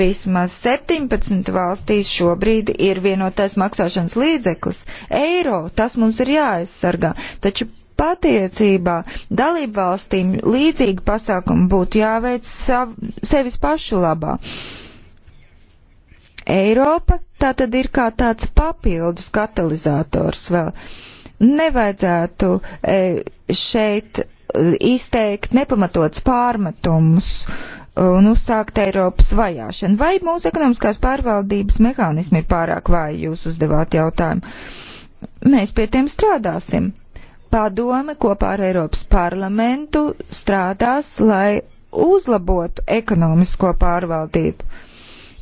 Vismaz 17 valstīs šobrīd ir vienotais maksāšanas līdzeklis - eiro. Tas mums ir jāaizsargā. Taču patiecībā dalību valstīm līdzīgi pasākumi būtu jāveic sav, sevis pašu labā. Eiropa tā tad ir kā tāds papildus katalizators vēl. Uh, Nevajadzētu e, šeit e, izteikt nepamatots pārmetumus e, un uzsākt Eiropas vajāšanu. Vai mūsu ekonomiskās pārvaldības mehānismi ir pārāk vāji, jūs uzdevāt jautājumu. Mēs pie tiem strādāsim. Padome kopā ar Eiropas parlamentu strādās, lai uzlabotu ekonomisko pārvaldību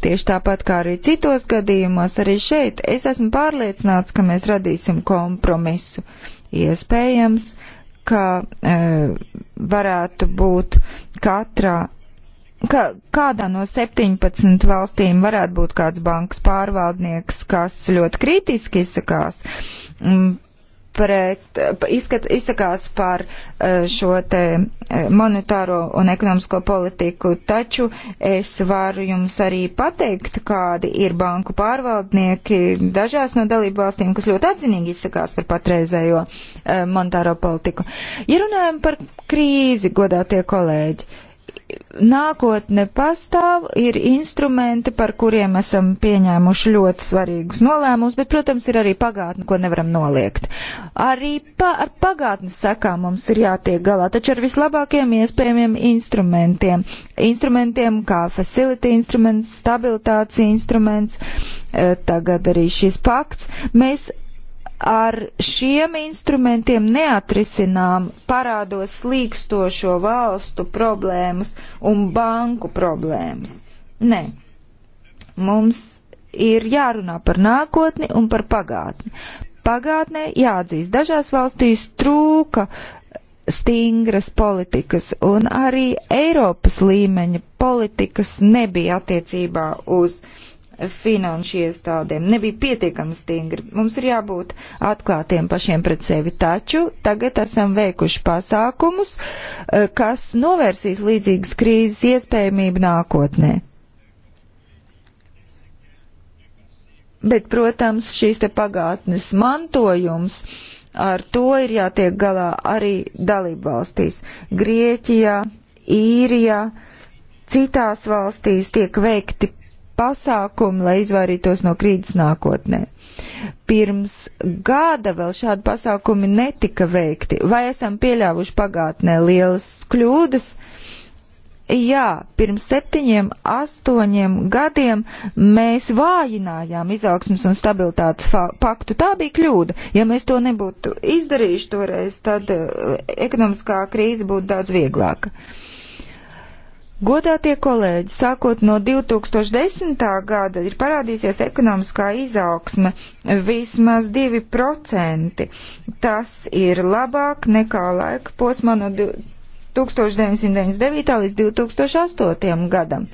Tieši tāpat kā arī citos gadījumos, arī šeit es esmu pārliecināts, ka mēs radīsim kompromisu. Iespējams, ka e, varētu būt katrā ka kādā no 17 valstīm varētu būt kāds bankas pārvaldnieks, kas ļoti kritiski izsakās pret, izskat, izsakās par eh, šo te eh, monetāro un ekonomisko politiku, taču es varu jums arī pateikt, kādi ir banku pārvaldnieki dažās no dalību valstīm, kas ļoti atzinīgi izsakās par patreizējo eh, monetāro politiku. Ja runājam par krīzi, godātie kolēģi, nākotne pastāv, ir instrumenti, par kuriem esam pieņēmuši ļoti svarīgus nolēmumus, bet, protams, ir arī pagātne, ko nevaram noliegt. Arī pa, ar pagātnes sekām mums ir jātiek galā, taču ar vislabākajiem iespējamiem instrumentiem. Instrumentiem kā facility instruments, stabilitātes instruments, eh, tagad arī šis pakts. Mēs ar šiem instrumentiem neatrisinām parādos slīkstošo valstu problēmas un banku problēmas. Nē, mums ir jārunā par nākotni un par pagātni. Pagātnē jāatzīst, dažās valstīs trūka stingras politikas un arī Eiropas līmeņa politikas nebija attiecībā uz uh, finanšu iestādēm nebija pietiekami stingri. Mums ir jābūt atklātiem pašiem pret sevi, taču tagad esam veikuši pasākumus, eh, kas novērsīs līdzīgas krīzes iespējamību nākotnē. Bet, protams, šīs te pagātnes mantojums ar to ir jātiek galā arī dalību valstīs. Grieķijā, Īrijā, citās valstīs tiek veikti pasākumi, lai izvairītos no krīzes nākotnē. Pirms gada vēl šādi pasākumi netika veikti. Vai esam pieļāvuši pagātnē lielas kļūdas? Jā, pirms septiņiem, astoņiem gadiem mēs vājinājām izaugsmas un stabilitātes paktu. Tā bija kļūda. Ja mēs to nebūtu izdarījuši toreiz, tad eh, ekonomiskā krīze būtu daudz vieglāka. Uh, Godātie kolēģi, sākot no 2010. gada ir parādīsies ekonomiskā izaugsme vismaz 2%. Tas ir labāk nekā laika posmā no 1999. līdz 2008. gadam.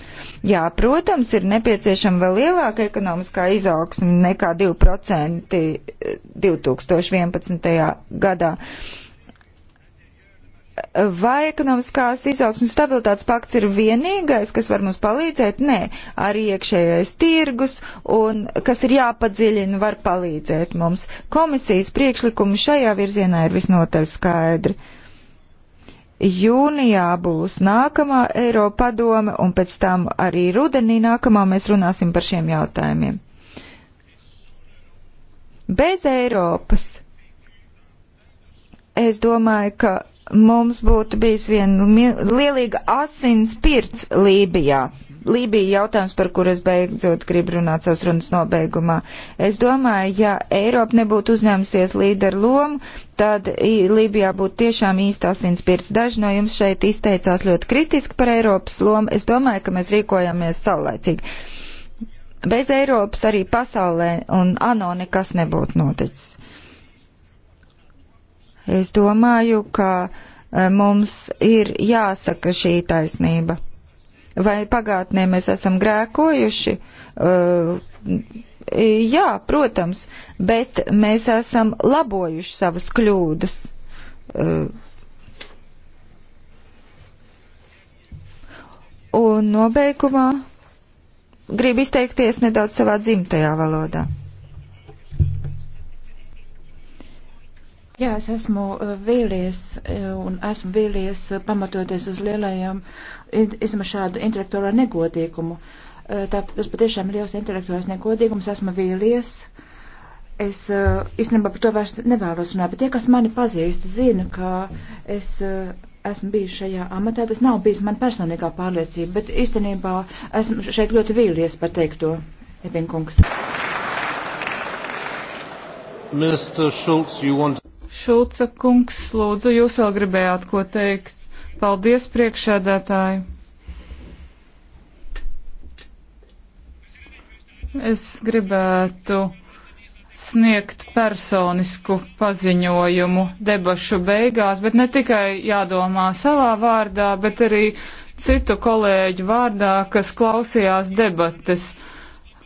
Jā, protams, ir nepieciešama vēl lielāka ekonomiskā izaugsme nekā 2% 2011. Eh, gadā vai ekonomiskās izaugsmas stabilitātes pakts ir vienīgais, kas var mums palīdzēt? Nē, arī iekšējais tirgus un kas ir jāpadziļina, var palīdzēt mums. Komisijas priekšlikumi šajā virzienā ir visnotaļ skaidri. Jūnijā būs nākamā Eiropa padome un pēc tam arī rudenī nākamā mēs runāsim par šiem jautājumiem. Bez Eiropas es domāju, ka mums būtu bijis viena lielīga asins pirts Lībijā. Lībija jautājums, par kur es beidzot gribu runāt savas runas nobeigumā. Es domāju, ja Eiropa nebūtu uzņēmusies līderu lomu, tad Lībijā būtu tiešām īsta asins pirts. Daži no jums šeit izteicās ļoti kritiski par Eiropas lomu. Es domāju, ka mēs rīkojāmies saulēcīgi. Bez Eiropas arī pasaulē un ANO nekas nebūtu noticis. Es domāju, ka e, mums ir jāsaka šī taisnība. Vai pagātnē mēs esam grēkojuši? E, jā, protams, bet mēs esam labojuši savas kļūdas. E, un nobeigumā gribu izteikties nedaudz savā dzimtajā valodā. Jā, es esmu uh, vīlies uh, un esmu vīlies uh, pamatoties uz lielajām izmašādu intelektuālo negodīgumu. Tā, tas patiešām ir liels intelektuālais negodīgums, esmu vīlies. Es īstenībā par to vairs nevēlos runāt, bet tie, kas mani pazīst, zina, ka es esmu bijis šajā amatā. Tas nav bijis man personīgā pārliecība, bet īstenībā esmu šeit ļoti vīlies par teikto, Epinkungs. Mr. Schultz, you want to... Šulca kungs, lūdzu, jūs vēl gribējāt ko teikt. Paldies, priekšēdētāji. Es gribētu sniegt personisku paziņojumu debašu beigās, bet ne tikai jādomā savā vārdā, bet arī citu kolēģu vārdā, kas klausījās debates.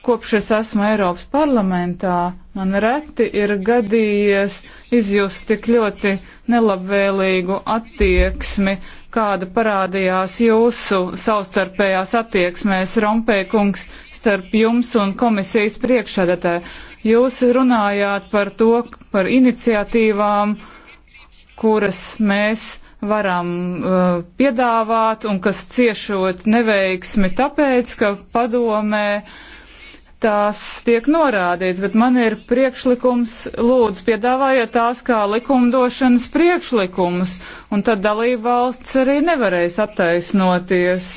Kopš es esmu Eiropas parlamentā, man reti ir gadījies izjust tik ļoti nelabvēlīgu attieksmi, kāda parādījās jūsu savstarpējās attieksmēs, Rompēkungs, starp jums un komisijas priekšsēdētāju. Jūs runājāt par to, par iniciatīvām, kuras mēs varam uh, piedāvāt un kas ciešot neveiksmi tāpēc, ka padomē uh, tās tiek norādīts, bet man ir priekšlikums, lūdzu, piedāvājiet tās kā likumdošanas priekšlikumus, un tad dalība valsts arī nevarēs attaisnoties.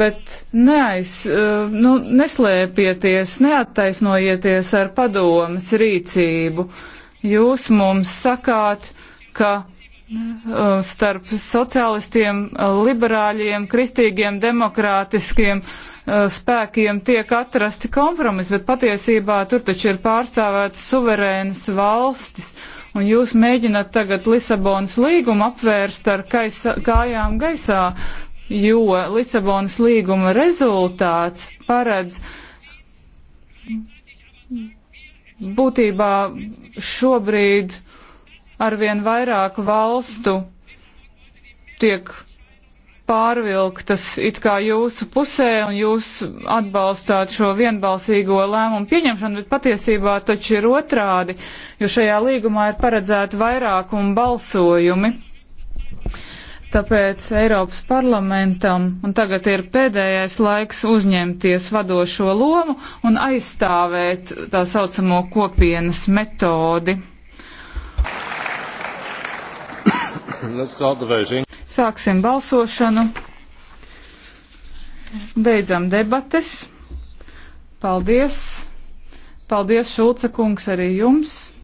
Bet neaiz, eh, nu, neslēpieties, neattaisnojieties ar padomas rīcību. Jūs mums sakāt, ka Uh, starp sociālistiem, uh, liberāļiem, kristīgiem, demokrātiskiem uh, spēkiem tiek atrasti kompromis, bet patiesībā tur taču ir pārstāvētas suverēnas valstis, un jūs mēģināt tagad Lisabonas līgumu apvērst ar kaisa, kājām gaisā, jo Lisabonas līguma rezultāts paredz būtībā šobrīd uh, arvien vairāk valstu tiek pārvilktas it kā jūsu pusē un jūs atbalstāt šo vienbalsīgo lēmumu pieņemšanu, bet patiesībā taču ir otrādi, jo šajā līgumā ir paredzēti vairākumu balsojumi. Tāpēc Eiropas parlamentam un tagad ir pēdējais laiks uzņemties vadošo lomu un aizstāvēt tā saucamo kopienas metodi. Thank you. Sāksim balsošanu. Beidzam debates. Paldies. Paldies, Šulce kungs, arī jums.